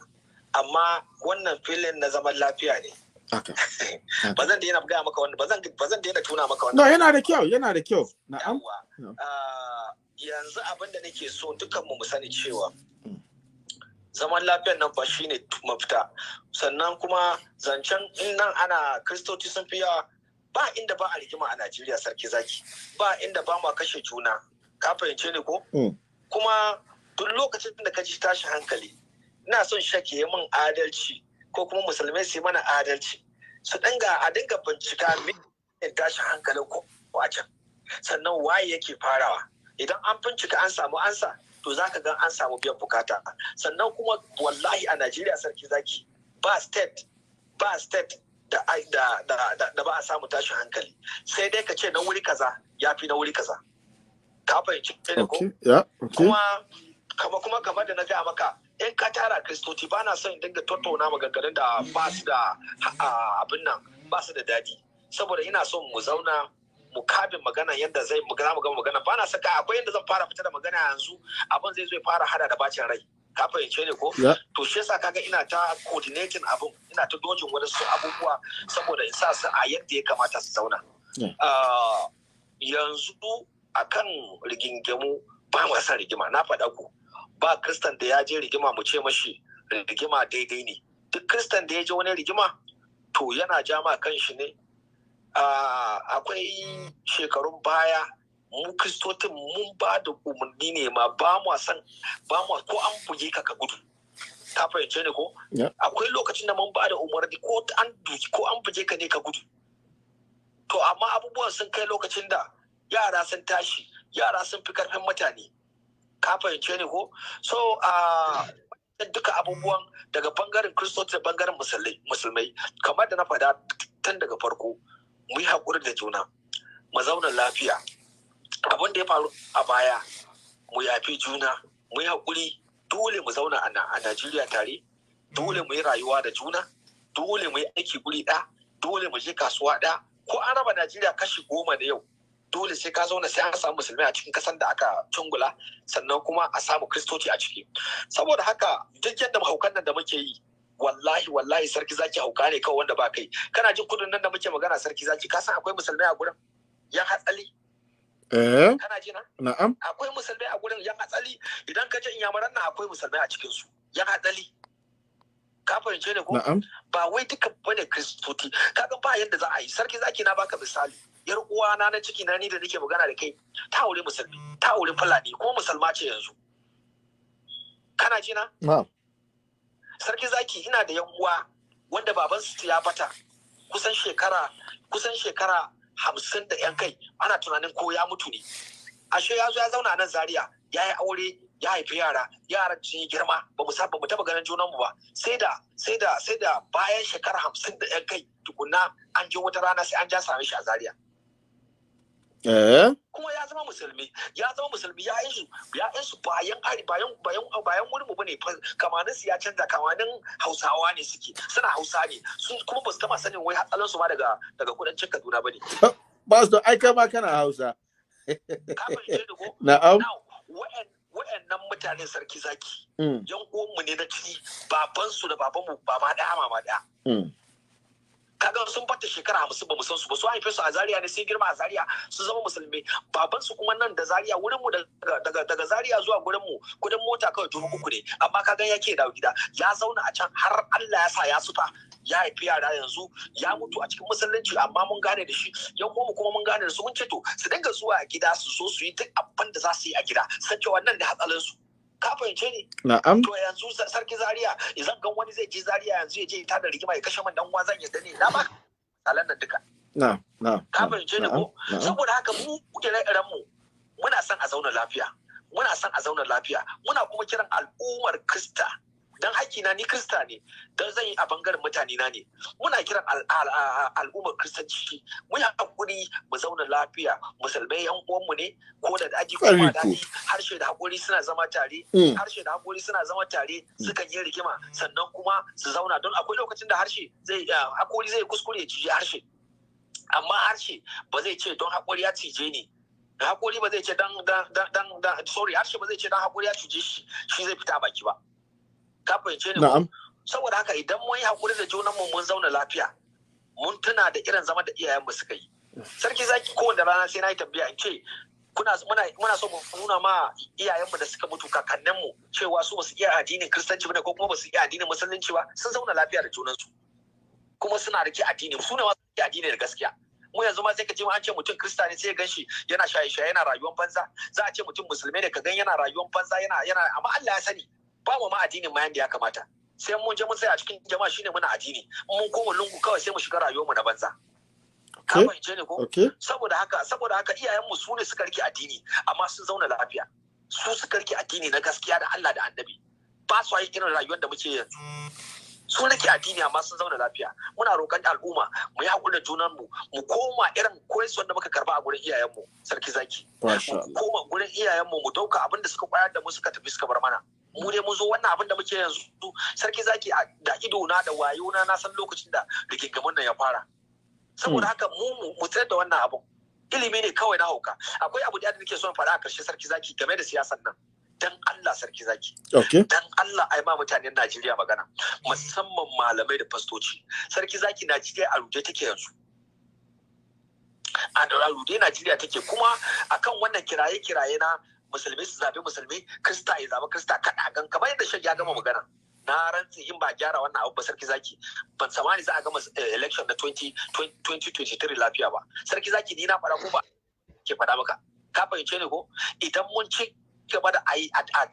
amma wannan filin na zaman lafiya ne ba zan daina gaya maka wannan ba zan daina tuna maka wannan no yana da kyau yana da kyau na'am ah, yanzu abin da nake so dukkan mu mu sani cewa zaman lafiyar nan shi ne mafita sannan kuma zancen nan ana kristoci sun fi yawa ba inda ba a rigima a najeriya sarki zaki ba inda ba ma kashe juna ka fahimce ni ko hmm. kuma duk lokacin da ka ji tashi hankali ina son shake min adalci ko kuma musulmai su yi mana adalci su dinga a dinga bincika min tashi hankali ko wacan sannan waye yake farawa idan an bincika an samu ansa to za ka ga an samu biyan bukata sannan kuma wallahi a Najeriya sarki zaki ba state ba state da da ba a samu tashin hankali sai dai ka ce na wuri kaza ya fi na wuri kaza ka fahimci ne ko kuma kama kuma kamar da na ga maka in ka tara kristoci ba na son dinga tattauna maganganun da ba su da abin nan ba su da dadi saboda ina son mu zauna mukabin magana yadda zai za mu gama magana ba na saka akwai yadda zan fara fita da magana yanzu abin zai zo fara hada da bacin rai ka fahimce ne ko to shi yasa kaga ina ta coordinating abin ina ta dojin wadansu abubuwa saboda in sa su a yadda ya kamata su zauna ah, yanzu akan rigingimu ba mu san rigima na faɗa ku ba kristan da ya je rigima mu ce mashi rigima daidai ne duk kristan da ya je wani rigima to yana jama kan shi ne akwai shekarun baya mu kristotin mun ba da umarni ne ma ba mu san ba mu ko an buge ka ka gudu ta fahimce ne ko akwai lokacin da mun ba da umarni ko an duki ko an buge ka ne ka gudu to amma abubuwan sun kai lokacin da yara sun tashi yara sun fi karfin mutane ka fahimce ne ko so a duka abubuwan daga bangaren kristotin da bangaren musulmai kamar da na faɗa tun daga farko mu yi haƙuri da juna mu zauna lafiya abin da ya faru a baya mu yafi juna mu yi haƙuri dole mu zauna a Najeriya tare dole mu yi rayuwa da juna dole mu yi aiki guri ɗaya dole mu je kasuwa ɗaya ko an raba Najeriya kashi goma da yau dole sai ka zauna sai an samu musulmai a cikin kasan da aka cungula sannan kuma a samu kristoci a ciki saboda haka duk yadda mahaukan nan da muke yi wallahi wallahi sarki zaki hauka ne kawai wanda ba kai kana jin kudin nan da muke magana sarki zaki ka san akwai musulmai a gurin yan hatsali eh kana ji na na'am akwai musulmai a gurin yan hatsali idan ka je inyamuran nan akwai musulmai a cikin su yan hatsali ka fahimce ne ko ba wai duka bane ka kaga ba yadda za a yi sarki zaki na baka misali yar uwana na ciki na ni da nake magana da kai ta aure musulmi ta aure fulani ko musulma ce yanzu kana ji na na'am sarki zaki ina da yan uwa wanda babansu ya bata kusan shekara kusan shekara hamsin da yan kai ana tunanin ko ya mutu ne ashe ya zo ya zauna nan zaria ya yi aure ya haifi yara yaran sun girma ba mu saba mu taba ganin junanmu ba sai da sai da sai da bayan shekara hamsin da yan kai tukunna an je wata rana sai an ja same shi a zaria Eh? kuma ya zama musulmi ya zama musulmi ya isu ya yi bayan ari bayan bayan bayan wani mu bane kamanin su ya canza kamanin Hausawa ne suke suna Hausa ne su kuma ba su taba sanin wai hatsalan su ma daga daga kudancin Kaduna bane ba oh, su ai kai ma kana Hausa na'am wa'annan mutanen sarki zaki yan hmm. uwan mu ne na ciki babansu da baban mu ba ma baba ma mama ɗaya hmm. kaga sun bata shekara hamsin ba san su ba su haife su a zaria ne sai girma a zaria su zama musulmi baban su kuma nan da zaria wurin mu daga daga zaria zuwa gurin mu kudin mota kawai dubu uku ne amma kaga yake dawo gida ya zauna a can har Allah ya sa ya sufa ya haifi yara yanzu ya mutu a cikin musulunci amma mun gane da shi yan mu kuma mun gane da su mun ce to su dinga zuwa gida su zo su yi duk abin da za su yi a gida san cewa nan da hatsalin su ka fahimce na'am to yanzu sarki zaria idan gan wani zai je zaria yanzu ya je ta da rigima ya kashe man dan uwa zan yadda ne na ba misalan nan duka na'am na'am ka fahimce ko saboda haka mu ire-iren mu muna son a zauna lafiya muna son a zauna lafiya muna kuma kiran al'ummar krista dan na ni krista ne dan zan yi a bangaren mutane na ne muna kiran al'ummar kristanci mu yi hakuri mu zauna lafiya musulmai yan uwan mu ne ko da aji ko ba daɗi harshe da hakuri suna zama tare mm. harshe da hakuri suna zama tare sukan yi rigima sannan kuma su zauna don akwai lokacin da harshe zai ah, hakuri zai kuskure ji harshe amma harshe ba zai ce don hakuri ya cije ni hakuri ba zai ce dan dan dan sorry harshe ba zai ce dan hakuri ya cije shi shi zai fita baki ba ka fahimce ni na'am saboda haka idan mun yi hakuri da junan mu mun zauna lafiya mun tuna da irin zama da iyayen mu suka yi sarki zaki kowanne rana sai na yi tambaya in ce kuna muna muna so mu nuna ma iyayenmu da suka mutu kakanninmu cewa su basu iya addinin kristanci ba ko kuma basu iya addinin musulunci ba sun zauna lafiya da junansu kuma suna rike addini su ne masu iya addini da gaskiya mu yanzu ma sai ka ce an ce mutum krista ne sai ya ganshi yana shaye shaye yana rayuwar banza za a ce mutum musulmi ne ka gan yana rayuwar banza yana yana amma Allah ya sani ba mu ma addinin ma yanda ya kamata sai mun je mun tsaya a cikin jama'a shine muna addini mun koma lungu kawai sai mu shiga rayuwar mu na banza ka fahimce ne ko saboda haka saboda haka iyayen mu su ne suka rike addini amma sun zauna lafiya su suka rike addini na gaskiya da Allah da annabi ba su yi irin rayuwar da muke yanzu Su rike addini amma sun zauna lafiya muna roƙon al'umma mu yi hakuri junan mu mu koma irin koyarwar da muka karba a gurin iyayen mu sarki zaki mu koma gurin iyayen mu mu dauka abin da suka koyar da mu suka tafi suka bar mana mu dai mun zo wannan abin da muke yanzu sarki zaki da ido na da wayo na na san lokacin da rigingimin nan ya fara saboda hmm. haka mu mu tsayar da wannan abu ilimi ne kawai na hauka akwai abu da nake son fara a karshe sarki zaki game da siyasan nan dan Allah sarki zaki dan Allah ai ma mutanen Najeriya magana musamman malamai da fastoci sarki zaki Najeriya a ruje take yanzu a ruje Najeriya take kuma akan wannan kiraye kiraye na musulmi su zabi musulmi krista ya zabi krista kada gan kamar yadda shek ya gama magana na rantsi in ba gyara wannan abu ba sarki zaki ban samani za a gama eh, election na 2023 lafiya ba sarki zaki ni na fara ko ba ke fada maka ka fahimce ne ko idan mun ci gaba da ayi a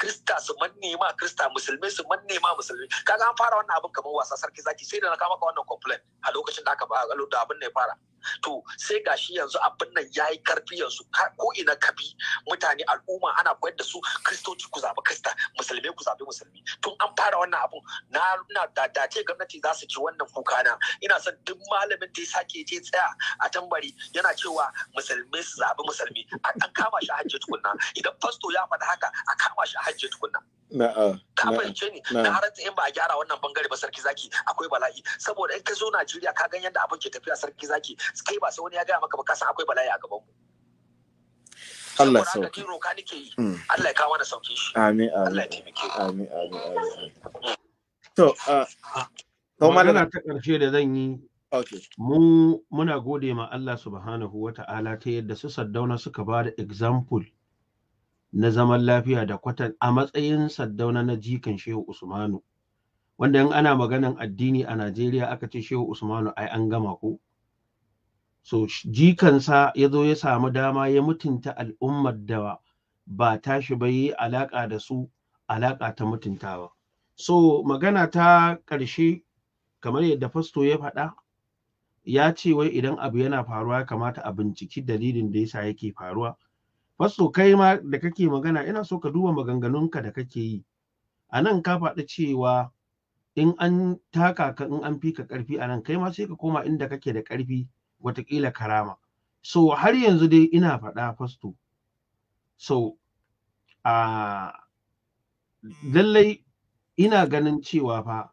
krista su manne ma krista musulmi su manne ma musulmi kaga an fara wannan abin kamar wasa sarki zaki sai da na kama ka wannan complaint a lokacin da aka ba a da abin ne fara to sai gashi yanzu abin nan ya yi karfi yanzu ko ina ka bi mutane al'umma ana koyar da su kristoci ku zabi krista musulmai ku zabi musulmi tun an fara wannan abun na na dadace gwamnati za su ci wannan kuka na ina son duk malamin da ya sake je tsaya a tambari yana cewa musulmi su zabi musulmi an kama shi a hajji tukunna idan fasto ya faɗa haka a kama shi a hajji tukunna Ah, ka fahimce ni na har in ba a gyara wannan bangare ba sarki zaki akwai bala'i saboda in ka zo Najeriya ka gan yadda abin ke tafiya sarki zaki kai ba sai wani ya gaya maka ba kasan san akwai bala'i a gaban mu Allah ya sauke roka nake yi hmm. Allah ya kawo mana sauke shi amin amin Allah ya taimake amin amin to a ah, to magana ta karshe da zan yi mu muna gode ma Allah subhanahu wa ta'ala ta yadda su saddauna suka ba da example na zaman lafiya da kwatan a matsayin saddauna na jikan shehu usmanu wanda in ana maganan addini a najeriya aka ce shehu usmanu ai an gama ko so jikansa ya zo ya samu dama ya mutunta al'ummar da ba tashi ba yi alaƙa da su alaƙa ta mutuntawa so magana ta ƙarshe kamar yadda fasto ya faɗa ya ce wai idan abu yana faruwa kamata a binciki dalilin da yasa yake faruwa fasto kai ma da kake magana ina so ka duba maganganunka da kake yi a nan ka faɗi cewa in an taka ka in an fika ƙarfi a nan kai ma sai ka koma inda kake da ƙarfi wataƙila karama so har yanzu dai ina faɗa fasto so a lallai ina ganin cewa fa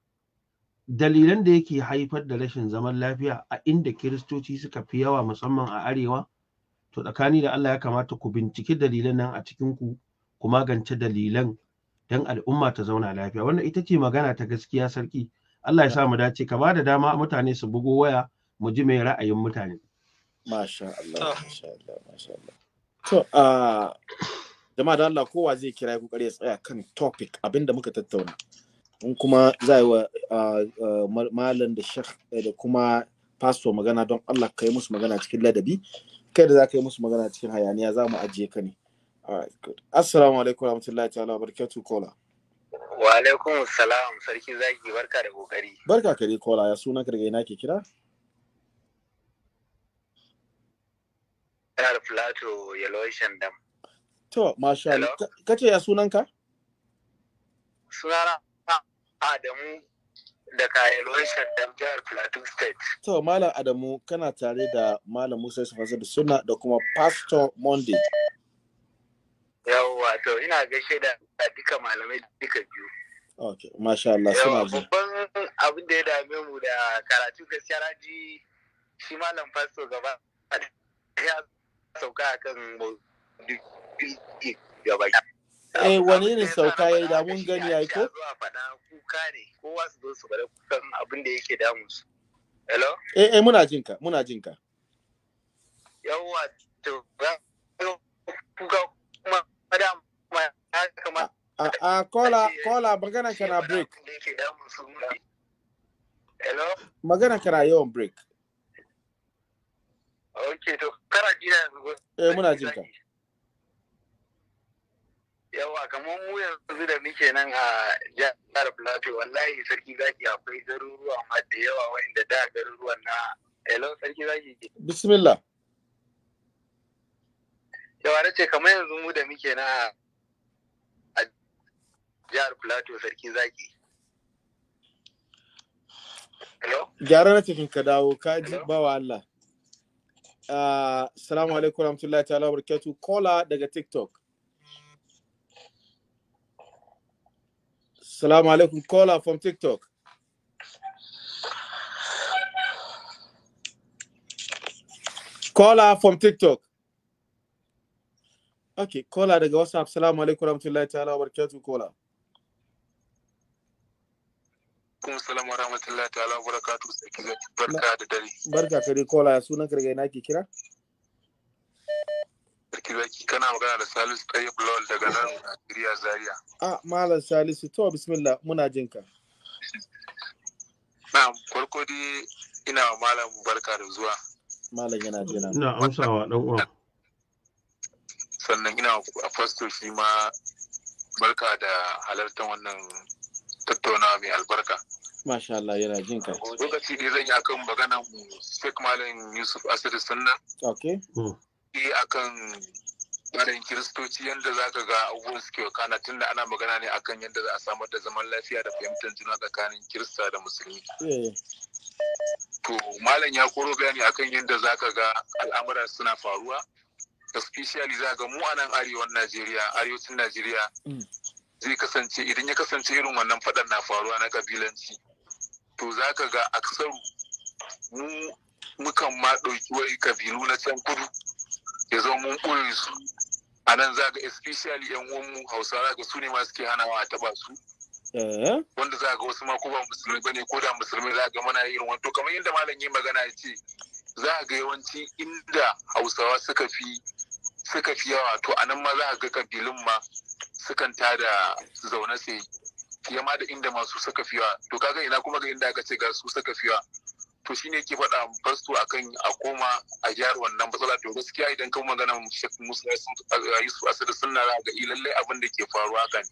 dalilan da yake haifar da rashin zaman lafiya a inda kiristoci suka fi yawa musamman a arewa to tsakani da Allah ya kamata ku binciki dalilan nan a cikin ku ku magance dalilan don al'umma ta zauna lafiya wannan ita ce magana ta gaskiya sarki Allah ya sa mu dace ka ba da dama mutane su bugo waya mu ji mai ra'ayin mutane masha Allah ah. masha Allah masha Allah to a ah, jama'a da Allah kowa zai kira ku kare tsaya kan topic abinda muka tattauna in kuma za yi wa ah, malam da shekh eh, da kuma pastor magana don Allah ka yi musu magana cikin ladabi kai da za ka yi musu magana cikin hayaniya za mu ajiye ka ne assalamu alaikum rahmatullahi ta'ala wa barakatuh kola wa alaikum salam sarki zaki barka da kokari barka kare kola ya sunan ka daga ina ke kira filato Plateau, Yaloshan Dam. To, masha Allah. Kace ya sunanka? Sunana Adamu daga Yalwan Shandam jihar Plateau State. To Malam Adamu kana tare da Malam Musa Yusuf da suna da kuma Pastor Monday. Yawwa to ina gaishe da duka malamai duka biyu. Ok, masha Allah suna bi. Babban abin da ya dame mu da karatu gaskiya na ji shi malam fasto gaba ya sauka akan gaba. eh wani ne sauka ya yi mun gani ya yi ko? faɗa kuka ne kowa su zo su kukan abin da yake su. Hello? Eh eh muna jinka muna jinka. to kuka kuma madam ma ya A a kola kola magana kana break. Hello? Magana kana yawan break. Okay to jina yanzu. Eh muna jinka. yawa kamar mu yanzu da muke nan a jihar plateau wallahi sarki zaki akwai garuruwa ma da yawa wanda da garuruwan na elon sarki zaki ke bismillah yawa na ce kamar yanzu mu da muke na a jihar plateau sarki zaki gyara na cikin ka dawo ka ji bawa Allah. Ah, salamu alaikum rahmatullahi ta'ala wa barakatuh. Kola daga TikTok. Salaam alaikum. Caller from TikTok. Caller from TikTok. Okay, caller daga WhatsApp. Salaam alaikum warahmatullahi ta'ala wa barakatuh caller. alaikum salam wa rahmatullahi ta'ala wa barakatuhu sarki barka da dare barka ka dai kola sunan kirga ina ke kira kana da Salisu Tayyib daga nan Najeriya Zaria. Ah, Malam Salisu, to bismillah muna jin ka. Na, farko dai ina wa Malam barka da zuwa. Malam yana jina. Ina amsawa dan uwa. Sannan ina a fasto shi ma barka da halartar wannan tattaunawa mai albarka. Masha Allah yana jin ka. Lokaci ne zan yi akan maganar Sheikh Malam Yusuf Asadu Sunna. Okay. Hmm. yi kan barin kiristoci yadda za ka ga abubuwan suke wakana tunda ana magana ne a kan yadda za a samar da zaman lafiya da fahimtar juna tsakanin kirista da musulmi. Eh. To malam ya koro bayani kan yadda za ka ga al'amura suna faruwa, especially za ga mu a nan arewan Najeriya, arewacin Najeriya mm. zai kasance idan ya kasance irin wannan faɗan na faruwa na kabilanci. To za ka ga aksaru mu mukan ma ɗauki wai kabilu na can kudu ya zama mun ɓoye su a nan za ga especially yan uwan mu hausa za ga su ne ma suke hanawa a taba su eh? wanda za ga wasu ma ko ba musulmi bane ko da musulmi za ga mana irin wani to kamar yadda malam yi magana ya ce za ga yawanci inda hausawa suka fi suka fi yawa to a nan ma za ga kabilun ma sukan tada zaune sai fiye ma da inda masu suka fi yawa to kaga ina kuma ga inda aka ce ga su suka fi yawa to shine ke faɗa fasto akan a koma a gyara wannan matsala to gaskiya idan kan magana Musa Yusuf eh, Asadu suna za ga eh, lallai abin da ke faruwa kan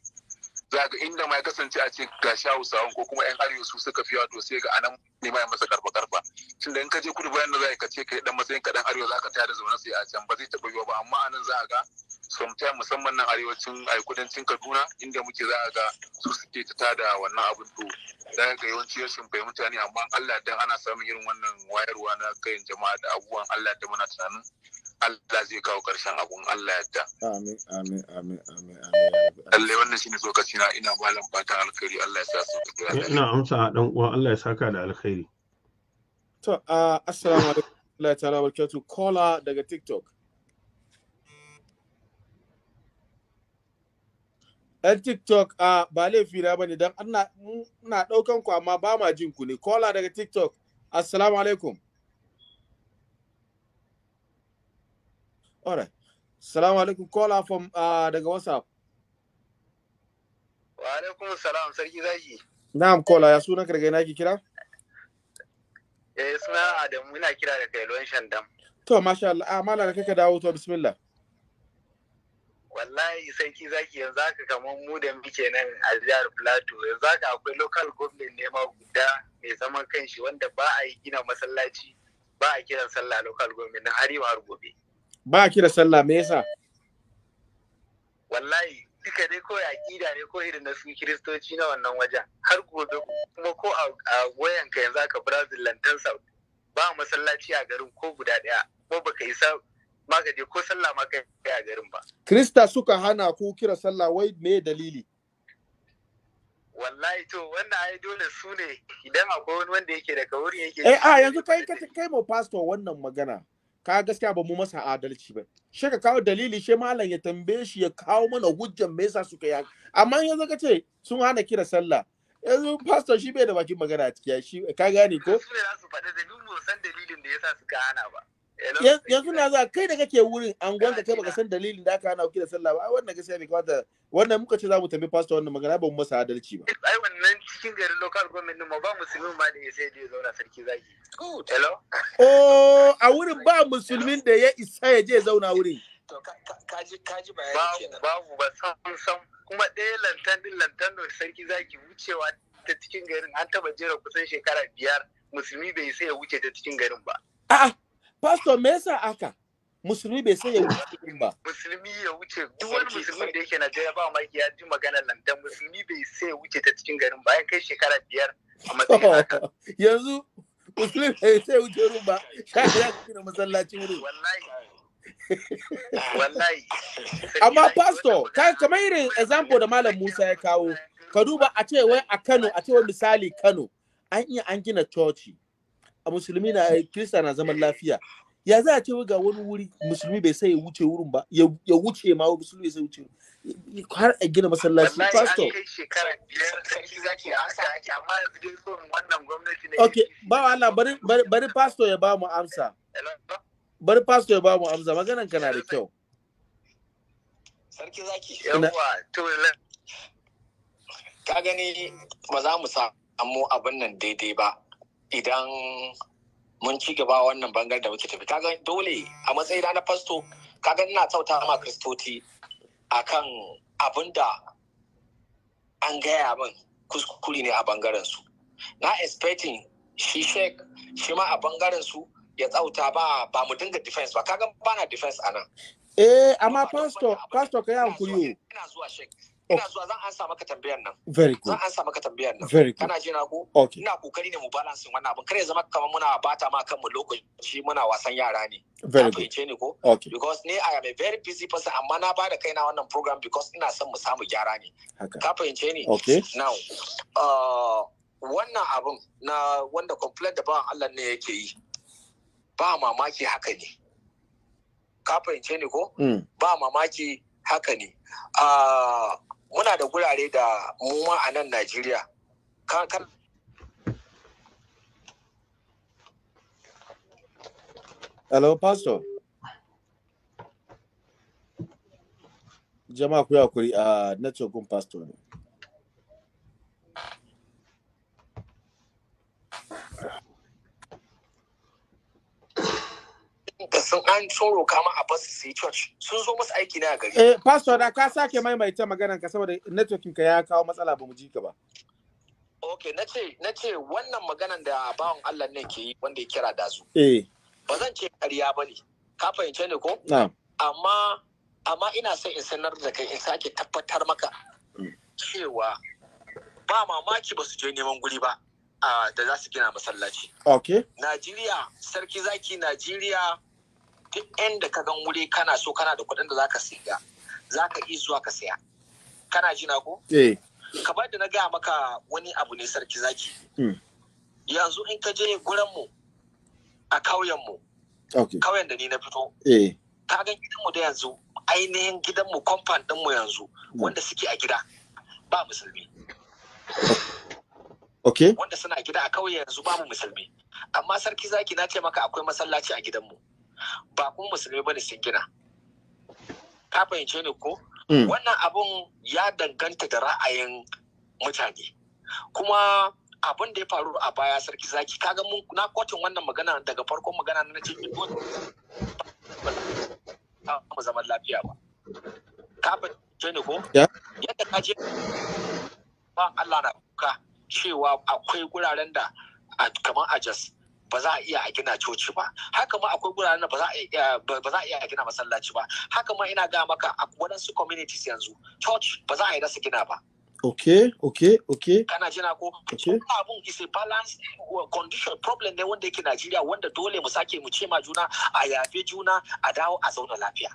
za ga inda ma ya kasance a ce ga sha Hausawan ko kuma yan arewa su suka fi yawa to sai ga anan ne ma ya masa karfa karfa tun da in ka je kudu bayan da za ka ce kai dan matsayin ka dan arewa za ka tayar da zaune sai a can ba zai taɓa yiwa ba amma anan za ga sometimes musamman nan arewacin a kudancin kaduna inda muke za a ga su suke ta tada wannan abin to za ga yawanci yashin bai mutane amma allah dan ana samun irin wannan wayarwa na kayan jama'a da abubuwan allah da muna tunanin allah zai kawo karshen abun allah yadda amin amin amin amin lallai wannan shine tsokaci na ina malam fatan alkhairi allah ya sa su ina amsa dan uwa allah ya saka da alkhairi to uh, assalamu alaikum Allah ya tara barkatu kola daga TikTok yan tiktok a ba laifi na bane don ana ina daukan ku amma ba ma jin ku ne kola daga tiktok assalamu alaikum alright assalamu alaikum kola from uh, daga whatsapp wa alaikum salam sarki zaki na'am kola ya sunan karga na ki kira eh suna adamu ina kira da kailon shandam to masha Allah amala da kake dawo to bismillah wallahi sarki zaki yanzu haka kamar mu da muke nan a jihar plateau yanzu haka akwai local government ne ma guda mai zaman kanshi wanda ba a yi gina masallaci ba a kiran sallah local government har yau har gobe ba a kira sallah me yasa wallahi duka dai ko kida ne ko irin na su kiristoci na wannan wajen har gobe kuma ko a wayanka yanzu haka brazil lantan ba masallaci a garin ko guda ɗaya ko baka isa ma ka je ko sallah ma kai a garin ba krista suka hana ku kira sallah wai me dalili wallahi to wannan ai dole su ne idan akwai wani wanda yake daga wurin yake eh a yanzu kai ka kai mu pastor wannan magana ka gaskiya ba mu masa adalci ba She ka kawo dalili she malam ya tambaye shi ya kawo mana hujjan me yasa suka yi amma yanzu ka ce sun hana kira sallah yanzu pastor shi bai da bakin magana a ciki shi ka gane ko su ne za su faɗa da mu san dalilin da yasa suka hana ba yanzu na za kai da kake wurin an ka kai baka san dalilin da aka hana ku da sallah ba ai wannan gaskiya ne kamata wannan muka ce za mu tambi pastor wannan magana ba mu masa adalci ba ai wannan cikin garin local government din ma ba musulmin ma da ya sai ya zauna sarki zaki hello oh a wurin ba musulmin da ya isa ya je zauna wurin to ka ji ka ji ba ba san san kuma ɗaya lantan din lantan da sarki zaki wucewa ta cikin garin an taba jera kusan shekara biyar musulmi bai sai ya wuce ta cikin garin ba a'a pastor me yasa aka musulmi bai sai ya wuce ba musulmi ya wuce duk wani musulmi da yake Najeriya ba ma ya ji magana nan dan musulmi bai sai ya wuce ta cikin garin ba kai shekara biyar a matsayin haka yanzu musulmi bai sai ya wuce ruwan ba kai ya cikin masallacin ruwan wallahi wallahi amma pastor kamar irin example da malam Musa ya kawo ka duba a ce wai a Kano a ce wai misali Kano an iya an gina coci a musulmi na eh, kirista na zaman lafiya ya za a ce ga wani wuri musulmi bai sai ya wuce wurin ba ya wuce ma musulmi sai wuce har a gina masallaci pastor ok ba Allah bari bari pastor ya ba mu amsa bari pastor ya ba mu amsa maganan kana da kyau sarki zaki yawa to ka gani ba za mu samu abin nan daidai ba idan mun ci gaba wannan bangar da muke tafi kaga dole a matsayina na fasto kaga ina tsauta ma kristoti akan abin da an gaya min kuskure ne a bangaren su na expecting shi shek shi ma a bangaren su ya tsauta ba ba mu dinga defense ba kaga bana defense anan eh amma pastor pastor kai hankuri ina zuwa shek ina zuwa zan ansa maka tambayar nan very good zan ansa maka tambayar nan very good kana jina ko okay. ina kokari ne mu balance wannan abin kare zama kamar muna bata ma kanmu lokaci muna wasan yara ne very good fahimce ni ko okay. because ne i am a very busy person amma na bada kaina wannan program because ina son mu samu gyara ne haka ka fahimce ni okay now uh, wannan abin na wanda complaint da bawan Allah ne yake yi ba mamaki haka ne ka fahimce ni ko mm. ba mamaki haka ne uh, muna da gurare da mu ma a nan Najeriya Hello pastor jama'a kuya kuri a uh, network pastor ne da sun an tsoro kama a bas sai church sun zo musu aiki na gari eh pastor da ka sake maimaita maganar ka saboda networking ka ya kawo matsala ba mu ji ka ba okay nace nace wannan maganar da bawan Allah ne ke yi wanda ya kira da su eh ba zan ce ƙarya bane ka fahimce ni ko na'am amma amma ina son in sanar da kai in sake tabbatar maka cewa ba mamaki ba su je neman guri ba da za su gina masallaci. Okay. Najeriya, sarki zaki Najeriya duk inda ka gan wuri kana so kana da kuɗin da za ka siya za ka iya zuwa ka siya kana ji na ko eh. Ka ba da na gaya maka wani abu ne sarki zaki hmm. yanzu in ka je gurin mu a kauyen mu kauyen da ni na fito eh. ka gan gidan mu da yanzu ainihin gidan mu kwamfan din mu yanzu hmm. wanda suke a gida ba musulmi Okay. Wanda suna gida a kauye yanzu babu musulmi. Amma sarki zaki na ce maka akwai masallaci a gidanmu. ba kuma musulmi bane sun gina ka fahimce ni ko hmm. wannan abun ya danganta da ra'ayin mutane kuma abin da ya faru a baya sarki zaki kaga mun na kotun wannan magana daga farkon magana na ce ba zaman lafiya ba ka fahimce ni ko yadda ka je ba Allah na kuka cewa akwai guraren da kamar a Jos ba za a iya a gina coci ba haka ma akwai guraren da ba za a iya a gina masallaci ba haka ma ina ga maka a waɗansu communities yanzu church ba za a yi rasa gina ba ok ok ok kana jina ko okay. abun is a balance uh, condition problem ne wanda yake Najeriya wanda dole mu sake mu ce ma juna a yafe juna a dawo a zauna lafiya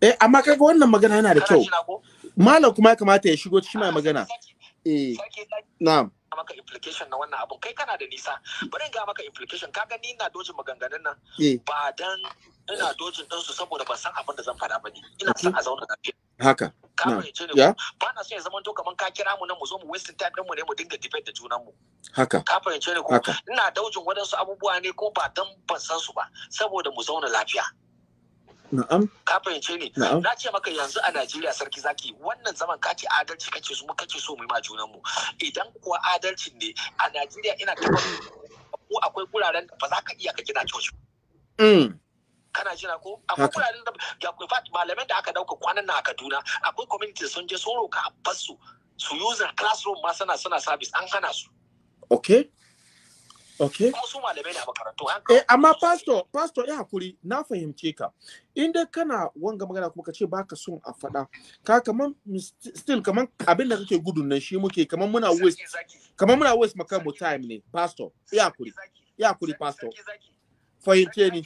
eh amma kaga wannan magana yana da kyau malam kuma ya kamata ya shigo cikin mai ah, magana eh na'am maka implication na wannan abun kai kana da nisa bari in ga maka implication ka gani ina dojin maganganun nan eh. ba dan ina dojin din su saboda ban san abin da zan faɗa bane ina son a zauna lafiya haka ka fahimce ne ba na so ya zama to kaman ka kira mu nan mu zo mu wasting time din mu ne mu dinga "Defend" da junan mu haka ka fahimce ne ko ina daujin wadansu abubuwa ne ko ba dan ban san su ba saboda mu zauna lafiya Na'am. Ka fahimce ni. Na'am. Na ce maka yanzu a Najeriya sarki zaki wannan zaman kake adalci kake so kake so mu ma junan mu. Idan kuwa adalcin ne a Najeriya ina tabbatar ko akwai guraren da ba za ka iya ka gina coci. Mm. kana jira ko akwai kuraren da ya kuma malamai da aka dauka kwanan na a Kaduna akwai community sun je sun ka a basu su user classroom ma suna suna service an hana su okay Okay. Kuma su malamai na makarantu. Eh, amma pastor, pastor ya hakuri, na fahimce ka. In dai kana wanga magana kuma ka ce ka son a faɗa, ka kaman still kaman abin da kake gudun nan shi muke kaman muna waste kaman muna waste makan mu time ne, pastor. Ya hakuri. Ya hakuri pastor. Fahimce ni.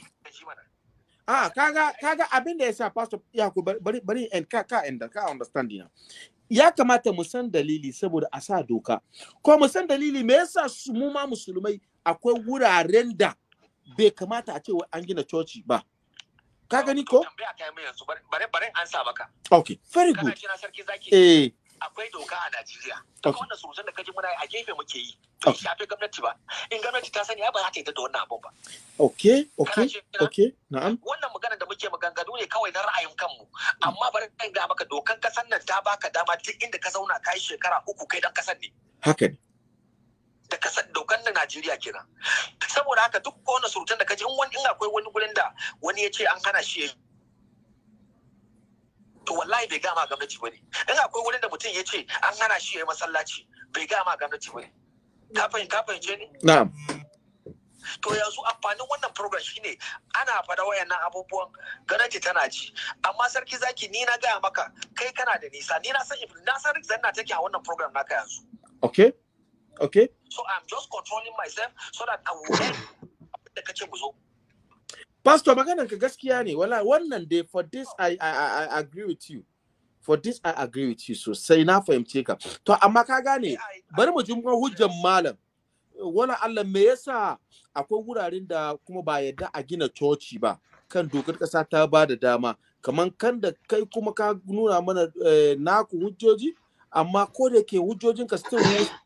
Ah, kaga kaga abin da yasa pastor ya hakuri bari bari and ka ka and ka understand na. ya kamata mu san dalili saboda a sa doka ko mu san dalili me yasa mu ma musulmai akwai wuraren da bai kamata a ce wa an gina coci ba ka gani ko bare bare an sa maka okay very good kana sarki zaki eh akwai doka a Najeriya duk wannan surutun da kaji muna a gefe muke yi to shafe gwamnati ba in gwamnati ta sani ba za ta yi da wannan abun ba okay okay okay na'am wannan magana da muke maganganu ne kawai na ra'ayin kanmu amma bari in ga maka dokan kasan nan ta baka dama duk inda ka zauna kai shekara uku kai dan kasan ne haka ne da kasa dokan na Najeriya kenan saboda haka duk wani surutan da kaji in wani in akwai wani gurin da wani ya ce an hana shi ya to wallahi bai gama gwamnati bane in akwai gurin da mutum ya ce an hana shi ya masallaci bai gama gwamnati bane ka fahimta fahimce ne na'am to yanzu amfanin wannan program shine ana fada wayannan abubuwan gwamnati tana ji amma sarki zaki ni na gaya maka kai kana da nisa ni na san na san zanna take a wannan program naka yanzu okay Okay. So I'm just controlling myself so that I will end the kitchen mu Pastor maganar ka gaskiya ne wala wannan dai for this I, I, I, I agree with you. For this I agree with you sosai na fahimce ka. To amma ka gane bari mu jin hujjan malam. Wala Allah me yasa akwai wuraren da kuma ba yadda a gina coci ba kan dokar kasa ta ba da dama kamar kan da kai kuma ka nuna mana eh, naku hujjoji amma ko da ke hujjojinka still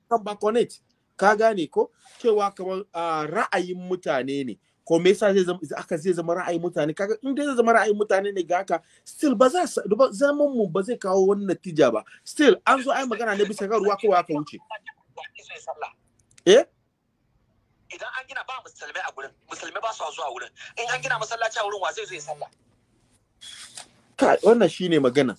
kan back on it ka gane ko cewa kamar ra'ayin mutane ne ko me yasa zai zama aka zai zama ra'ayin mutane kaga in dai zai zama ra'ayin mutane ne ga haka still ba za zaman mu ba zai kawo wani natija ba still an zo ai magana ne bisa kan ruwa kawai aka wuce eh idan an gina ba musulmai a gurin musulmai ba su zuwa wurin in an gina masallaci a wurin wa zai zo ya sallah kai wannan shine magana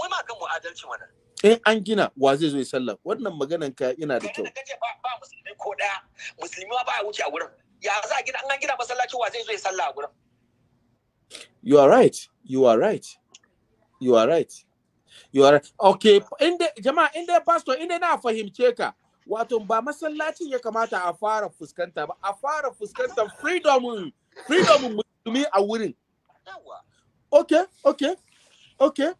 wai ma kan mu adalci wannan in an gina wa zai zo ya sallah wannan maganan ka ina da kyau kace ba ba musulmi ko daya musulmi ba ya wuce a gurin ya za a gina an gina masallaci wa zai zo ya sallah a gurin you are right you are right you are right you are right okay inda jama'a inda pastor inda na fahimce ka wato ba masallacin ya kamata a fara fuskanta ba a fara fuskantar freedom freedom musulmi a wurin okay okay okay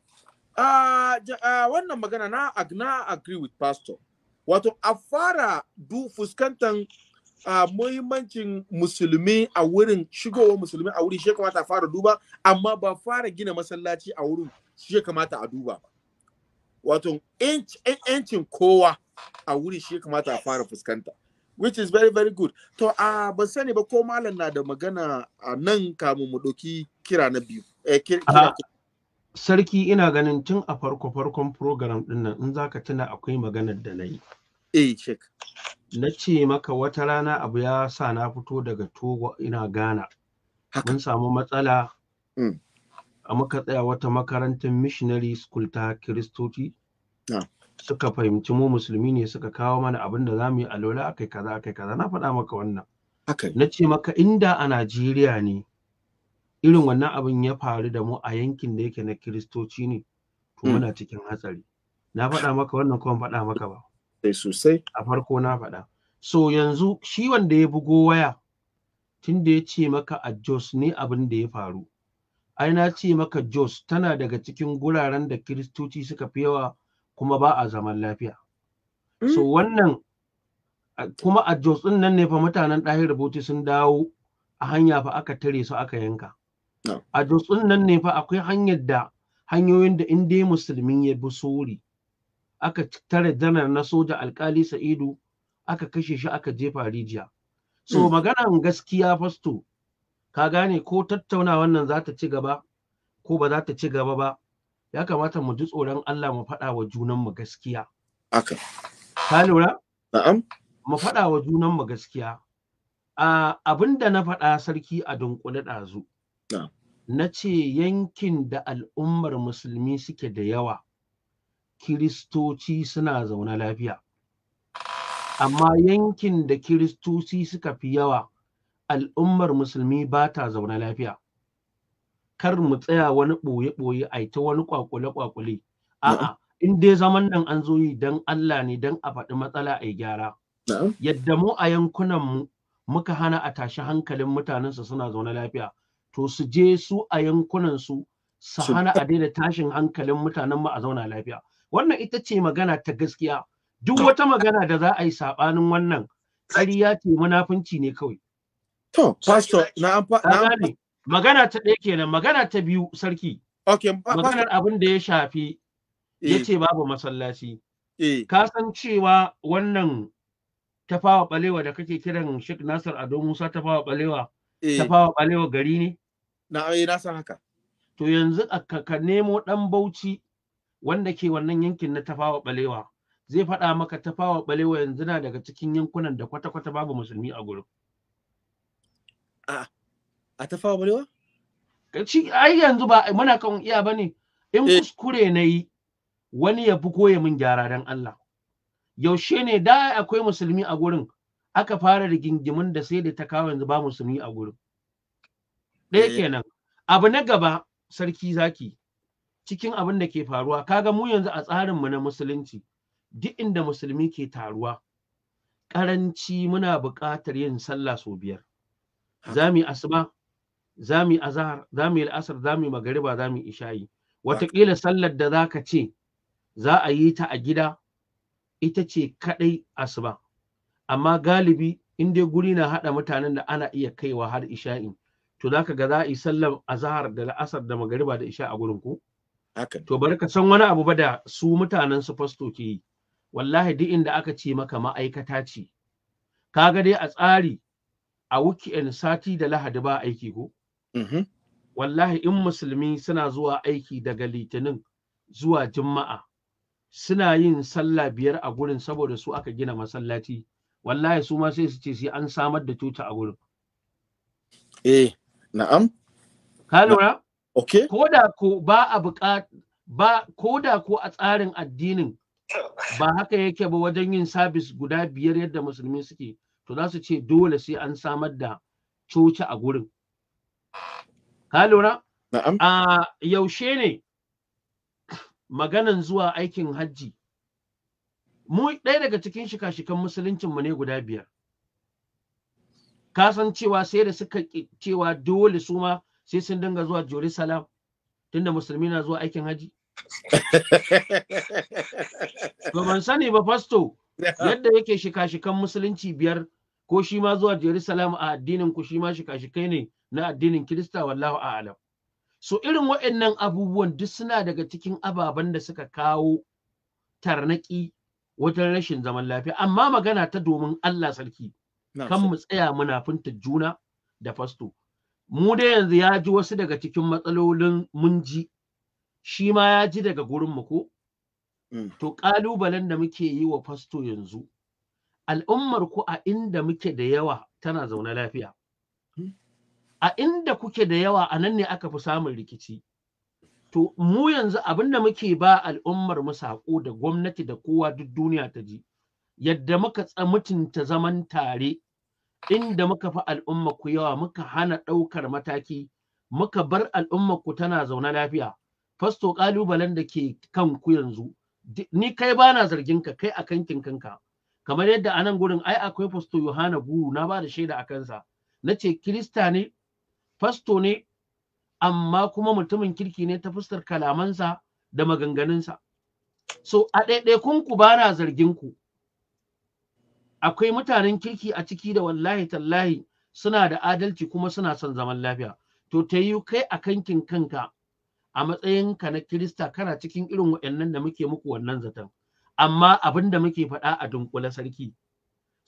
Ah, ah, wannan magana na agna agree with pastor wato a fara du fuskantan ah, muhimmancin musulmi a wurin shigowar musulmi a wurin shi kamata a fara duba amma ba fara gina masallaci a wurin shi kamata a duba wato yancin kowa a wuri shi kamata a fara fuskanta which is very very good to a ban sani ba ko malam na da magana a nan kamun mu kira na biyu eh, kira, kira, kira. sarki ina ganin tun a farko farkon program din nan in zaka tuna akwai maganar da na yi eh shek na ce maka wata rana abu ya sa na fito daga togo ina gana. mun samu matsala mm. a muka tsaya wata makarantar missionary school ta kiristoci suka fahimci mu musulmi ne suka kawo mana abin da za mu yi alola akai kaza akai kaza na faɗa maka wannan na ce maka inda a najeriya ne irin wannan abin ya faru da mu a yankin da yake na kiristoci ne to mm. muna cikin hatsari na faɗa maka wannan kuma faɗa maka ba sai sosai a farko na faɗa so yanzu shi wanda ya bugo waya tun da ya ce maka a Jos ne abin da ya faru ai na ce maka Jos tana daga cikin guraren da kiristoci suka fi yawa kuma ba a zaman lafiya mm. so wannan kuma a Jos ɗin nan ne fa mutanen ɗahir rubutu sun dawo a hanya fa aka tare su aka yanka a dutsun nan ne fa akwai hanyar da hanyoyin da in dai Musulmin ya bi sori aka tare janar na soja alkali sa'idu aka kashe shi aka jefa rijiya so hmm. maganan gaskiya fasto ka gane ko tattauna wannan za ta ci gaba ko ba za ta ci gaba ba ya kamata mu ji tsoron Allah mu faɗa wa mu gaskiya aka ka lura na'am mu faɗa wa mu gaskiya a abinda na faɗa sarki a dunkule ɗazu na ce yankin da al'ummar musulmi suke da yawa kiristoci suna zaune lafiya amma yankin da kiristoci suka fi yawa al'ummar musulmi ba ta zaune lafiya kar mu tsaya wani ɓoye-ɓoye a ta wani kwakule-kwakule a'a in dai zaman nan an zo yi don Allah ne don a faɗi matsala a gyara yadda mu a yankunan mu muka hana a tashi hankalin mutanensa suna zaune lafiya to su je su a yankunan su su hana a daina tashin hankalin mutanen mu a zauna lafiya wannan ita ce magana ta gaskiya duk wata magana da za a yi sabanin wannan ƙarya ce munafunci ne kawai to pastor na amfa magana ta ɗaya kenan magana ta biyu sarki okay maganar abin da ya shafi yace eh. babu masallaci eh. ka san cewa wannan tafawa balewa da kake kiran Sheikh Nasir Ado Musa tafawa balewa eh. tafawa balewa gari ne na eh, na san haka to yanzu ka nemo dan bauchi wanda ke wannan yankin na tafawa balewa zai faɗa maka tafawa balewa yanzu na daga cikin yankunan da kwata-kwata babu musulmi a gurin a a tafawa balewa ci ai yanzu ba muna kan iya bane in eh. kuskure na yi wani ya fuko koya min gyara dan Allah yaushe ne da akwai musulmi a gurin aka fara rigingimin da sai da ta kawo yanzu ba musulmi a gurin ɗaya eh. kenan abu na gaba sarki zaki cikin abin da ke faruwa kaga mu yanzu a tsarinmu na musulunci duk inda musulmi ke taruwa ƙaranci muna buƙatar yin sallah sau biyar za mu yi asuba za mu yi azahar za mu yi al'asar za mu yi magariba za mu yi ishayi wataƙila sallar da za ka ce za a yi ta a gida ita ce kaɗai asuba amma galibi in dai guri na haɗa mutanen da ana iya kaiwa har isha'i to za ka ga za a yi sallar azahar da la'asar da magariba da isha a gurin ku to bari ka san wani abu ba da su mutanen su fasto ke yi wallahi duk inda aka ce maka ma'aikata ce ka ga dai a tsari a weekend sati da lahadi ba aiki ko mm-hmm. wallahi in musulmi suna zuwa aiki daga litinin zuwa juma'a suna yin sallah biyar a gurin saboda su aka gina masallaci wallahi su ma sai su ce sai an samar da tuta a gurin eh Na'am. Ka lura? Okay. Ko da ko ba a ba ko da ko a tsarin addinin ba haka yake ba wajen yin sabis guda biyar yadda musulmi suke to za su ce dole sai an samar da coci a gurin. Ka lura? Na'am. A yaushe ne maganan zuwa aikin hajji. Mu ɗaya daga cikin shika-shikan musuluncinmu ne guda biyar. ka san cewa sai da suka cewa dole su ma sai sun dinga zuwa Jerusalem tunda musulmi na zuwa aikin haji Ba ban sani ba fasto yadda yake shika-shikan musulunci biyar ko shi ma zuwa Jerusalem a addinin ku shi ma shika-shikai ne na addinin Kirista wallahu a'lam so irin waɗannan abubuwan duk suna daga cikin ababen da suka kawo tarnaki wajen rashin zaman lafiya amma magana ta domin Allah sarki kan mu tsaya muna funta juna da fasto mu da yanzu ya ji wasu daga cikin matsalolin mun ji shi ma ya ji daga gurin mu ko mm. to kalubalen da muke yi wa fasto yanzu al'ummar ku a inda muke da yawa tana zaune lafiya hmm. a inda kuke da yawa a nan ne aka fi samun rikici to mu yanzu abin da muke ba al'ummar mu saƙo da gwamnati da kowa duk duniya ta ji yadda muka mutunta zaman tare inda muka fi al'umma ku yawa muka hana ɗaukar mataki muka bar al'umma ku tana zaune lafiya fasto ƙalubalen da ke kan ku yanzu ni kai ba na zargin ka kai a kankin kanka kamar yadda anan gurin ai akwai fasto yohana guru na ba da shaida a kansa na ce kirista ne fasto ne amma kuma mutumin kirki ne ta fuskar kalamansa da maganganunsa so a ɗaiɗaikunku ku ba na zargin ku akwai mutanen kirki a ciki da wallahi tallahi suna da adalci kuma suna son zaman lafiya to ta yi kai a kankin kanka a matsayinka na kirista kana cikin irin waɗannan da muke muku wannan zaton amma abin da muke faɗa a dunkule sarki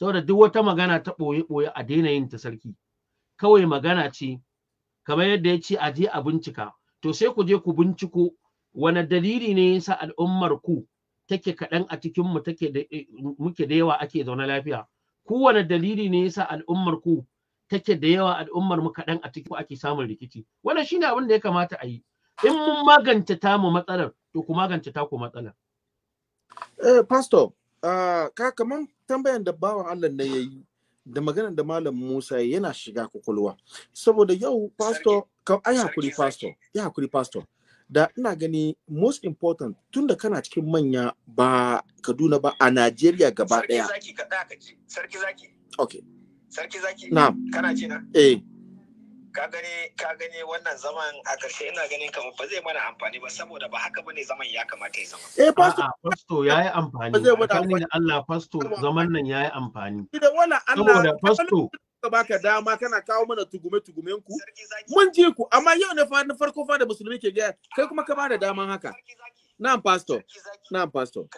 saboda duk wata magana ta ɓoye-ɓoye a daina yin ta sarki kawai magana ce kamar yadda ya ce a je a bincika to sai ku je ku binciko wani dalili ne ya sa al'ummar ku take kaɗan a cikin mu take da eh, muke da yawa ake zaune lafiya kowane dalili ne yasa al'ummar ku take da yawa al'ummar mu kaɗan a cikin ake samun rikici wannan shine abin da ya kamata a yi in mun magance ta mu matsalar to ku magance ta ku matsalar eh pastor ah, ka kaman tambayan da bawan Allah ne yayi da maganar da malam Musa yana shiga kwakwalwa saboda yau pastor ka ai hakuri pastor ya hakuri pastor da ina gani most important tun da kana cikin manya ba Kaduna ba a Najeriya gaba daya. Sarki zaki kada ka ji. Sarki zaki. Okay. Sarki zaki. Na'am. Kana ji na? Eh. Ka gani ka gani wannan zaman a karshe ina ganin kamar ba zai mana amfani ba saboda ba haka bane zaman ya kamata ya zama. Eh pastor. pastor yayi amfani. Ba zai mana amfani. Allah pastor zaman nan yayi amfani. Saboda pastor ka baka dama kana kawo mana tugume tugumen ku mun ji ku amma yau ne na farko fa da musulmi ke gaya kai kuma ka bada daman haka na'am pastor na'am pastor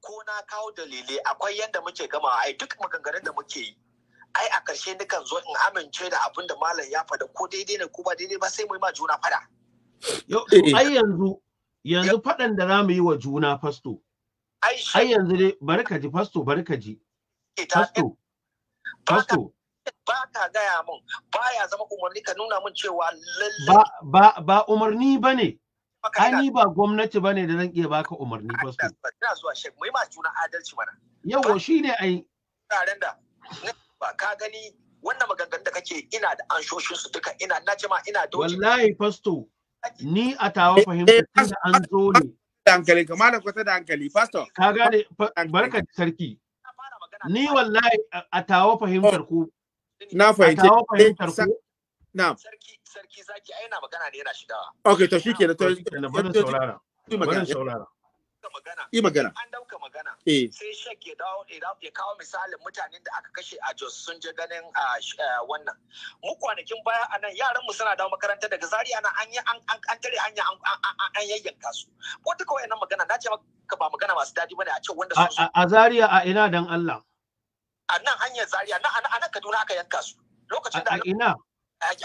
ko na kawo dalilai akwai yadda muke gama ai duk maganganun da muke yi ai a ƙarshe kan zo in amince da abin da malam ya faɗa ko daidai ne ko ba daidai ba sai mu yi ma juna faɗa. Eh. ai yanzu yanzu faɗan da za mu yi wa juna fasto. Ai yanzu dai bari ka ji fasto bari ka ji. Fasto. Fasto. Eh, ba ka gaya min ba ya zama umarni ka nuna min cewa lallai ba ba umarni bane ani ba gwamnati bane da zan iya baka umarni fasto ina zuwa shek mai ma juna adalci mana yawa shine ai taren da ba ka gani wannan maganganun da kake ina da anshoshin su duka ina na ce ma ina da wallahi fasto ni a tawa fahimta da an zo ne dankali kamar da kwata dankali fasto ka gane barka sarki ni wallahi a tawa fahimtar ku na fahimci eh, na sarki zaki a na magana ne yana shigawa okay to shike da to bari saurara bari saurara yi magana an dauka magana eh. sai shek ya dawo ya kawo misalin mutanen da aka kashe a Jos sun je ganin ah, eh, wannan mu kwanakin baya nan yaran mu suna dawo makaranta daga Zaria ana an an tare hanya an yayyanka su ko duka wayannan magana na ce maka ba magana masu dadi bane a ce wanda a zariya a ina dan Allah a nan hanyar zaria na a nan kaduna aka yanka su lokacin da ina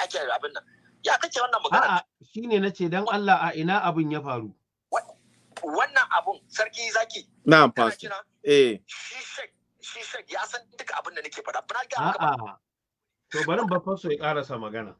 ake abin nan ya kake wannan magana a'a shine nace dan Allah a ina abin ya faru wannan abun sarki zaki na'am pastor eh shi shi ya san duka abin da nake faɗa ba ga a'a to bari ba faso ya karasa magana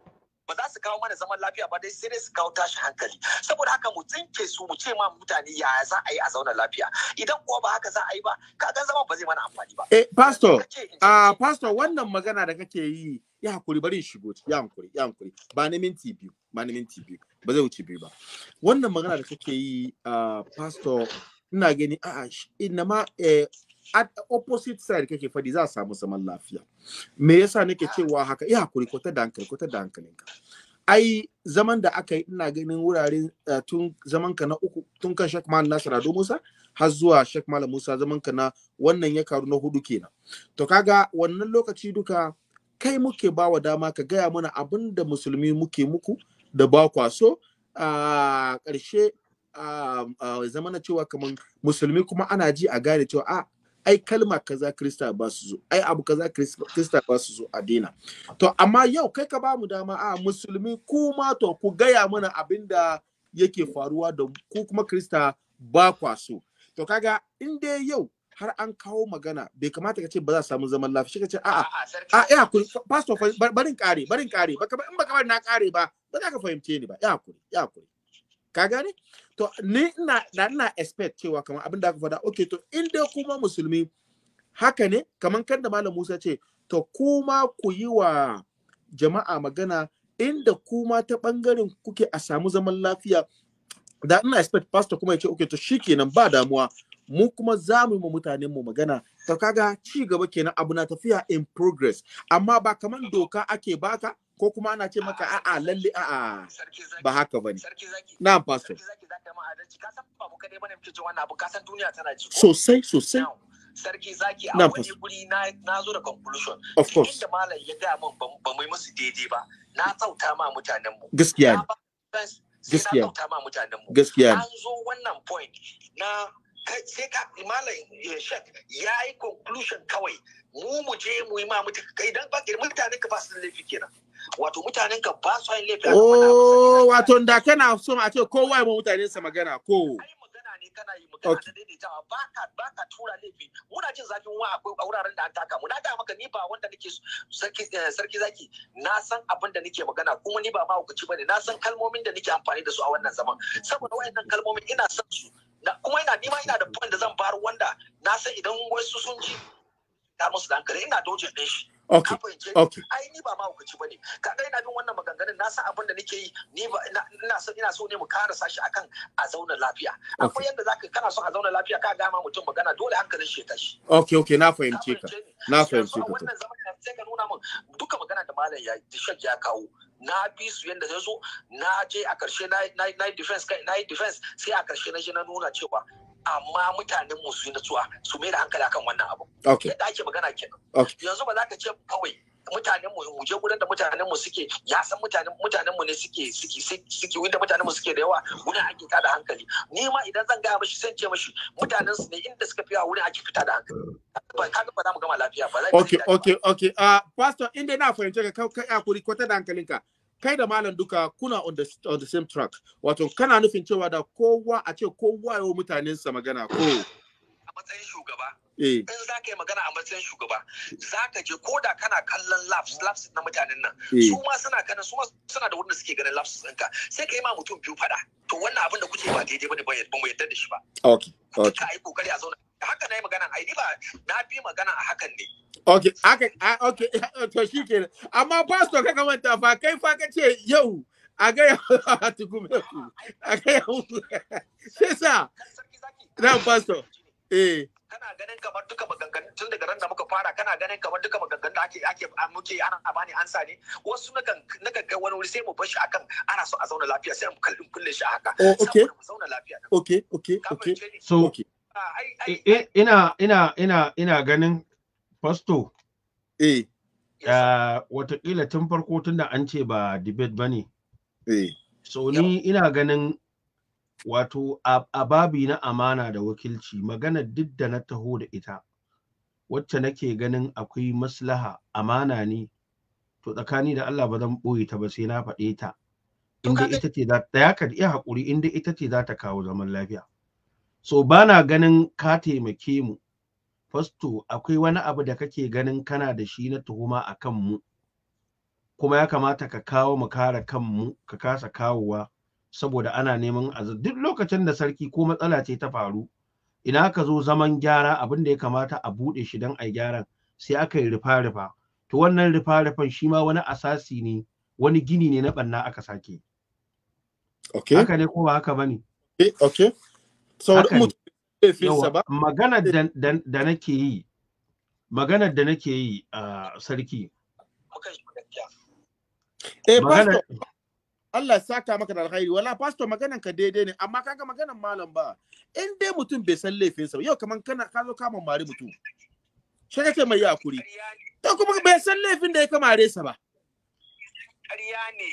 ba za su kawo mana zaman lafiya ba dai sai dai su kawo tashi hankali saboda haka mu tsinke su mu ce ma mutane ya za a yi a zauna lafiya idan kuwa ba haka za a yi ba kaga zaman ba zai mana amfani ba eh pastor ah pastor wannan magana da kake yi ya hakuri bari shigo ya hakuri ya hakuri ba ne minti biyu ba ne minti biyu ba zai wuce biyu ba wannan magana da kake yi ah, pastor ina gani a'a inna ma eh, a opposite side kake faɗi za a samu zaman lafiya me yasa nake ah. cewa haka ya eh, hakuri ta dankali ko ta dankalin ka ai zaman da aka yi ina ganin wurare eh, tun zaman ka na uku tun kan Sheikh Malam Nasir Ado Musa har zuwa Sheikh Malam Musa zaman ka na wannan ya karu na hudu kenan to kaga wannan lokaci duka kai muke bawa dama ka gaya mana abin da musulmi muke muku da ba kwa so a ƙarshe zama na cewa kamar musulmi kuma ana ji a gane cewa a ah, ai kalma kaza krista ba su zo ai abu kaza krista ba su zo a dina to amma yau kai ka ba mu dama a musulmi kuma to ku gaya mana abin da yake faruwa da ku kuma krista ba kwa so to kaga in dai yau har an kawo magana bai kamata ka ce ba za samu zaman lafiya shi ka ce a'a a ya ku pastor barin kare barin kare in ba kamar na kare ba ba za ka fahimce ni ba ya ku ya ku ka gane to ni ina da ina expect cewa kamar abin da aka faɗa okay to in dai kuma musulmi haka ne kamar kan da malam Musa ce to kuma ku yi wa jama'a magana inda kuma ta bangaren kuke a samu zaman lafiya da ina expect pastor kuma ya ce okay to shikenan ba damuwa mu kuma za mu yi ma mutanen mu magana ta kaga ci gaba kenan abu na tafiya in progress amma ba kamar doka ake baka ko kuma ana ce maka a'a lalle a'a ba haka bane na pastor sarki zaki ma adalci ka ka san san ba mu dai bane ji wannan abu duniya tana sosai sosai sarki zaki a wani guri na na zo da conclusion of course inda malam ya ga mun ba mu yi musu daidai ba na tsauta ma mutanen mu gaskiya gaskiya gaskiya an zo wannan point na sai ka malam eh, shek ya yi conclusion kawai mu mu je mu yi ma idan ba mutanen ka ba su laifi kenan wato mutanen ka ba su yin laifi a oh, wato da kana so a ce kowa mu mutanen sa magana ko ne kana yi magana da daidaitawa ba ka ba ka tura laifi muna jin zafin wa akwai a wuraren da an taka mu na ga maka ni ba wanda nake sarki eh, sarki zaki na san abin da nake magana kuma ni ba ma hukunci bane na san kalmomin da nake amfani da su a wannan zaman saboda wayannan kalmomin ina san su na kuma ina nima ina da point da zan bar wanda na san idan wasu sun ji na musu da hankali ina doje ɗin shi Okay. Okay. Ai ni ba ma ku ci bane. Kaga ina bin wannan maganganun na san abin da nake yi ni ba ina so ina so ne mu karasa shi akan a zauna lafiya. Akwai yanda zaka kana so a zauna lafiya ka ga ma mutum magana dole hankalin shi ya tashi. Okay okay na fahimce ka. Na fahimce ka. Wannan zaman sai ka nuna min duka magana da malam ya dishak ya kawo na bi su yadda sai zo na je a karshe na yi defense kai na yi defense sai a karshe na je na nuna cewa amma mutanen mu su yi natsuwa su mai da hankali akan wannan abu. Okay. Yadda ake magana kenan. Yanzu ba za ka ce kawai mutanen mu je gudan da mutanen mu suke ya san mutanen mutanen mu ne suke suke suke wanda mutanen mu suke da yawa gudan ake tada hankali ni ma idan zan gaya mashi san ce mashi mutanen su ne inda suka fi yawa wurin ake fita da hankali kaga ba za mu gama lafiya ba okay okay okay ah uh, pastor inda na fahimce ka kai hakuri kwata da hankalinka kai da malam duka kuna on the, on the same track wato kana nufin cewa da kowa a ce kowa mutanen mutanensa magana ko a matsayin shugaba Eh. in za ka yi magana a matsayin shugaba za ka je ko da kana kallon laps laps na mutanen nan eh. su ma suna kana su ma suna da wurin suke ganin laps ɗinka sai ka yi ma mutum biyu fada to wannan abin da kuke ba daidai bane ba mu yarda da shi ba okay okay ka yi kokari a zauna haka na yi magana ai ni ba na bi magana a hakan ne okay ah, okay okay to ke amma pastor ka kamanta fa kai fa ka ce yau a ya tukume ku a ga ya sai sa na pastor eh kana ganin kamar duka maganganun tun daga ran da muka fara kana ganin kamar duka maganganun da ake ake muke ana bani ansa ne wasu nakan nakan ga wani wuri sai mu bashi akan ana so a zauna lafiya sai mu kallin kulle shi haka oh, okay zauna lafiya okay okay okay so okay. Ah, ina ina ina ina ganin pasto eh uh, eh, watakila tun farko tun da an ce ba debate ba ne eh. so ni ina ganin wato a babi na amana da wakilci magana duk da na taho da ita wacce nake ganin akwai maslaha amana ne to tsakani da Allah ba zan ɓoye ta ba sai na faɗe ta inda ita ce za ta ya iya haƙuri inda ita ce za ta kawo zaman lafiya so ba na ganin ka taimake mu fasto akwai wani abu da kake ganin kana da shi na tuhuma a mu kuma ya kamata ka kawo mu kare kanmu ka kasa kawowa saboda ana neman a duk lokacin da sarki ko matsala ce ta faru ina ka zo zaman gyara abin da ya kamata a buɗe shi don a gyaran sai aka yi rufa-rufa to wannan rufa-rufan shi ma wani asasi ne wani gini ne na ɓanna aka sake okay. haka ne ko ba haka ba ne eh, okay. so, maganar da nake yi maganar da nake yi a ah, sarki eh, pastor, Allah ya saka maka da alkhairi wala pastor maganan ka daidai ne amma kaga maganan malam ba in dai mutum bai san laifinsa ba yau kaman kana ka zo kama mari mutum shi kake mai yakuri to kuma bai san laifin da ya kama kamare sa ba ƙarya ne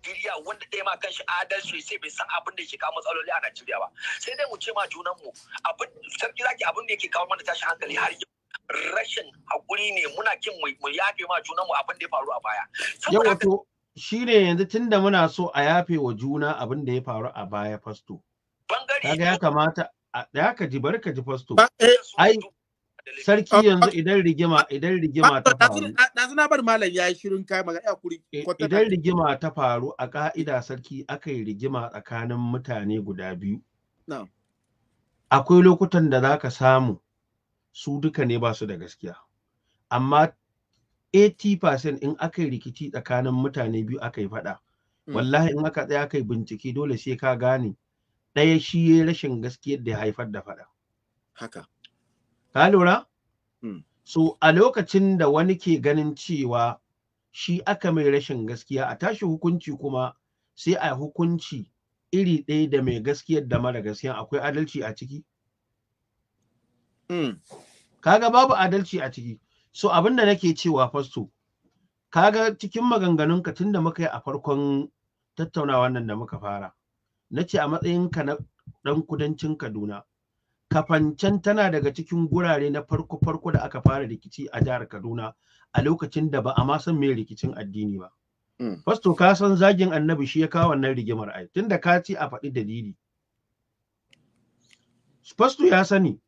Najeriya wanda ɗaya ma kan shi adal adalci sai bai san abin da yake kawo matsaloli a Najeriya ba sai dai mu ce ma mu abin sarki zaki abin da yake kawo mana tashin hankali har yau rashin hakuri ne muna kin mu yafe ma junan mu abin da ya faru a baya yawa to shi ne yanzu tun da muna so a yafe wa juna abin da ya faru a baya fasto kaga ya kamata ya ka ji bari ka ji fasto ah, eh. ai sarki yanzu idan rigima idan rigima ta ah, faru ah, Na zina bar malam yi shirin kai maga ya kuri idan rigima ta faru a ka'ida sarki aka yi rigima tsakanin mutane guda biyu akwai lokutan da za ka samu su duka ne ba su da gaskiya amma 80% in aka yi rikici tsakanin mutane biyu aka yi faɗa mm. wallahi in aka tsaya aka yi bincike dole sai ka gane ɗaya shi ya rashin gaskiyar da ya haifar da faɗa haka ka lura mm. so a lokacin da wani ke ganin cewa shi aka mai rashin gaskiya a tashi hukunci kuma sai a hukunci iri ɗaya da mai gaskiyar da mara gaskiya akwai adalci a ciki? Mm. Kaga babu adalci a ciki. so abin da nake cewa fasto kaga cikin maganganunka tunda muka yi a farkon tattaunawa nan da muka fara na ce a matsayinka na ɗan kudancin kaduna kafancan tana daga cikin gurare na farko-farko da aka fara rikici a jihar kaduna a lokacin da ba a ma san me rikicin addini ba mm. fasto ka san zagin annabi shi ya kawo wannan rigimar ai tunda ka ci a faɗi dalili fasto ya sani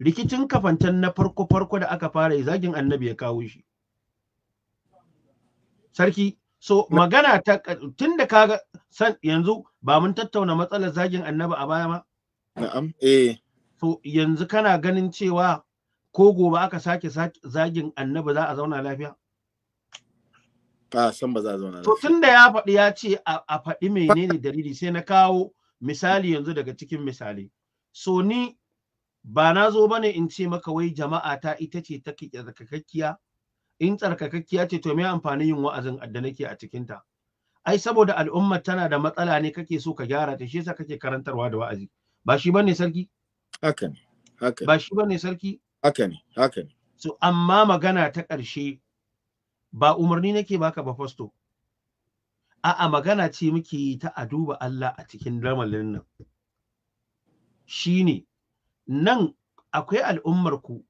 rikicin kafantan na farko-farko da aka fara zagin annabi ya kawo shi sarki so magana ta tun da kaga san yanzu ba mun tattauna matsalar zagin annabi a baya ma na'am eh so yanzu kana ganin cewa ko gobe aka sake zagin annabi za a zauna lafiya san ba za a zauna lafiya to tun da ya faɗi ya ce a faɗi menene dalili sai na kawo misali yanzu daga cikin misali so ni ba na zo bane in ce maka wai jama'a ta ita ce ta tsarkakakkiya in tsarkakakkiya ce to me amfani yin wa'azin adda nake a cikin ta ai saboda al'umma tana da matsala ne kake so ka gyara ta shi yasa kake karantarwa da wa'azi ba shi bane sarki haka ne haka ba shi bane sarki haka ne haka ne so amma magana ta ƙarshe ba umarni nake baka ba fasto a'a magana ce muke yi ta a duba Allah a cikin ramalin nan shine nan akwai al'ummar ku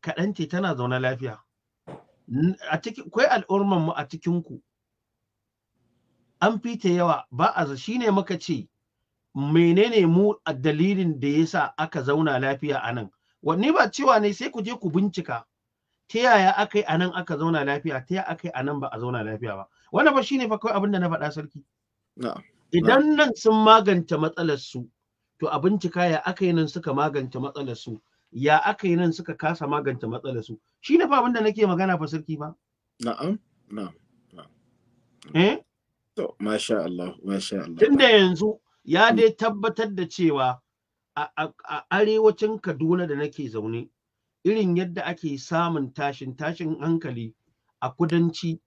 kaɗan ce tana zaune lafiya akwai al'ummar mu a cikin ku an fita yawa ba a shine muka ce menene mu a dalilin da yasa aka zauna lafiya a nan wani ba cewa ne sai ku je ku bincika ta yaya aka yi a nan aka zauna lafiya ta yaya aka yi a nan ba a zauna lafiya ba wannan ba shine fa kawai abin da na faɗa sarki idan nan sun magance matsalar su to a bincika ya aka yi nan suka magance matsalar su ya aka yi nan suka kasa magance matsalar su shi ne fa abin da nake magana fa sarki ba na'am na'am eh to masha Allah masha Allah tunda yanzu ya dai tabbatar da cewa a arewacin Kaduna da nake zaune irin yadda ake samun tashin tashin hankali a kudanci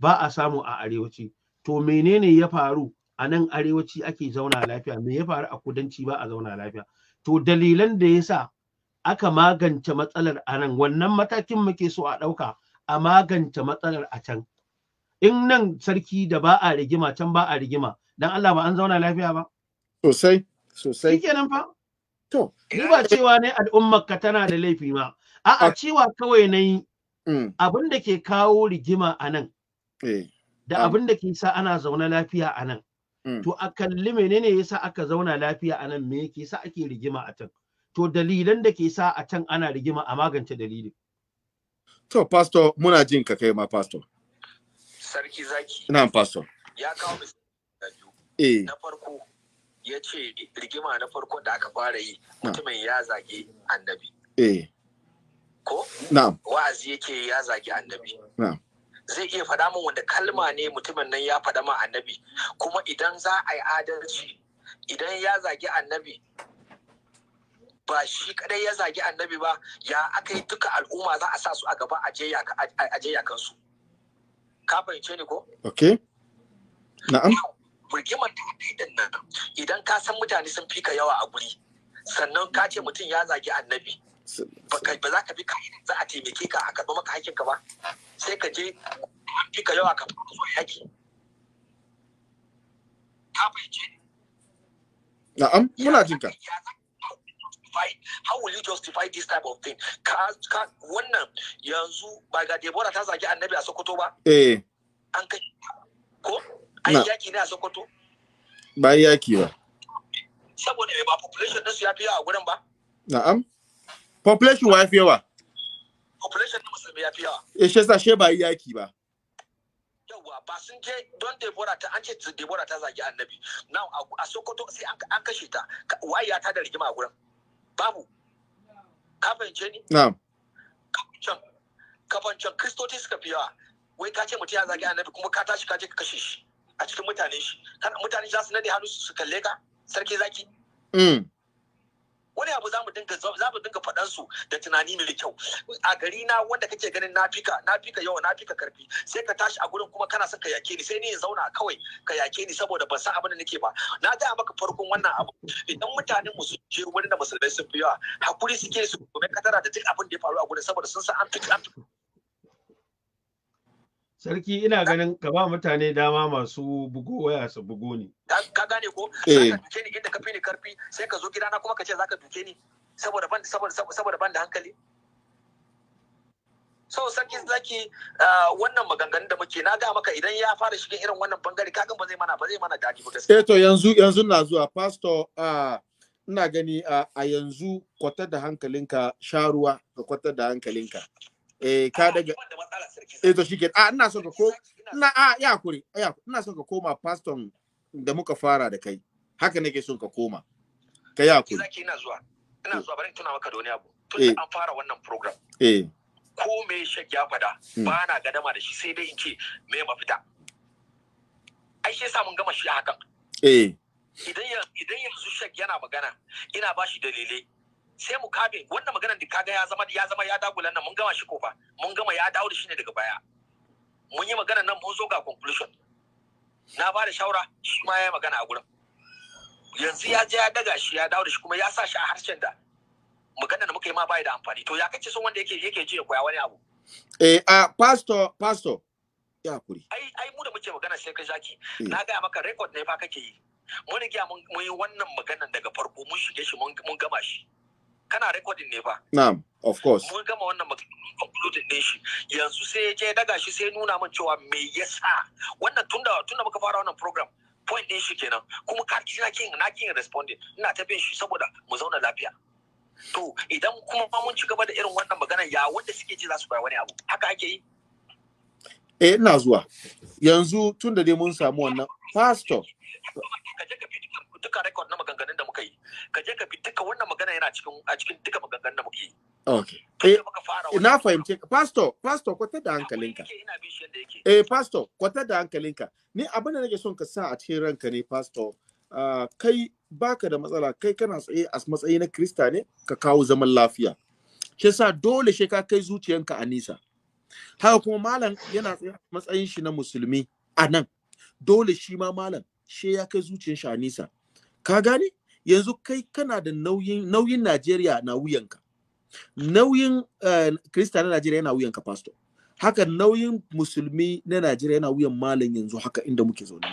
ba a samu a arewaci to menene ya faru a nan arewaci ake zauna lafiya me ya faru a kudanci ba a zauna lafiya to dalilan da yasa aka magance matsalar a nan wannan matakin muke so a ɗauka a magance matsalar a can in nan sarki da ba a rigima can ba a rigima dan Allah ba an zauna lafiya ba sosai sosai nan fa to ni ba cewa ne al'umma ka tana da laifi ma a'a ah. cewa kawai nayi mm. abin da ke kawo rigima a nan eh. da ah. abin da ke sa ana zauna lafiya a nan Mm. to a kalli menene yasa aka zauna lafiya a nan me yake sa ake rigima a can to dalilan da ke sa a can ana rigima a magance dalilin to pastor muna jin ka kai ma pastor sarki zaki na pastor ya kawo misali eh. na farko ya ce rigima na farko da aka fara yi mutumin ya zage annabi eh. ko na'am wa'azi yake ya zage annabi na'am zai iya faɗa min wanda kalma ne mutumin nan ya faɗa ma annabi kuma idan za a yi adalci idan ya zagi annabi ba shi kadai ya zagi annabi ba ya aka yi duka al'umma za a sa su a gaba a je kansu ka fahimce ni ko? ok na'am rigimar ta nan idan ka san mutane sun fika yawa a guri sannan ka ce mutum ya zagi annabi ba za ka bi kai za a taimake ka a karɓa maka ka ba sai ka je an fi ka yawa ka fara zuwa yaki ka je na'am muna jin ka how will you justify this type of thing ka ka wannan yanzu ba ga Debora ta zagi annabi a Sokoto ba eh an kai ko ai yaki ne a Sokoto ba yaki ba saboda ba population din su ya fi a gurin ba na'am population wa fi yawa population na musulmi ya fi yawa e shi sa she ba ki ba yawa ba sun je don Deborah ta an ce Deborah ta zagi annabi now a Sokoto sai an kashe ta ya ta da rigima a gurin babu ka fahimce ni na'am kafancan kristo kristoci suka fi yawa wai ka ce mutum ya zagi annabi kuma ka tashi ka je ka kashe shi a cikin mutane shi mutane za su nade hannu su kalle ka sarki zaki mm. wani abu zamu dinga zamu dinga faɗan su da tunani mai kyau a gari na wanda kake ganin na fika na fika yawa na fika karfi sai ka tashi a gurin kuma kana son ka yake ni sai ni zauna kawai ka yake ni saboda ban san abin da nake ba na ga maka farkon wannan abu idan mutanen mu sun je wani da musulmai sun fi yawa hakuri suke su kuma katara da duk abin da ya faru a gurin saboda sun san an fi sarki ina ganin ka ba mutane dama masu bugo waya su bugo ni ka gane ko eh. ka duke ni inda ka fi ni karfi sai ka zo gidana kuma ka ce za ka duke ni saboda ban saboda ban da hankali so sarki zaki ah, wannan maganganun da muke na ga maka idan ya fara shiga irin wannan bangare kaga ba zai mana ba zai mana dadi ba gaskiya eh to yanzu yanzu na zuwa pastor ah, ina gani ah, a yanzu kwatar da hankalinka sharuwa ka kwatar da hankalinka eh ka daga eh to shike a ina son ka ko ina a ya kuri ya ina son ka koma paston da muka fara da kai haka nake son ka koma ka ya kuri zaki ina zuwa ina eh. zuwa bari tuna maka da wani abu tun da eh. an fara wannan program eh ko me shek ya fada hmm. ba na gadama da shi sai dai in ce me mafita ai shi yasa mun gama shi hakan eh idan idan yanzu shek yana magana ina ba shi dalilai sai mu kabe wannan maganar da kaga ya zama ya zama ya dagula nan mun gama shi ko ba mun gama ya dawo da shi ne daga baya mun yi maganar nan mun zo ga conclusion na ba da shawara shi ma ya yi magana a gurin yanzu ya je ya daga shi ya dawo da shi kuma ya sa shi a harshen da maganar da muka yi ma bai da amfani to ya kace son wanda yake yake ji ya koya wani abu eh a pastor pastor ya kuri ai ai mu da muke magana sai ka jaki hmm. na ga maka record ne fa kake yi mun riga mun yi wannan maganar daga farko mun shige shi mun gama shi kana rekodin ne ba na'am of course mun gama wannan concluding din shi yanzu sai ya je daga shi sai nuna min cewa me yasa wannan tunda tunda muka fara wannan program point din shi kenan kuma ka ji na kin na kin responding ina ta bin shi saboda mu zauna lafiya to idan kuma mun ci gaba da irin wannan magana ya wanda suke ji za su bayar wani abu haka ake yi eh ina zuwa yanzu tunda dai mun samu wannan pastor ka je ka fi duka record na maganganun da muka yi ka je ka bi duka wannan magana yana cikin a cikin duka maganganun da muke okay eh na fahimce ka pastor pastor kwata da hankalinka eh pastor kwata da hankalinka ni abin da nake son ka sa a cikin ranka ne pastor uh, kai baka da matsala kai kana tsaye a matsayi na krista ne ka kawo zaman lafiya shi sa dole shi ka kai zuciyanka a nisa haka kuma malam yana tsaye matsayin shi na musulmi a nan dole shi ma malam she ya kai zuciyar shi a nisa ka gane yanzu kai kana da nauyin nauyin Najeriya na wuyanka nauyin eh, Kirista na Najeriya yana wuyanka pastor haka nauyin musulmi na Najeriya yana wuyan malam yanzu haka inda muke zaune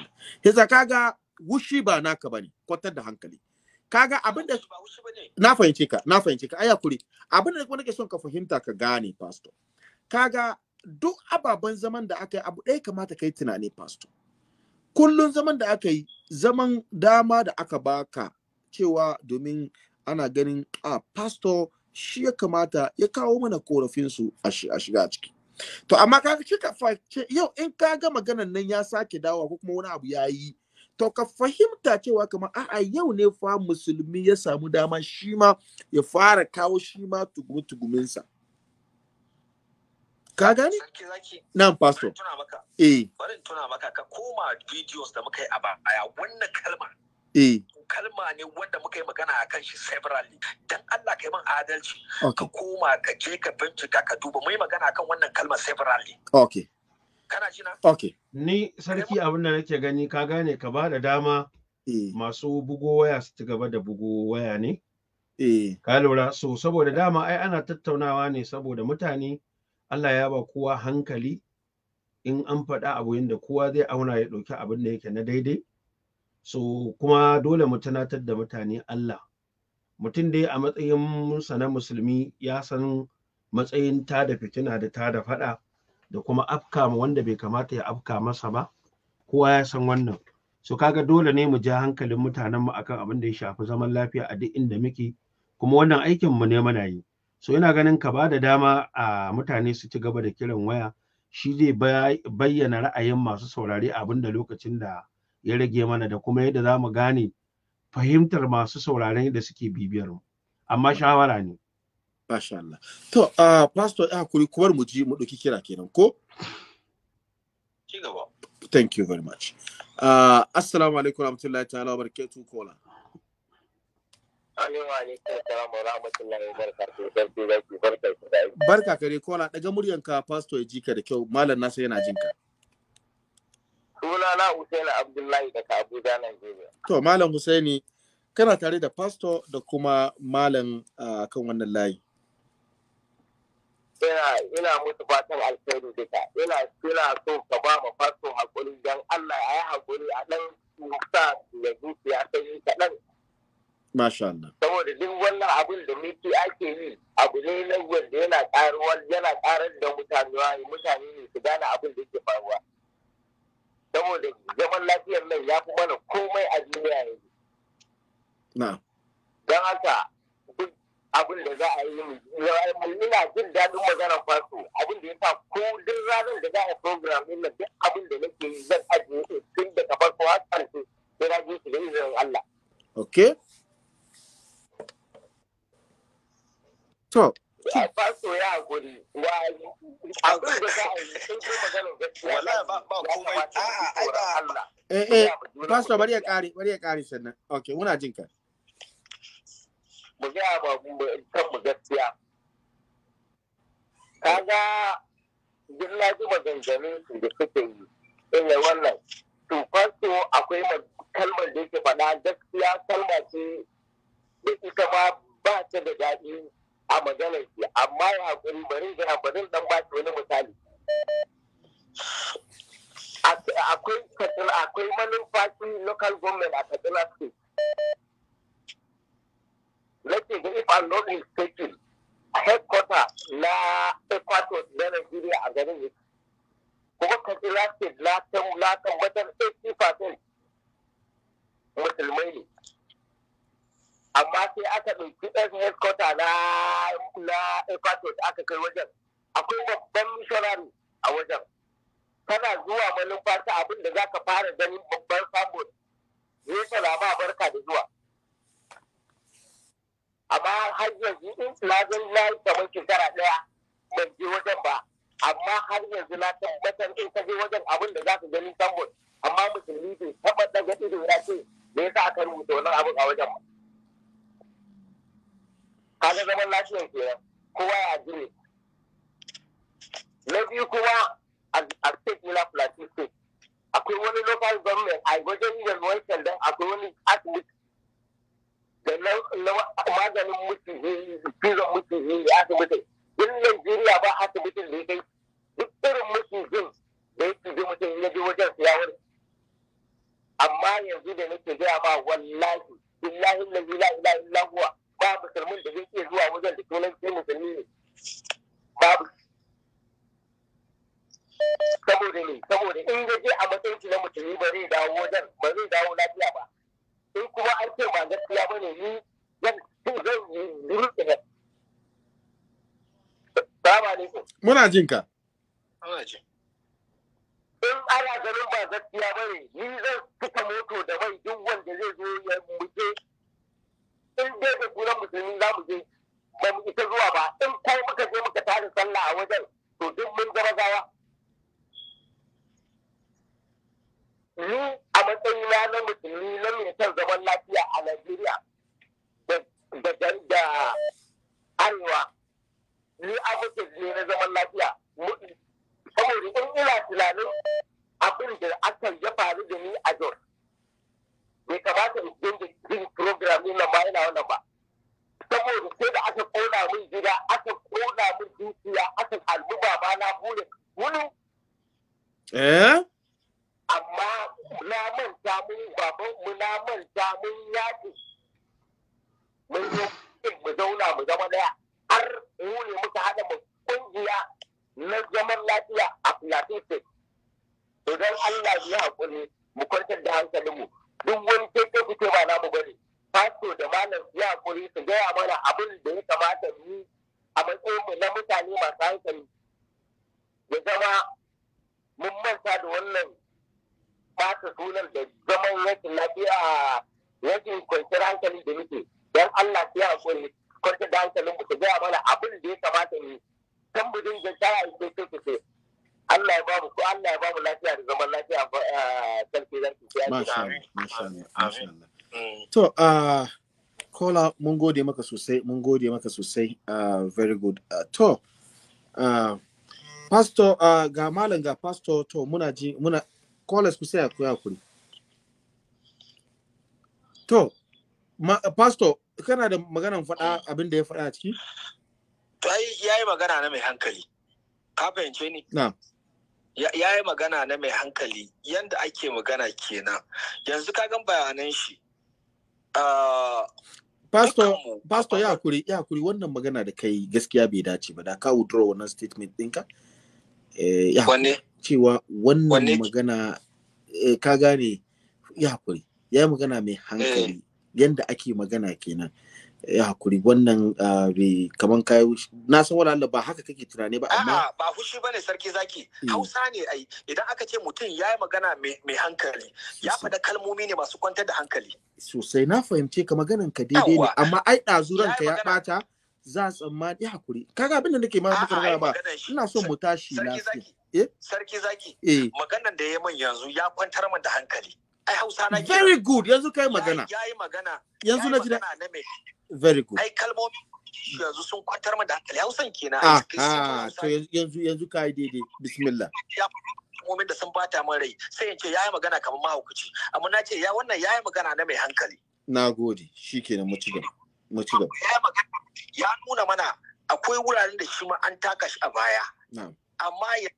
yasa kaga wushi ba naka bane kwatar da hankali kaga abin da na fahimce ka na fahimce ka ai hakuri abin da kuma nake son ka fahimta ka gane pastor kaga duk ababen zaman da aka yi abu ɗaya kamata kai tunani pastor kullun zaman da aka yi zaman dama da aka baka cewa domin ana ganin a pastor shi ya kamata ya kawo mana korafinsu a shiga ciki to amma kaga kika fahimta yau in ka ga maganan nan ya sake dawa ko kuma wani abu ya yi to ka fahimta cewa kamar a'a yau ne fa musulmi ya samu dama shi ma ya fara kawo shi ma tugumi tuguminsa ka gani nan pastor eh tuna maka ka koma videos da muka yi a baya wannan kalma Eh. kalma ne wanda muka yi magana a kan shi severally dan Allah ka yi min adalci ka koma ka je ka bincika ka duba mu yi magana kan wannan kalma severally okay kana na okay ni sarki abin da nake gani ka gane ka ba da dama eh. masu bugo waya su ci gaba da bugo waya ne eh. ka lura so saboda dama ai ana tattaunawa ne saboda mutane Allah ya ba kowa hankali in an faɗa abu yadda kowa zai auna ya ɗauki abin da yake na daidai so kuma dole mu tunatar da mutane Allah mutum dai a matsayin sa na musulmi ya san matsayin ta da fitina da ta da faɗa da kuma afka mu wanda bai kamata ya afka masa ba kowa ya san wannan so kaga dole ne mu ja hankalin mutanen mu akan abin da ya shafi zaman lafiya a duk inda muke kuma wannan aikin mu ne muna yi so ina ganin ka ba da dama a mutane su ci gaba da kiran waya shi zai bayyana ra'ayin masu saurare abinda lokacin da ya rage mana da kuma yadda za mu gane fahimtar masu sauraron da suke bibiyar mu amma shawara ne Masha Allah. To, uh, Pastor, ya kuri kuwar mu ji mu ɗauki kira kenan ko? Ci gaba. Thank you very much. Uh, assalamu alaikum rahmatullahi ta'ala wa barakatuh kola. Barka kare kola daga muryanka pastor ya ji ka da kyau malam nasa yana jinka. suna na Hussaini Abdullahi daga Abuja, nigeria. To, Malam Hussaini, kana tare da pastor da kuma malam a kan wannan layi. Ina ina musu fatan alkhairu duka. Ina ina so ka ba ma pastor hakuri don Allah ya yi hakuri a dan sa ya zuciya yi kaɗan. Masha Saboda duk wannan abin da miki ake yi abu ne na wanda yana ƙaruwar ƙarar da mutane mutane ne su gane abin da yake faruwa. saboda zaman lafiyar nan ya fi mana komai a duniya yanzu na don haka duk abin da za a yi ina jin daɗin magana faso abin da ya sa ko duk ranar da za a program ɗin nan duk abin da nake yi zan ajiye su tun daga farko har ƙarshe sai na ji su da izinin Allah. Okay. To, so, faso ya guri wa abin da za a yi sun ko magana gaskiya wala ba ba komai a'a ai ba eh eh pastor bari ya kare bari ya kare sannan okay muna jin ka mu ba mu kan mu gaskiya kaga duk na ji maganganun su da suke yi ina wannan to faso akwai kalmar da yake faɗa gaskiya kalma ce da ita ma ba ta da daɗi a maganar shi amma ya hakuri bari ga bari dan ba wani misali akwai katsina akwai manufacin local government a katsina state lake ga if I'm not mistaken headquarter na ecuador na nigeria a garin yake kuma katsina state na tabbatar 80% musulmai ne amma sai aka ɗauki ɗan headquarter na na da aka kai wajen akwai babban missionary a wajen tana zuwa fata abin da za ka fara ganin babban sambon zai ta ba barka da zuwa amma har yanzu in na zan na yi kamar shekara ɗaya ban je wajen ba amma har yanzu na tabbatar in ka je wajen abin da za gani sambon amma musulmi bai taɓa daga ido ya ce me yasa aka rubuta wannan abin a wajen ba kaga zaman lafiyan kenan kowa ya agree na biyu kuma a state na plateau state akwai wani local government a wajen yin wancan dan akwai wani asibiti da na maganin mutu fizon mutu ne asibitin duk Najeriya ba asibitin da ya kai duk irin mutu jin da ya ci mutum ya je wajen siyawar amma yanzu da nake gaya ba wallahi billahi la ilaha illa huwa Babu musulmin da zai iya zuwa wajen da sunan shi musulmi ne babu saboda ne saboda in ga je a matsayin shi na musulmi ba zai dawo wajen ba zai dawo lafiya ba in kuma an ce ba gaskiya ba ne ni zan zan yi rufe Salamu alaikum. Muna jin ka. Muna jin. In ana ganin ba gaskiya ba ne, ni zan fita moto da mai duk wanda zai zo ya muke in dai da sunan musulmi za mu je ba mu ita zuwa ba in ko muka je muka tare sallah a wajen to duk mun zama gawa ni a matsayin na musulmi na mai son zaman lafiya a Najeriya da da arewa ni advocate ne na zaman lafiya saboda in ina tunanin abin da aka ya faru da ni a Jos bai kamata mu dinga jin program na nan ma yana wannan ba saboda sai da aka kona min gida aka kona min dukiya aka halbu baba na bude wuni eh amma na manta mun baban mu na manta mun yaki mun zo mu zauna mu zama daya har mu ne muka hada mu kungiya na zaman lafiya a Plateau State. Allah ya haƙuri mu kwantar da hankalinmu duk wani keke kuke ba namu bane pastor da malam ya kuri su gaya mana abin da ya kamata mu a matsayin mu na mutane masu hankali ya zama mun manta da wannan bata sunan da zaman rashin lafiya a rashin kwanciyar hankali da muke don Allah ya hakuri kwanciyar da hankalin mu su gaya mana abin da ya kamata mu tambudin da ta yi ce ce Allah ya ba mu ko Allah ya ba mu lafiya da zaman lafiya ba eh, sarki zaki sai amin masha masha mm. to uh, kola mun gode maka sosai mun gode maka sosai uh, very good uh, to pastor ga malam ga pastor to muna ji muna kola su sai ku yakuri to pastor kana da maganan faɗa abin da ya faɗa a ciki to yi magana na mai hankali ka fahimce ni na ya yi magana na mai hankali yanda ake magana kenan yanzu ka gan bayanan shi ah, Pastor ya kuri ya kuri wannan magana da kai gaskiya bai dace ba da ka wudura wannan statement ɗinka eh, Ya ya cewa wannan magana eh, ka gane ya kuri ya yi magana mai hankali eh. yanda ake magana kenan ya hakuri wannan ah, bai kaman kayo na san wani Allah ba haka kake tunani ba amma ba fushi bane sarki zaki hmm. Hausa ne ai idan aka ce mutum ya yi magana mai hankali ya faɗa kalmomi ne masu kwantar da hankali sosai na fahimce ka maganan ka daidai ne amma ai ɗazu ka ya ɓata za a tsammani ya hakuri kaga abin da nake ma da ba ina son mu tashi lafiya eh? sarki zaki eh. maganan da ya min yanzu ya kwantar min da hankali ai Hausa na very good yanzu kai magana yayi magana yanzu na ji na very good ai kalmomin yanzu sun kwantar mu da hankali hausan kenan ah, ah to yanzu yanzu kai daidai bismillah kalmomin da sun bata min rai sai yace yayi magana kamar mahaukaci amma na ce ya wannan yayi magana na mai hankali nagode shikenan mu ci gaba mu ci gaba ya nuna mana akwai wuraren da shi ma an taka shi a baya amma ya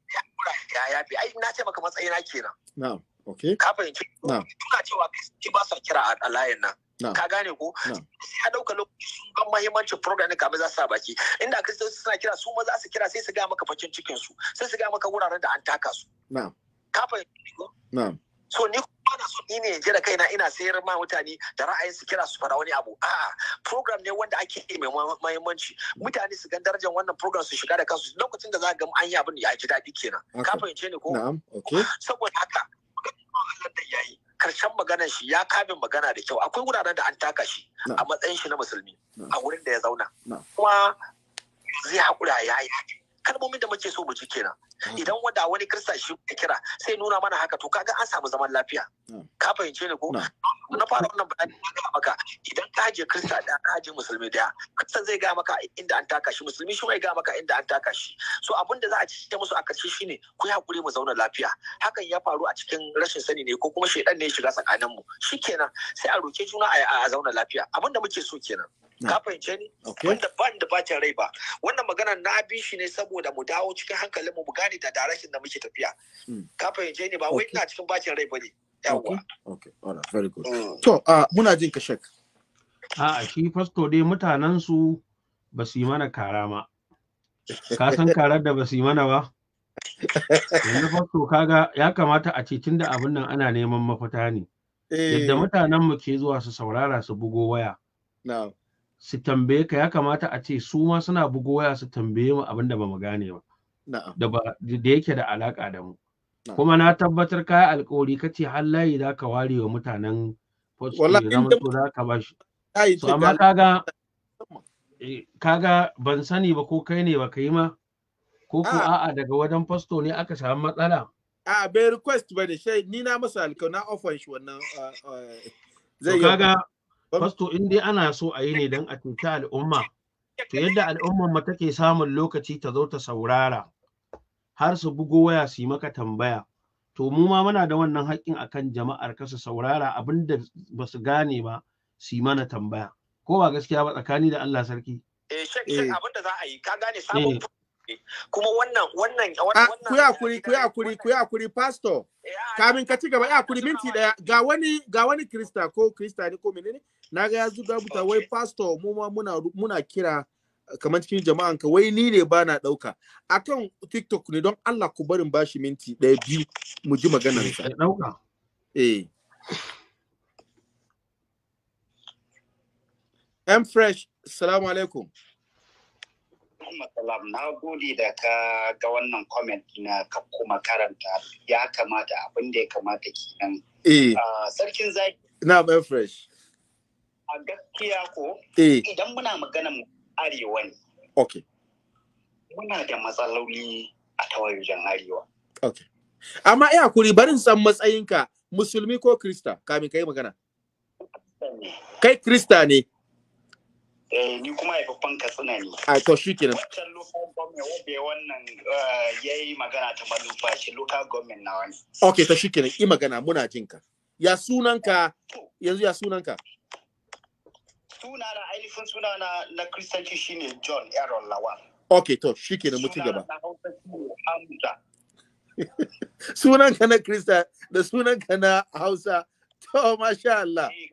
ya ya bi ai na ce maka matsayina kenan na'am okay ka fahimci na'am tuna cewa kai ba sa kira a layin nan ka gane ko ya dauka lokaci ban mahimmanci program kamar za su sa baki inda kristoci suna kira su ma za su kira sai su ga maka facin cikin su sai su ga maka wuraren da an taka su ka fahimci ko so ni kuma na so ni ne da kaina ina sayar ma mutane da ra'ayin su kira su fara wani abu a program ne wanda ake yi mai mahimmanci mutane su gan darajar wannan program su shiga da kansu lokacin da za ga an yi abin ya ji daɗi kenan ka fahimce ni ko saboda haka yayi karshen maganar shi ya kame magana da kyau akwai wuraren da an taka shi a matsayin shi na musulmi a wurin da ya zauna kuma zai haƙura ya yi kalmomin da muke so mu ji kenan hmm. idan wanda wani kirista shi ya kira sai nuna mana haka to kaga an samu zaman lafiya hmm. ka fahimce ni ko na fara wannan bayani ga maka idan ka je kirista da ka je musulmi da kirista zai ga maka inda an taka shi musulmi shi mai ga maka inda an taka shi so abin da za a ce musu a karshe shine ku yi hakuri mu zauna lafiya hakan ya faru a cikin rashin sani ne ko kuma shedan ne ya shiga tsakanin mu shikenan sai a roke juna a zauna lafiya abin da muke so kenan ka fahimce ni wanda ban da bacin rai ba wannan magana na bi shi ne saboda mu dawo cikin hankalin mu gane da darashin da muke tafiya hmm. ka fahimce ni ba wai ina cikin bacin rai bane yawwa okay alright very good hmm. to uh, muna jin ka shek a shi fasto dai mutanen su ba su yi mana kara ma ka san karar da ba su yi mana ba yanzu fasto kaga ya kamata a ce tunda abin nan ana neman mafita ne eh. yadda mutanen mu ke zuwa su saurara su bugo waya su tambaye ka ya kamata a ce su ma suna bugo waya su tambaye mu abin da ba mu gane ba da yake da alaka da mu kuma na tabbatar kaya alƙawari ka ce har layi za ka ware wa mutanen fotsu za ka ba shi amma kaga kaga eh, ban sani ba ko kai ne ba ka yi ma ko ko ah. a'a daga wajen fasto ne aka samu matsala a ah, bai request ba da shai ni na masa alƙawari na offer shi wannan ah, zai kaga fasto in dai ana so a yi ne don a cuci al'umma to yadda al'ummar ma take samun lokaci ta zo ta saurara har su bugo waya su yi maka tambaya to mu ma muna da wannan haƙƙin akan jama'ar ka su saurara abin da ba su gane ba su yi mana tambaya ko ba gaskiya ba tsakani da Allah sarki eh shek eh. abin da za a yi ka eh. kuma wannan wannan ah, ku ya kuri ku ya kuri ku ya kuri pastor eh, kamin ka ci gaba ya kuri minti daya ga wani ga wani krista ko krista ne ko menene na ga ya zuga buta wai pastor mu ma muna muna kira eh, kamar cikin jama'an ka wai ni ne bana dauka akan tiktok ne don Allah ku barin bashi minti daya biyu mu ji maganar sa dauka eh M fresh assalamu alaikum Muhammad Salam na gode da ka ga wannan comment na ka kuma karanta ya kamata abin da ya kamata kenan. Eh. Ah, sarkin zaki. Na bai fresh. A gaskiya ko. Eh. Idan muna magana mu arewa ne. Okay. Muna da matsaloli a tawayoyin arewa. Okay. Amma ya kuri barin san matsayinka musulmi ko krista kamin kai magana. Kai krista ne. Eh, ni kuma haifaffen katsina ne. A to shi kenan. Wancan local government wanda wannan eh, ya yi magana ta malumfashi local government na wani. Ok to shi kenan yi magana muna jinka. Ya sunanka yanzu ya sunanka. Suna na ainihin suna na na Kristanci shine John Aaron Lawal. Ok to shi kenan mu ci gaba. Sunanka na Krista da sunanka na Hausa. To masha Allah. Eh,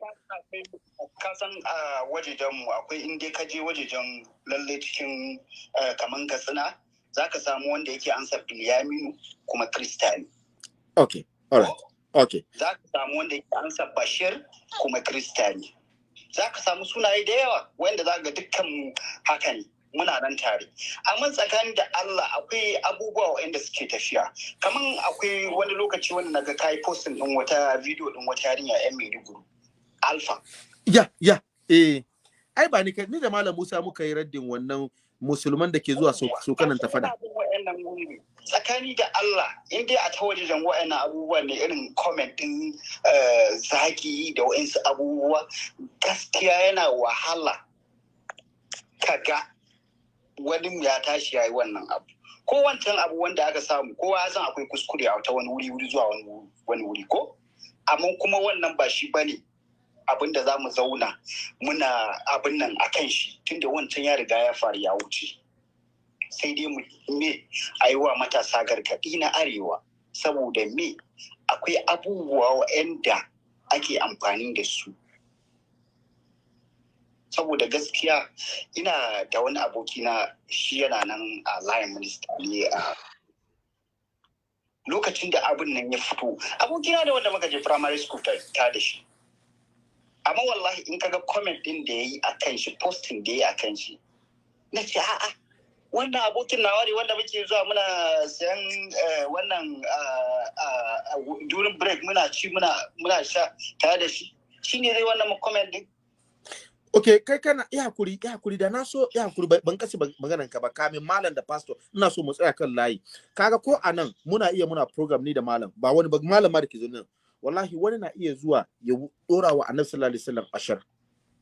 Ka san a mu akwai inda ka je wajejen lalle cikin kaman katsina za ka samu wanda yake ansa bilyaminu kuma kristali okay alright okay za ka samu wanda yake ansa bashir kuma kristali za ka samu sunaye da yawa wanda za ga dukkan haka ne muna nan tare amma tsakanin da Allah akwai abubuwa waɗanda suke tafiya kaman akwai wani lokaci wanda naga kai postin din wata video din wata yarinya yan Maiduguri alfa ya ya eh ai ba ni kai ni da malam Musa muka yi raddin wannan musulman da ke zuwa so kanan ta fada tsakani da Allah in dai a tawaje wajen wa'annan abubuwa ne irin comment din eh, zaki da wa'ansu abubuwa gaskiya yana wahala kaga wani ya tashi ya yi wannan abu ko wancan abu wanda aka samu kowa ya san akwai kuskure a ta wani wuri wuri zuwa wani wuri ko amma kuma wannan ba shi bane abin da za mu zauna muna abin nan a kan shi tunda wancan ya riga ya faru ya wuce sai dai mu me a yi wa matasa gargaɗi na arewa saboda me akwai abubuwa wa'anda ake amfani da su saboda gaskiya ina da wani aboki na shi yana nan a layin minista ne a lokacin da abin nan ya fito abokina da wanda muka je primary school ta da shi amma wallahi in kaga comment din da yayi kan shi posting da yayi kan shi na ce a'a wannan abokin nawari wanda muke zuwa muna sayan eh, wannan ah, ah, ah, during break muna ci muna muna sha tare da shi shine zai wannan comment din Ok, kai kana ya hakuri, ya hakuri da na so ya hakuri ban kasi maganan ka ba kamin malam da pastor ina so mu tsaya kan layi. Kaga ko anan muna iya muna program ni da malam ba wani ba malam ma da ke zo nan. wallahi wani na iya zuwa ya dora wa annabi sallallahu alaihi wasallam ashar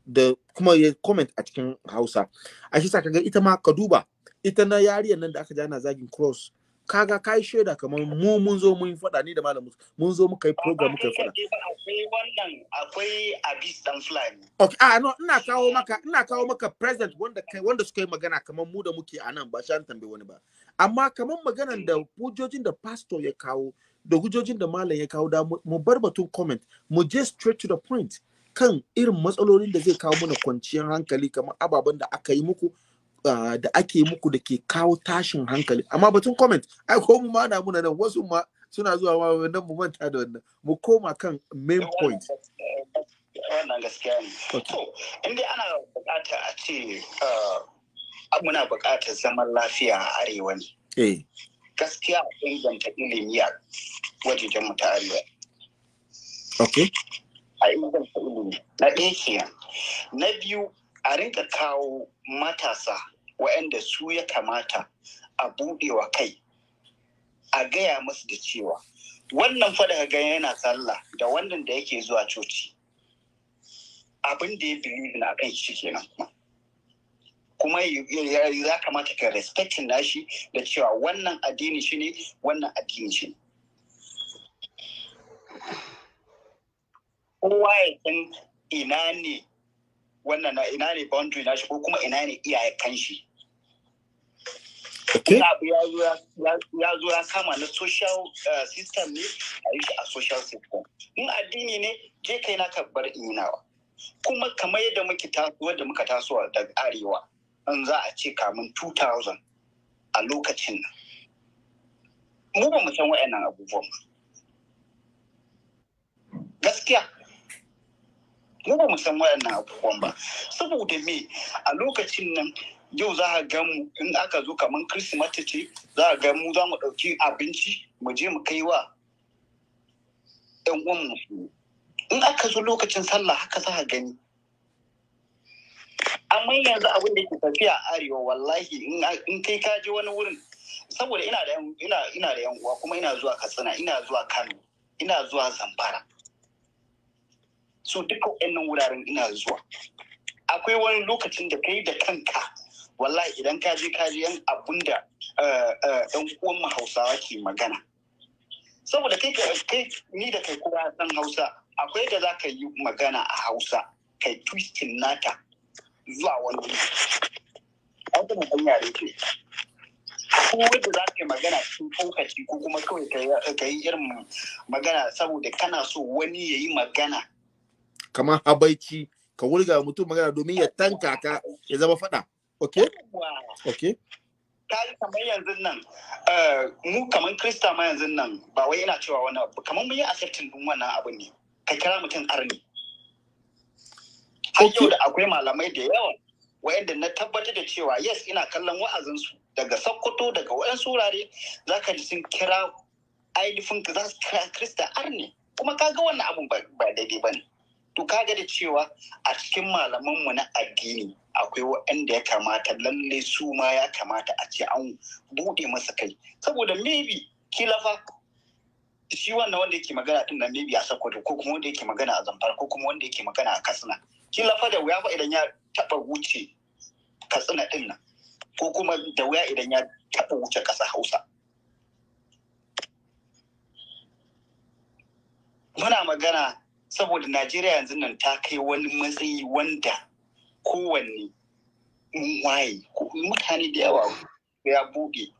da kuma ya comment a cikin Hausa a shi kaga ita ma ka duba ita na yariyar nan da aka jana zagin cross kaga kai shaida kamar mu mun zo mun faɗa ni da malamu mun zo muka yi program muka yi faɗa akwai wannan akwai abis dan fulani okay ah no ina kawo maka ina kawo maka present wanda kai wanda suka yi magana kamar mu da muke a nan ba shan tambaye wani ba amma kamar maganan da hujjojin da pastor ya kawo da hujjojin da malam ya kawo da mu bar batun comment mu je straight to the point kan irin matsalolin da zai kawo mana kwanciyar hankali kamar ababen da aka yi muku da ake muku da ke kawo tashin hankali amma batun comment ai ko mu ma na muna nan wasu ma suna zuwa ma wannan mu manta da wannan mu koma kan main point wannan gaskiya ne to inda ana bukata a ce muna bukatar zaman lafiya a arewa ne eh. gaskiya a inganta ilimi a wajejen mu ta arewa okay a inganta ilimi na ɗaya kenan na biyu a rinka kawo matasa waɗanda su ya kamata a buɗewa kai a gaya musu da cewa wannan fada ga yana sallah da wannan da yake zuwa coci abin da ya bilibin a kan shi kenan kuma kuma ya kamata ka respectin nashi da cewa wannan addini shi ne wannan addini shi ne kowa ya san ina ne wannan ina ne boundary nashi ko kuma ina ne iyaye kan shi abu ya zo ya kama na social eh, system ne a yi shi a social system in addini ne je kai na ka bar inawa kuma kamar yadda muke taso da muka taso daga arewa in za a ce kamun 2000 a lokacin nan mu ba mu san wa'annan abubuwan gaskiya mu ba mu san wayannan abubuwan ba saboda me a lokacin nan yau za a ga mu in aka zo kamar kirsimati ce za a ga mu za mu ɗauki abinci mu je mu kai wa ɗan uwan musulmi in aka zo lokacin sallah haka za a gani amma yanzu abin da ke tafiya a arewa wallahi in kai ka je wani wurin saboda ina da ina ina da yan uwa kuma ina zuwa katsina ina zuwa kano ina zuwa zamfara so duka wannan wuraren ina zuwa akwai wani lokacin da kai da kanka wallahi idan ka je ka je yan abunda da eh, eh, yan uwan mu hausawa ke magana saboda kai kai ni da kai kuma san hausa akwai da za ka yi magana a hausa kai twistin nata zuwa wani wata mutum yare ce ko wadda za ka yi magana cikin tsokaci ko kuma kawai ka yi irin magana saboda kana so wani ya yi magana kamar habaici ka wulga mutum magana domin ya tanka ka ya zama fada ok ok ta yi kamar yanzu nan eh, mu kamar krista ma yanzu nan ba wai yana cewa wani abu kamar mu yi accepting din wannan abu ne ka kira mutum arni har yau da akwai malamai da yawa wayanda na tabbatar da cewa yes ina kallon wa'azinsu daga sokoto daga wa'yan surare, za ka ji sun kira ainihin za su kira krista arne kuma kaga wannan abun ba daidai ba ne to kaga da cewa a cikin malamanmu na addini akwai waɗanda ya kamata lalle su ma ya kamata a ce an buɗe masa kai saboda maybe kilafa fa shi wannan wanda yake magana tun nan maybe a sokoto ko kuma wanda yake magana a zamfara ko kuma wanda yake magana a katsina kila fa da wuya fa idan ya taɓa wuce katsina ɗin nan ko kuma da wuya idan ya taɓa wuce ƙasa hausa muna magana saboda najeriya yanzu nan ta kai wani matsayi wanda kowanne waye ko mutane da yawa ya buɗe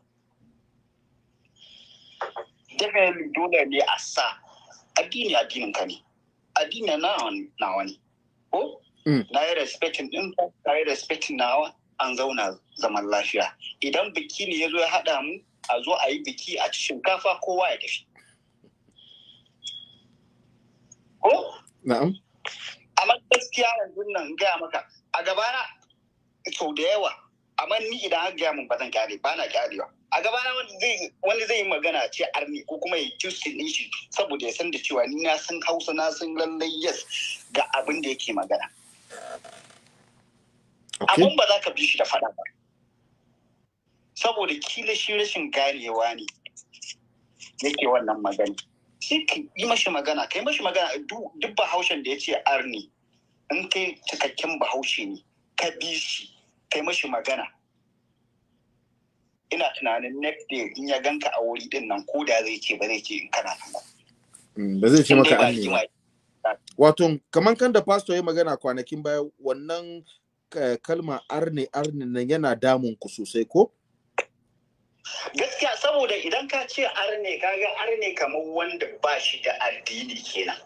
definitely dole ne a sa addini addinin ka ne addini na wani ko Mm. na yi respectin din na yi respectin nawa an zauna zaman lafiya idan biki ne ya zo ya haɗa mu a zo a yi biki a ci shinkafa kowa ya tafi ko na'am amma gaskiya yanzu nan gaya maka a gabana sau da yawa amma ni idan har gaya mun ba zan kyale ba na ba a gabana wani zai yi magana ce arni ko kuma ya kyusi din shi saboda ya san da cewa ni na san hausa na san lallai yes ga abin da yake magana abin ba za ka bi shi da faɗa ba saboda kila shi rashin ganewa ne yake wannan magana sai ka yi mashi magana ka yi mashi magana duk bahaushen da ya ce arni in kai cikakken bahaushe ne ka bi shi ka yi mashi magana ina tunanin next day in ya ganka a wuri din nan ko da zai ce ba zai ce in kana nan ba mm, zai ce maka arni wato kamar kan da pastor ya magana kwanakin baya wannan kalma arne arne nan yana damun ku sosai ko? Gaskiya saboda idan ka ce arne kaga arne kamar wanda ba shi da addini kenan.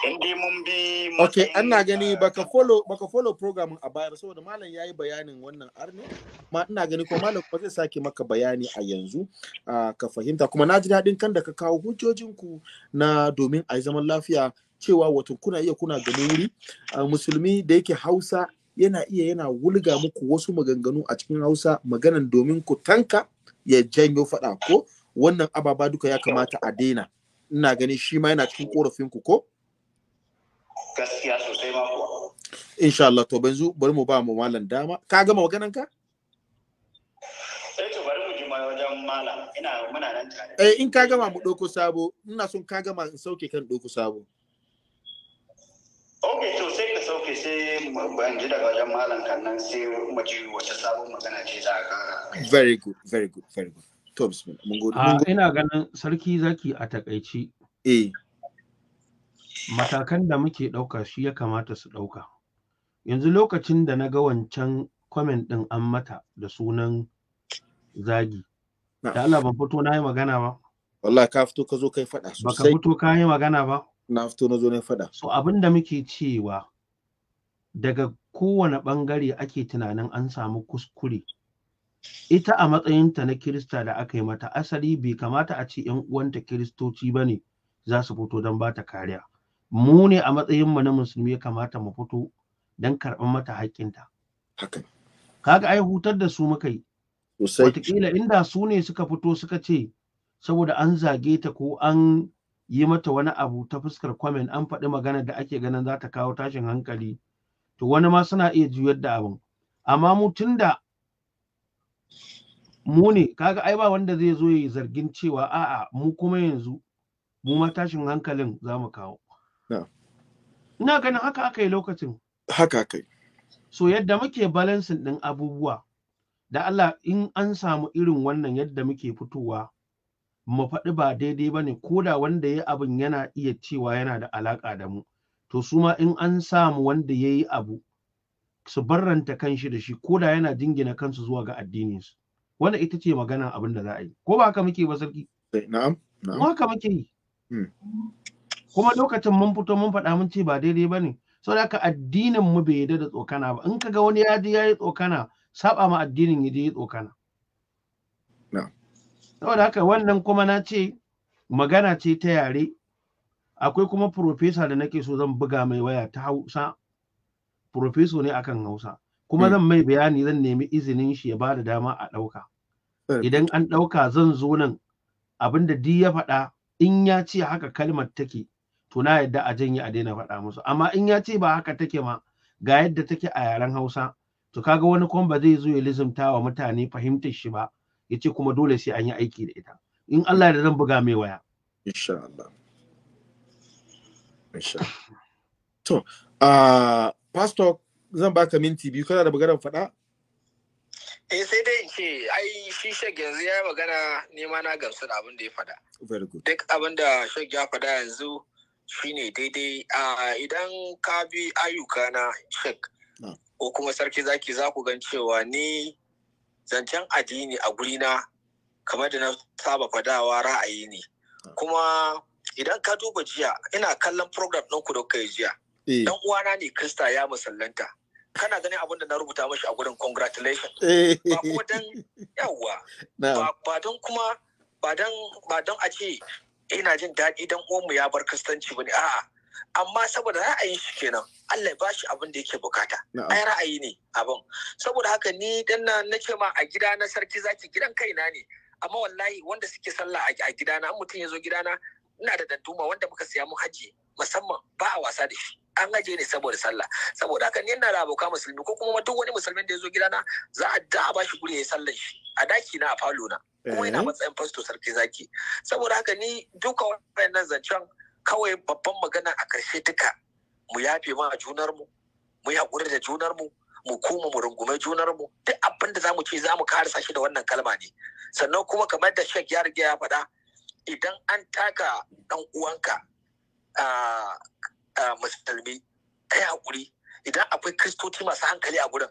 Inde mun bi Ok, ana gani baka follow baka follow program a bayar saboda malam yayi bayanin wannan arne. Ma ina gani ko malam ko zai sake maka bayani a yanzu ah, ka fahimta kuma na ji daɗin kan da ka kawo hujjojinku na domin a yi zaman lafiya cewa wato kuna iya kuna gani wuri musulmi da yake hausa yana iya yana wulga muku wasu maganganu a cikin hausa maganan domin ku tanka ya janyo faɗa ko wannan ababa duka ya kamata a daina ina gani shi ma yana cikin korafin ku ko gaskiya sosai ma insha Allah to banzu bari mu ba mu malam dama ka gama maganan ka Eh, in ka gama mu ɗauko sabo, ina son ka gama in sauke kan ɗauko sabo. ok to sai ka sauke sai ban ji daga wajen malam kannan sai maji ji wata sabon magana ce za kara very good very good very good to bismillah mun gode mun ah, ina ganin sarki zaki a takaici eh matakan da muke ɗauka shi ya kamata su ɗauka yanzu lokacin da na ga wancan comment din an mata da sunan zagi da Allah ban fito na yi magana ba wallahi ka fito ka zo kai fada sosai baka fito ka yi magana ba na fito na zo na faɗa so abin da muke cewa daga kowane ɓangare ake tunanin an samu kuskure ita a matsayinta na kirista da aka yi mata asali bai kamata a ce 'yan uwanta kiristoci ba ne za su fito don ba ta kariya mu ne a matsayinmu na musulmi ya kamata mu fito don karɓar mata haƙƙinta. Kaga ai hutar da su muka yi. Wataƙila inda su ne suka fito suka ce saboda an zage ta ko an yi mata wani abu ta fuskar kwamen an faɗi magana da ake ganin za ta kawo tashin hankali to wani ma suna iya juyar da abin amma mu tunda mu ne kaga ai ba wanda zai zo yi zargin cewa a'a mu kuma yanzu mu ma tashin hankalin za mu kawo ina ganin haka aka yi lokacin haka aka yi so yadda muke balansin ɗin abubuwa da Allah in an samu irin wannan yadda muke fitowa mu faɗi ba daidai ba ne ko da wanda ya abin yana iya cewa yana da alaƙa da mu to su ma in an samu wanda ya yi abu su barranta kan shi da shi ko da yana jingina kansu zuwa ga addininsu wanda ita ce magana abin da za a yi ko ba haka muke ba sarki eh, na'am haka muke yi hmm. kuma lokacin mun fito mun faɗa mun ce ba daidai ba ne saboda haka addinin mu bai yadda da tsokana ba in ka ga wani ya je ya yi tsokana saba ma addinin ya je ya tsokana na'am saboda haka wannan kuma na ce magana ce ta yare akwai kuma profesa da nake so zan buga mai waya ta hausa profeso ne akan hausa kuma hmm. zan mai bayani zan nemi izinin shi ya ba da dama a ɗauka hmm. idan an ɗauka zan zo nan abinda da di ya faɗa in ya ce haka kalmar take to na yadda a janye a daina faɗa musu amma in ya ce ba haka take ma ga yadda take a yaren hausa to kaga wani kuma ba zai zo ya lizimta wa mutane fahimtar shi ba yace kuma dole sai an yi aiki da ita in Allah ya zan buga mai waya insha Allah insha to uh, pastor zan baka minti biyu kana da maganar faɗa eh sai dai ce ai shi shek yanzu ya magana nema na gamsu da abin da ya faɗa duk abin da shek ya faɗa yanzu shine daidai a ah, idan ka bi ayyuka na shek ko kuma sarki zaki za ku gan cewa ni zancen addini a guri na kamar da na saba fadawa ra'ayi ne hmm. kuma idan ka duba jiya ina kallon program ɗinku da kai jiya eh. dan uwana ne krista ya musallanta kana ganin abin da na rubuta mashi a gurin congratulation eh. ba dan yawa ba don kuma ba don a ce ina jin daɗi dan uwanmu ya bar kristanci ne a'a amma saboda ra'ayin shi kenan Allah ba shi abin da yake bukata ai ra'ayi ne abin saboda haka ni dan na nake ma a gida na sarki zaki gidan kaina ne amma wallahi wanda suke sallah a gidana an mutum ya zo gidana ina da dantuma wanda muka siya mu haji musamman ba a wasa da shi an aje ne saboda sallah saboda haka ni ina da abokan musulmi ko kuma duk wani musulmin da ya zo gidana za a da a shi guri ya sallar shi a daki na a falo na kuma ina eh. matsayin fasto sarki zaki saboda haka ni duka wannan zancen kawai babban magana a ƙarshe duka mu yafe ma junarmu mu yi haƙuri da junarmu mu kuma mu rungume mu? duk abin da zamu ce zamu karasa shi da wannan kalma ne sannan kuma kamar da shek ya riga ya faɗa idan an taka ɗan uwanka musulmi kai haƙuri idan akwai kristoci masu hankali a gurin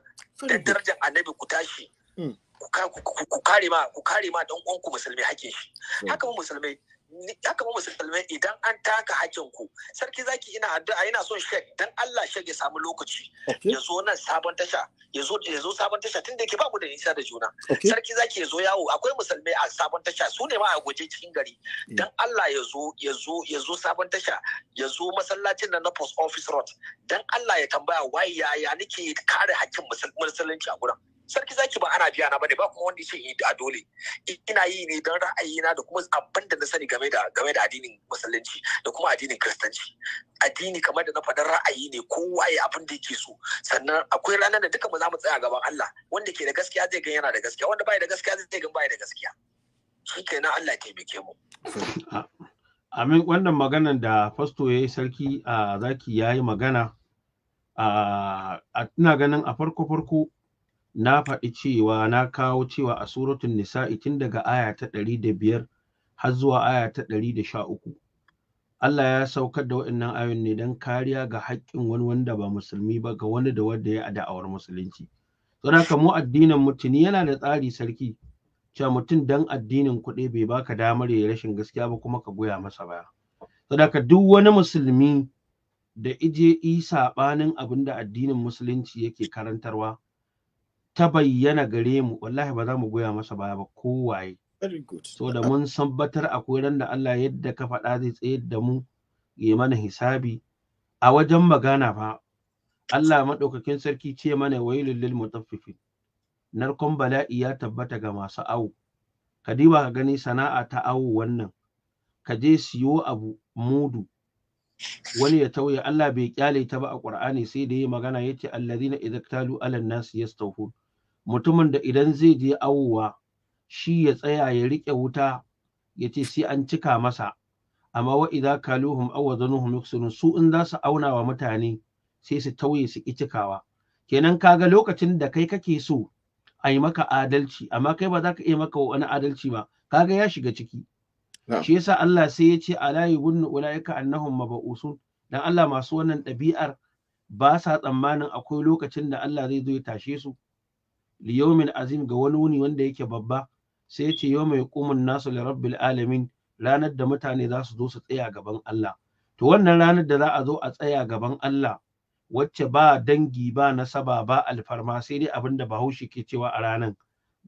da darajar annabi ku tashi hmm. ku kare ma ku kare ma uwanku musulmi hakin shi hmm. haka mu musulmai Haka ba musulmai idan an taka hakin ku sarki zaki ina addu'a ina son shek dan Allah shek ya samu lokaci ya zo nan sabon tasha ya zo ya zo sabon tasha tunda yake ba mu da nisa da juna sarki zaki ya zo yawo akwai musulmai a sabon tasha su ne ma a goje cikin gari mm. dan Allah ya zo ya zo ya zo sabon tasha ya zo masallacin nan na post office road dan Allah ya tambaya wai yaya nake kare hakkin musulunci a gurin sarki zaki ba ana biya na bane ba kuma wanda yake eh, a dole ina yi ne don ra'ayina da kuma abin da na sani game da game da addinin musulunci da kuma addinin kristanci addini kamar da na faɗin ra'ayi ne kowa ya abin da yake so sannan akwai ranar da duka mu za mu tsaya gaban Allah wanda ke da gaskiya zai gan yana da gaskiya wanda bai da gaskiya zai gan bai da gaskiya shikenan Allah ya taimake mu amin wannan maganan da fasto ya sarki a zaki ya yi magana a ina ganin a farko farko na faɗi cewa na kawo cewa a suratun Nisa, tun daga aya ta ɗari da biyar har zuwa aya ta ɗari da sha uku Allah ya saukar da waɗannan ayoyin ne don kariya ga haƙƙin wani wanda ba musulmi ba ga wani da wanda ya da'awar musulunci don haka mu addinin mutum yana da tsari sarki cewa mutum don addinin kuɗi bai baka damar ya rashin gaskiya ba kuma ka goya masa baya saboda duk wani musulmi da ije yi saɓanin abin da addinin musulunci yake karantarwa ta bayyana gare mu wallahi ba za mu goya masa baya ba kowaye so da mun sabbatar akwai ran da Allah yadda ka faɗa zai tsayar da mu ya mana hisabi a wajen magana fa Allah maɗaukakin sarki ce mana wailul lil mutaffifin narkon bala'i ya tabbata ga masu awo ka diba ka gani sana'a ta awo wannan ka je siyo abu mudu wani ya tauye Allah bai kyale ta ba a Qur'ani sai da yi magana yace allazina idza talu yastawfun mutumin da idan zai je awowa shi ya tsaya ya riƙe wuta ya ce sai an cika masa amma wa idza kaluhum aw yuksunun su in za su auna wa mutane sai su tauye su ki cikawa kenan kaga lokacin da kai kake so a maka adalci amma kai ba za ka iya maka wani adalci ba kaga ya shiga ciki shi yasa Allah sai ya ce ala yubunnu ulaika annahum mab'usun dan Allah masu wannan ɗabi'ar ba sa tsammanin akwai lokacin da Allah zai zo ya tashe su liyomin azim ga wani wuni wanda yake babba sai ya ce yau mai kumun nasu li rabbil alamin ranar da mutane za su zo su tsaya gaban Allah to wannan ranar da za a zo a tsaya gaban Allah wacce ba dangi ba nasaba ba alfarma sai dai abin da bahaushe ke cewa a ranan.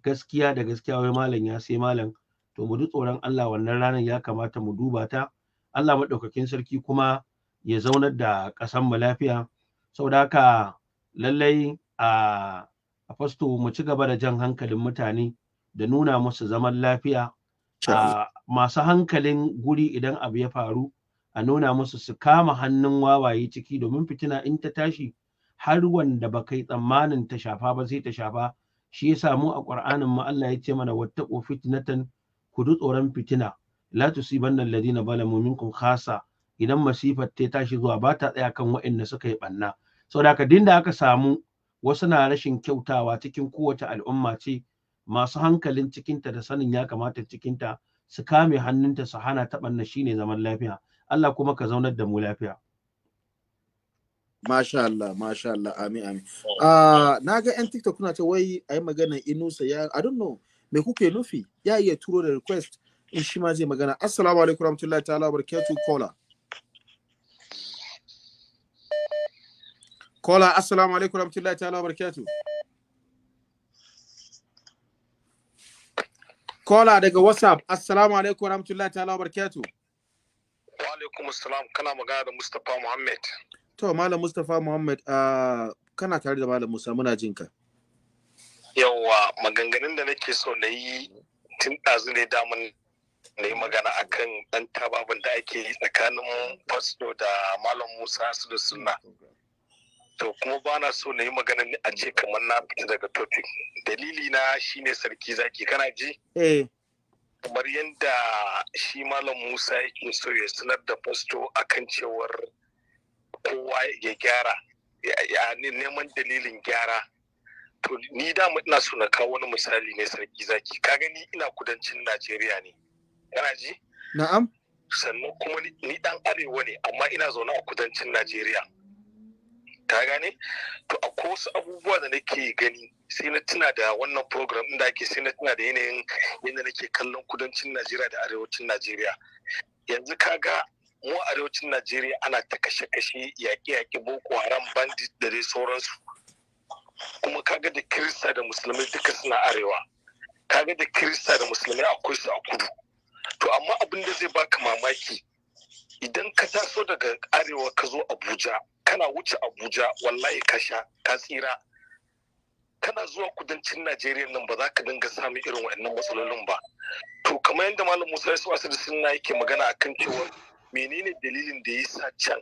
gaskiya da gaskiya wai malam ya sai malam to mu tsoron Allah wannan ranar ya kamata mu duba ta Allah maɗaukakin sarki kuma ya zaunar da ƙasar mu lafiya saboda haka lallai a ah, a fasto mu ci gaba da jan hankalin mutane da nuna musu zaman lafiya a ah, masu hankalin guri idan abu ya faru a nuna musu su kama hannun wawaye ciki domin fitina in ta tashi har wanda ba kai tsammanin ta shafa ba sai ta shafa shi ya samu a ƙur'anin mu Allah ya ce mana wata fitnatan ku du tsoron fitina la tusibanna alladhina zalamu minkum khasa idan masifar ta tashi zuwa ba ta tsaya kan waɗanda suka yi ɓanna. saboda haka da aka samu wasu na rashin kyautawa cikin kowace al'umma ce masu hankalin cikinta da sanin ya kamata cikinta su kame hannunta su hana shi ne zaman lafiya Allah kuma ka zaunar da mu lafiya Masha Allah, Masha Allah, amin, amin. Uh, na ga 'yan TikTok kuna ta wai ayi yi magana Inusa ya, I don't know, me kuke nufi? Ya iya turo da request in shi ma zai magana. Assalamu alaikum warahmatullahi ta'ala barakatuh kola. Kola, assalamu alaikum rahmatullahi ta'ala wa barakatu Kola daga WhatsApp, assalamu alaikum rahmatullahi ta'ala wa barakatu Wa alaikum assalam, kana magana da Mustapha Muhammad. To, Malam Mustapha Muhammad, uh, kana tare da Malam Musa muna jin ka. Yawwa, maganganun da nake so na yi tun ɗazu ne damun na yi magana akan ɗan tababin da ake yi tsakanin Fasto da Malam Musa Sulu Sunna. Okay. to kuma ba na so na yi maganin a ce kamar na fita daga topic dalili na shi ne sarki zaki kana ji eh. kamar yadda shi malam musa yake so ya sanar da fasto akan cewar kowa ya gyara ya neman dalilin gyara to ni dama ina so na kawo wani misali ne sarki zaki ka gani ina kudancin najeriya ne kana ji na'am sannan kuma ni dan arewa ne amma ina zaune a kudancin najeriya ta gane to a wasu abubuwa da nake gani sai na tuna da wannan program inda ake sai na tuna da yanayin yadda nake kallon kudancin najeriya da arewacin najeriya yanzu ka ga, mu arewacin najeriya ana ta kashe-kashe yaƙe-yaƙe boko haram bandit da dai sauransu kuma ka ga da kirista da musulmai duka suna arewa Ka ga da kirista da musulmai akwai su a kudu to amma abin da zai baka mamaki idan ka taso daga arewa ka zo abuja kana wuce abuja wallahi ka sha ka tsira kana zuwa kudancin najeriya nan ba za ka dinga samun irin waɗannan matsalolin ba to kamar yadda malam musa ya yusuf da sunna yake magana akan cewa menene dalilin da ya sa can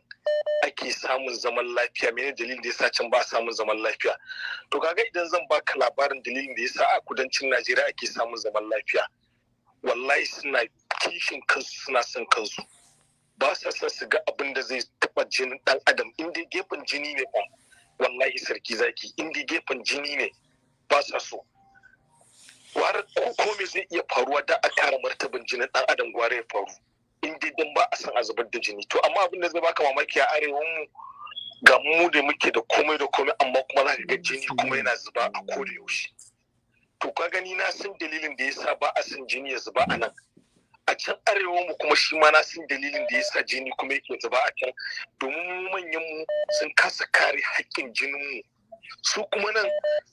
ake samun zaman lafiya menene dalilin da ya sa can ba samun zaman lafiya to kaga idan zan baka labarin dalilin da ya sa a kudancin najeriya ake samun zaman lafiya wallahi suna kishin kansu suna son kansu ba sa son su ga abin da zai gefen jinin dan adam in dai gefen jini ne ba wallahi sarki zaki in dai gefen jini ne ba sa so gwara ko me zai iya faruwa da a kara martaban jinin ɗan adam gwara ya faru in dai dan ba a san a zubar da jini to amma abin da zai baka mamaki a arewan mu ga mu da muke da komai da komai amma kuma za ka ga jini kuma yana zuba a kodayaushe yaushe to ka gani na san dalilin da yasa ba a san jini ya zuba a nan a can arewa mu kuma shi ma na sun dalilin da yasa jini kuma yake zuba a can domin manyan mu sun kasa kare haƙƙin jinin mu su kuma nan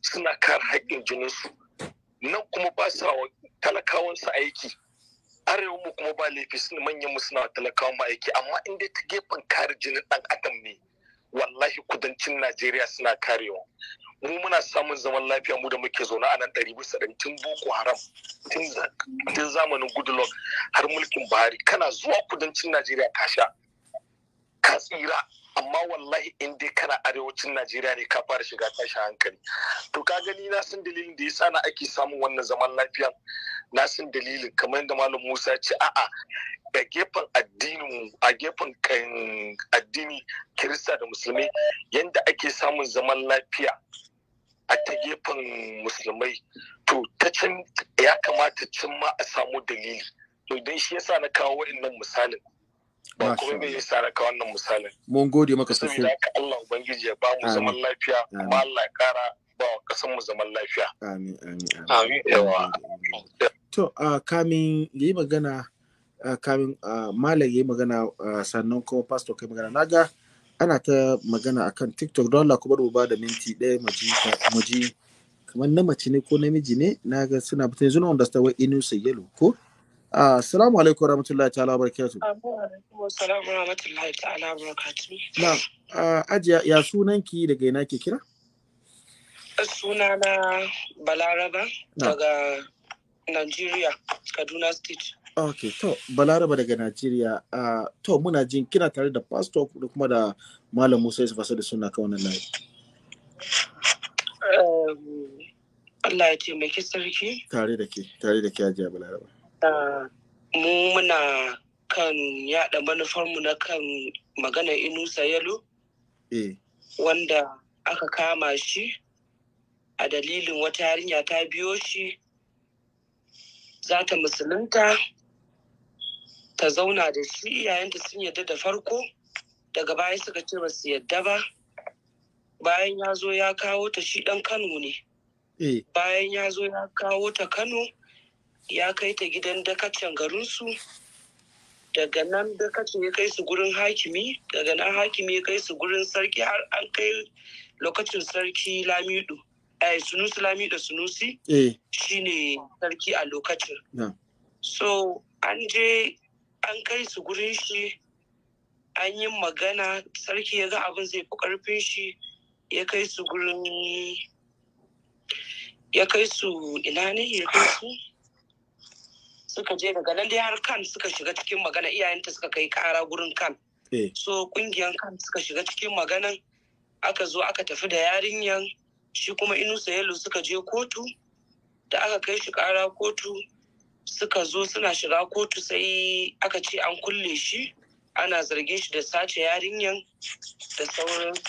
suna kare haƙƙin jinin su nan kuma ba sa wa talakawan su aiki arewa mu kuma ba laifi sun manyan mu suna talakawan mu aiki amma in dai ta gefen kare jinin ɗan adam ne wallahi kudancin Najeriya suna karewa mu muna samun zaman lafiya mu da muke zaune a nan ɗari bisa ɗari tun boko haram tun zamanin goodluck har mulkin buhari kana zuwa kudancin najeriya ka sha ka tsira amma wallahi in dai kana arewacin najeriya ne ka fara shiga tashin hankali to ka gani na san dalilin da ya sa na ake samun wannan zaman lafiya na san dalilin kamar da malam musa ce a'a a gefen addinin a gefen kan addini kirista da musulmi yanda ake samun zaman lafiya a ta gefen musulmai to ta can ya kamata can ma a samu dalili to don shi yasa na kawo wa'annan misalin ba kuma me yasa na kawo wannan misalin mun gode maka sosai da ka Allah ubangiji ya ba mu zaman lafiya kuma Allah ya kara ba wa kasan mu zaman lafiya amin amin amin yawa to uh, kamin yayi magana uh, kamin uh, malam yayi magana sannan kuma pastor kai magana naga ana ta magana akan tiktok don Allah kuma ba da minti ɗaya maji ji kamar na mace ne ko namiji ne naga suna bata yanzu na understand wai inu sai yalo ko assalamu alaikum warahmatullahi ta'ala barakatuh wa alaikum warahmatullahi ta'ala barakatuh na ajiya ya sunanki daga ina ke kira sunana balaraba daga Nigeria, Kaduna State. Ok, to, Balaraba daga Najeriya, uh, ah, to muna jin kina tare da pastor da kuma da Malam Musa Yusuf da suna kawo na layi. Um, Allah ya taimaki sarki. Tare da ke, tare da ke ajiya Balaraba. Ah, mu muna kan yada manufarmu na kan magana Inusa Yalo. Eh. Wanda aka kama shi a dalilin wata yarinya ta biyo shi za ta musulunta ta zauna da shi iyayenta sun yadda da farko daga baya suka ce ba su yadda ba bayan ya zo ya kawo ta shi dan kano ne eh. bayan ya zo ya kawo ta kano ya kai ta gidan dakacin garinsu daga nan dakacin ya kai su gurin hakimi daga nan hakimi ya kai su gurin sarki har an kai lokacin sarki lamidu. Eh, sunusi lami da sunusi eh. shine sarki a lokacin so an je an kai su gurin shi an yi magana sarki ya ga abin zai fi karfin shi ya kai su gurin ya kai su ina ne ya kai su suka je daga nan dai har kan suka shiga cikin magana iyayenta suka kai kara gurin kan eh. so kungiyan kan suka shiga cikin magana aka zo aka tafi da yarinyan shi kuma inusa yalo suka je kotu da aka kai shi kara kotu suka zo suna shiga kotu sai aka ce an kulle shi ana zargin shi da sace yarinyan da sauransu.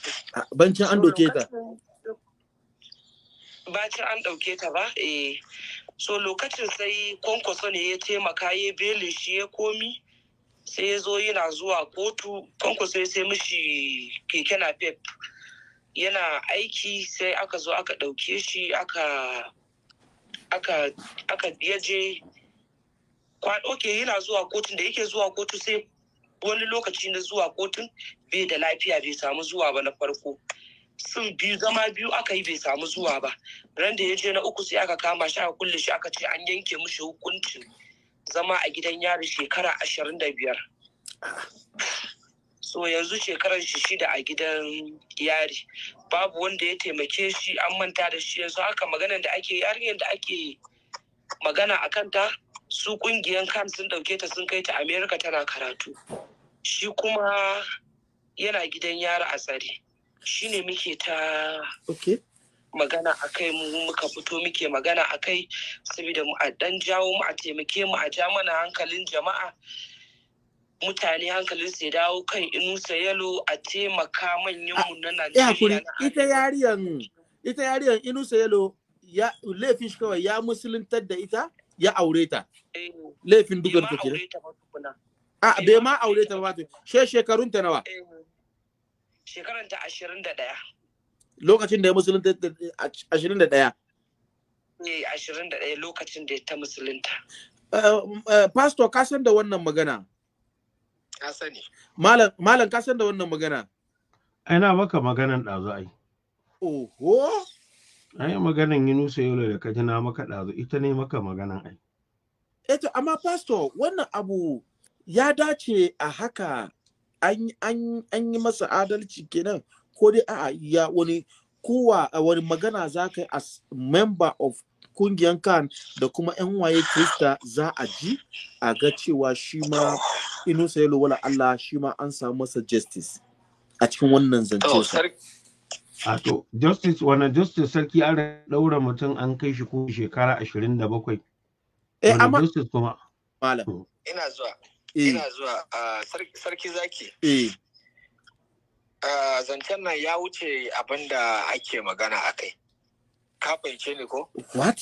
Bancin an doke ta? Bacin an ɗauke ta ba, eh. So lokacin sai kwankwaso ne ya taimaka ya belin shi ya komi sai ya zo yana zuwa kotu kwankwaso ya sai mishi keke na pep. yana aiki sai aka zo aka ɗauke shi aka aka aka yaje ke yana zuwa kotun da yake zuwa kotu sai wani lokaci na zuwa kotun bai da lafiya bai samu zuwa ba na farko sun biyu zama biyu aka yi bai samu zuwa ba ran da ya je na uku sai aka kama shi aka kulle shi aka ce an yanke mushi hukuncin zama a gidan yari shekara ashirin da biyar ah. so yanzu shekarar shi shida a gidan yari babu wanda ya taimake shi an manta da shi yanzu haka magana da ake yarinyar da ake magana a kanta su kungiyan kan sun dauke ta sun kai ta america tana karatu shi kuma yana gidan yari a tsari shi ne muke ta magana a kai mu muka fito muke magana a kai saboda mu a dan jawo mu a taimake mu a ja mana hankalin jama'a mutane hankalin su dawo kan inusa yalo a taimaka manyan mu na Najeriya. Ita yariyan ita yariyan inusa yalo ya laifin shi kawai ya musuluntar da ita ya aure ta. Eh, laifin dukan ta ke. A bai ma aure ta ba she shekarun ta nawa? Shekarun ta 21. Lokacin da ya musulunta 21. ne 21 lokacin da ta musulunta. Eh, eh, Pastor, ka san da wannan magana. ka sani malam malam ka san da wannan magana ina maka maganan ɗazu ai oho ai maganan Yunusa yau da kaji na maka ɗazu ita ne maka maganan ai eto eh amma pastor wannan abu ya dace a haka an yi masa adalci kenan ko dai a'a ya wani kowa wani magana za ka yi as member of kungiyan kan da kuma yan waye krista za a ji a ga cewa shi ma inusa yalo wala Allah shi ma an samu masa justice a cikin wannan zance a to justice wannan justice sarki an daura mutum an kai shi ko shekara da bakwai? Eh, amma justice kuma malam ina zuwa eh. ina zuwa sarki zaki eh. zancen nan ya wuce abin da ake magana a kai ka fahimce ni ko what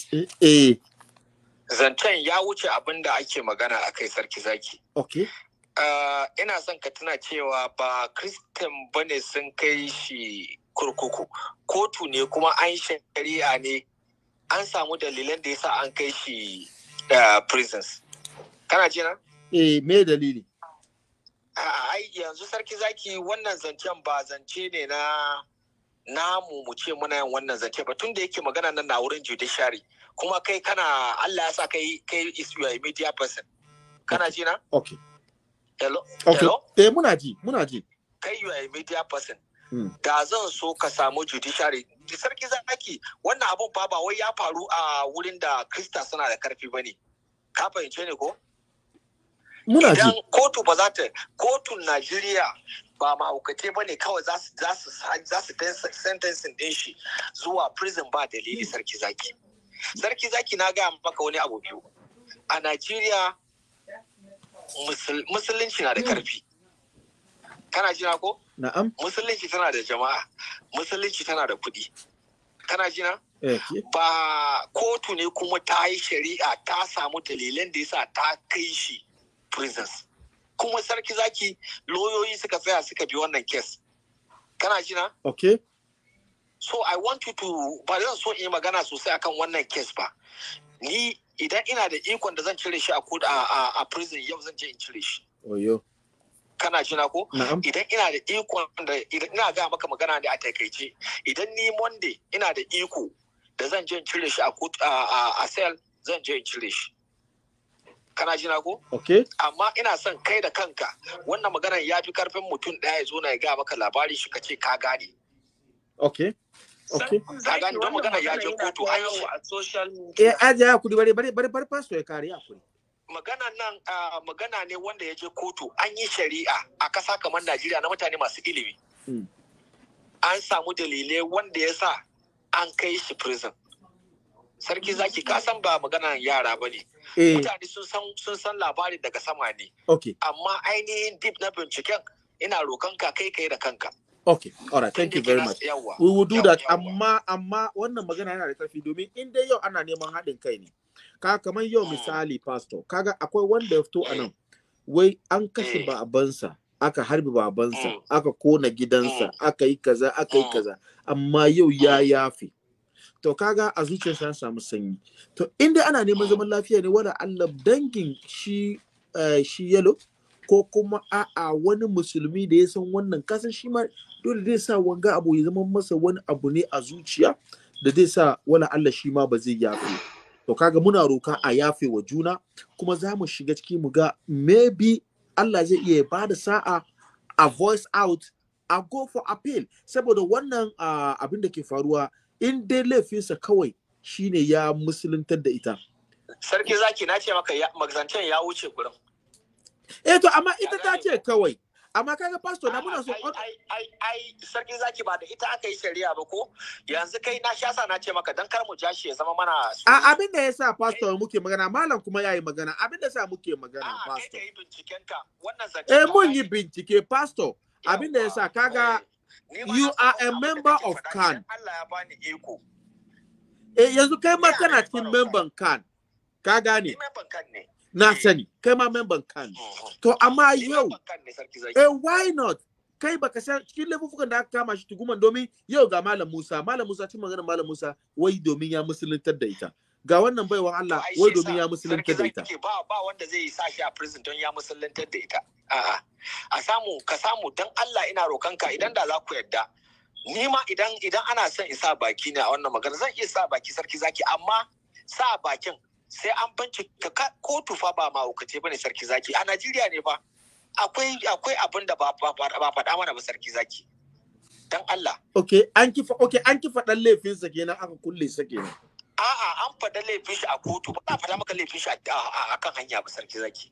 zancen ya wuce abin da ake magana a kai sarki zaki okay Ah, ina son ka tuna cewa ba ba bane sun kai shi kurkuku kotu ne kuma an shari'a ne an samu dalilan da yasa an kai shi da ah, prisons kana jina? eh me dalili ah, ai yanzu sarki zaki wannan zancen ba zance ne na namu mu ce muna yin wannan zance ba tun da yake magana nan na wurin judiciary kuma kai kana Allah ya sa kai kai is your immediate person kana jina? okay Hello? Okay. Eh, muna ji, muna ji. Kai you are a media person. Hmm. Da zan so ka samu judiciary. Da sarki zaki wannan abun fa ba wai ya faru a wurin da Krista suna da karfi bane. Ka fahimce ne ko? Muna ji. Idan kotu ba za ta kotun Najeriya ba mahaukace ba ne kawai za su za su sentencing din shi zuwa prison ba dalili sarki zaki. Sarki zaki na gaya maka wani abu biyu. A Najeriya musulunci na da karfi kana jina ko na'am musulunci tana da jama'a musulunci tana da kuɗi kana jina eh, ba kotu ne kuma ta yi shari'a ta samu dalilan da yasa ta kai shi prisons kuma sarki zaki loyoyi suka tsaya suka bi wannan kes kana jina okay so i want you to ba zan so in yi magana sosai akan wannan kes ba ni idan ina da ikon da zan cire shi a a prison yau zan je in cire shi oyo kana ji na ko idan ina da ikon da idan ina ga maka magana ne a taikaice. idan ni monday ina da iko da zan je in cire shi a a cell zan je in cire shi kana ji na ko okay amma ina son kai da kanka wannan maganar ya fi karfin mutum daya ya zo na ya ga maka labari shi ka ce ka gane okay Kagan don magana ya je kotu a a social media. Eh aje hakuri bare bare ya kare Magana nan ah, magana ne wanda ya je kotu an yi shari'a a ƙasa kamar Najeriya na mutane masu ilimi. Hmm. An samu dalilai wanda ya sa an kai shi prison. sarki hmm. zaki ka san ba maganar yara ba ne. Eh. Mutane sun san labarin daga sama ne. Amma ainihin deep na binciken ina roƙon ka kai kai da kanka. Okay, all right, thank you very much. We will do that, amma amma wannan magana yana da ƙarfi domin in dai yau ana neman haɗin kai ne. Ka kamar yau mm. misali pastor, kaga akwai wanda ya fito a nan, wai an kashe mm. babansa, aka harbi babansa, mm. aka kona gidansa, aka yi kaza, aka yi kaza, amma yau ya yafe. To kaga a zuciyarsa ya samu sanyi. To in dai ana neman zaman lafiya ne wala Allah dangin shi eh, shi yellow ko kuma a'a wani musulmi da ya san wannan kasan shi ma dole zai sa wanga abu ya zama masa wani abu ne a zuciya da zai sa wala Allah shi ma ba zai yafe to kaga muna roka a yafe wa juna kuma za mu shiga ciki mu ga maybe Allah zai iya ba da sa'a a voice out a go for appeal saboda wannan uh, abin da ke faruwa in dai laifinsa kawai shine ya musuluntar da ita sarki zaki na ce maka zancen ya wuce gurin eh to amma ita ta ce kawai amma kaga pastor na muna so ai ai sarki zaki ba da ita aka yi shari'a ba ko yanzu kai na shasa na ce maka dan kar mu ja shi ya zama mana a abin da yasa pastor muke magana malam kuma yayi magana abin da yasa muke magana pastor eh binciken ka wannan zaki eh mun yi bincike pastor abin da yasa kaga eh, you are a member of can Allah ya bani eko eh yanzu kai ma kana cikin member can ka gane member can ne na eh. sani kai ma memban kan mm, mm. to amma yau eh why not kai baka san cikin laifukan da aka kama shi tuguman domin yau ga malam Musa malam Musa cikin magana malam Musa wai domin ya musuluntar da ita ga wannan baiwan Allah wai domin ya musulunta da ita. Ba ba wanda zai sa shi a prison don ya musulunta da ita. A samu ka samu don Allah ina ka idan da za ku yarda. Ni ma idan idan ana son isa sa baki ne a wannan magana zan iya sa baki sarki zaki amma sa bakin sai an bincika kotu fa ba ma ba bane sarki zaki a Najeriya ne fa akwai akwai abin da ba faɗa mana ba sarki zaki dan Allah okay an kifa okay an kifa faɗan laifin sa kenan aka kulle sa kenan a'a an faɗa laifin shi a kotu ba a faɗa maka laifin shi a kan hanya ba sarki zaki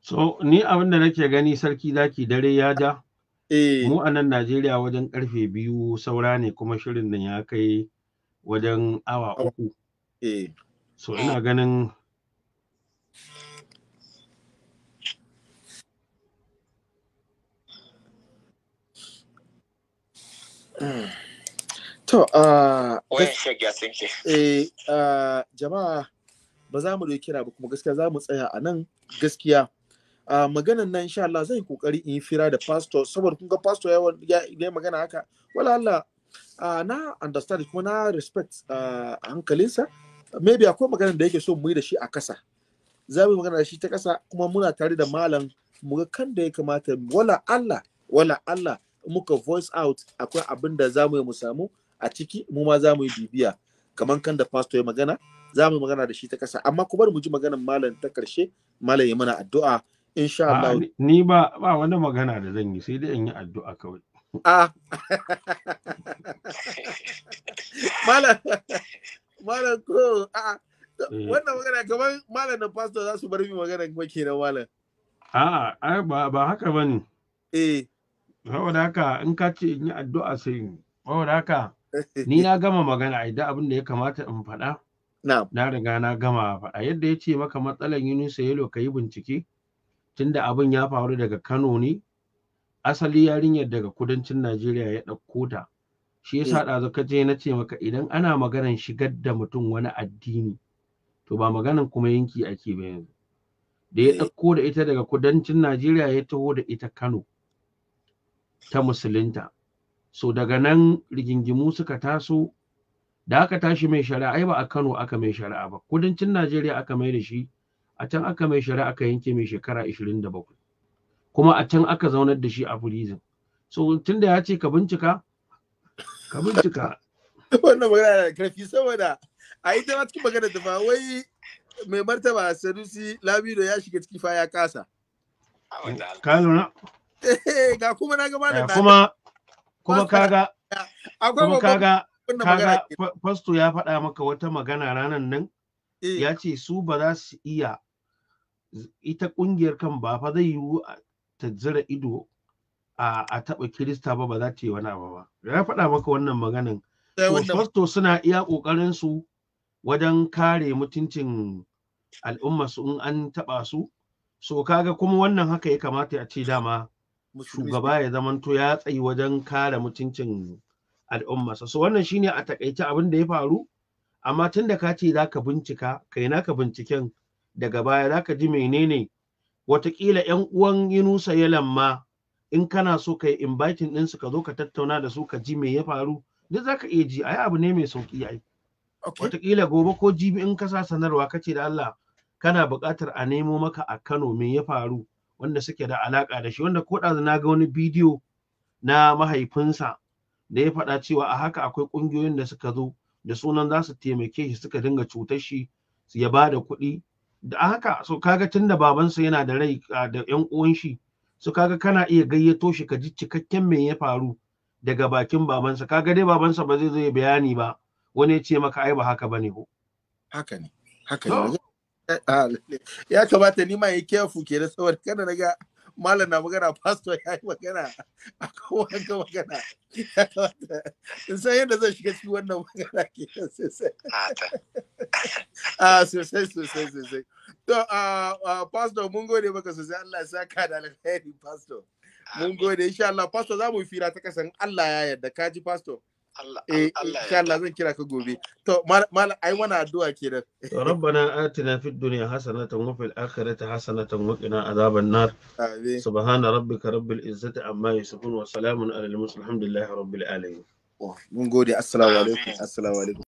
so ni abin da nake gani sarki zaki dare ya ja eh. mu a nan Najeriya wajen karfe biyu saura ne kuma shirin nan ya kai wajen awa uku eh. so ina ganin To, uh, a eh, uh, jama'a ba za mu da kira ba kuma gaskiya za mu tsaya a nan gaskiya. Uh, maganan nan insha Allah zan yi kokari in fira da pastor saboda kun ga pastor ya yi magana haka wala Allah uh, na understand kuma na respect uh, hankalinsa maybe akwai magana da yake so mu yi da shi a kasa za mu yi magana da shi ta kasa kuma muna tare da malam mu ga kan da ya kamata wala Allah wala Allah muka voice out akwai abin da za mu yi mu samu a ciki mu ma za mu yi bibiya kamar kan da pastor ya magana za mu yi magana da shi ta kasa amma ku bar mu ji maganar malam ta karshe malam ya mana addu'a insha Allah ni ba ba wani magana da zan yi sai dai in yi addu'a kawai a ah. malam malam ko eh. wannan magana kamar malam da pastor za su bar mi magana kuma kenan malam a ba ba haka bane eh saboda haka in ka ce in yi addu'a sai in saboda haka ni na gama magana a da abin da ya kamata in faɗa na riga na gama faɗa yadda ya ce maka matsalar yunusa yalo ka yi bincike tunda abin ya faru daga kano ne asali yarinyar daga kudancin najeriya ya ɗauko ta shi yasa eh. ɗazu ka je na ce maka idan ana maganar shigar da mutum wani addini to ba maganar kuma yanki ake ba yanzu da ya eh. ɗauko da ita daga kudancin Najeriya ya taho da ita Kano ta musulunta so daga nan rigingimu suka taso da aka tashi mai shari'a ba a Kano aka mai shari'a ba kudancin Najeriya aka mai da shi a can aka mai shari'a aka yanke mai shekara 27 kuma a can aka zaunar da shi a prison so tunda ya ce ka bincika ka bincika wannan magana da karfi saboda a ita ma cikin magana da ba wai mai martaba sanusi lamido ya shiga ciki fa ya kasa ka lura eh, ga kuma na gaba da kuma kuma kaga kuma kaga kaga fasto ya faɗa maka wata magana ranar nan eh. ya ce su ba za su iya ita ƙungiyar kan ba fa zai yiwu ta zira ido a taɓa kirista ba ba za ta yi wani abu ba ya faɗa maka wannan maganin fasto suna iya ƙoƙarin su wajen kare mutuncin al'umma in an taɓa su so kaga kuma wannan haka ya kamata a ce dama shugaba ya zamanto ya tsayi wajen kare mutuncin al'ummarsa so wannan shine a takaice abin da ya faru amma tun da ka ce za ka bincika kai naka binciken daga baya za ka ji menene Wataƙila yan uwan Yunusa ya lamma. in kana so ka yi inviting su ka zo ka tattauna da su ka ji me ya faru duk za ka iya ji ai abu ne mai sauƙi ai wataƙila gobe ko jibi in ka sa sanarwa ka ce da Allah kana buƙatar a nemo maka a Kano me ya faru wanda suke da alaƙa da shi wanda ko da na ga wani bidiyo na mahaifinsa da ya faɗa cewa a haka akwai ƙungiyoyin da suka zo da sunan za su taimake shi suka dinga cutar shi ya ba da kuɗi da haka so kaga tun da babansa yana da rai da ƴan uwan shi su kaga kana iya gayyato shi ka ji cikakken me ya faru daga bakin babansa kaga dai babansa ba zai zo ya bayani ba wani ya ce maka ai ba haka bane ko haka ne haka ne ya kamata ni ma yi kefu ke da tsawar, kada na ga malam na magana pastor ya yi magana a kowar ga magana in san yadda zan shiga cikin wannan magana ke sosai ah, sosai sosai sosai to a ah, ah, pastor mun gode maka sosai Allah ya saka da alheri pastor mun gode insha Allah pastor za mu fira ta kasan Allah ya yarda kaji pastor eh Allah zan kira ka gobe to mala ai wani addu'a kenan rabbana atina fid duniya hasanatan wa fil akhirati hasanatan wa qina azaban nar subhana rabbika rabbil izzati amma yusufun wa salamun alal mursalin alhamdulillahi rabbil alamin mun gode assalamu alaikum assalamu alaikum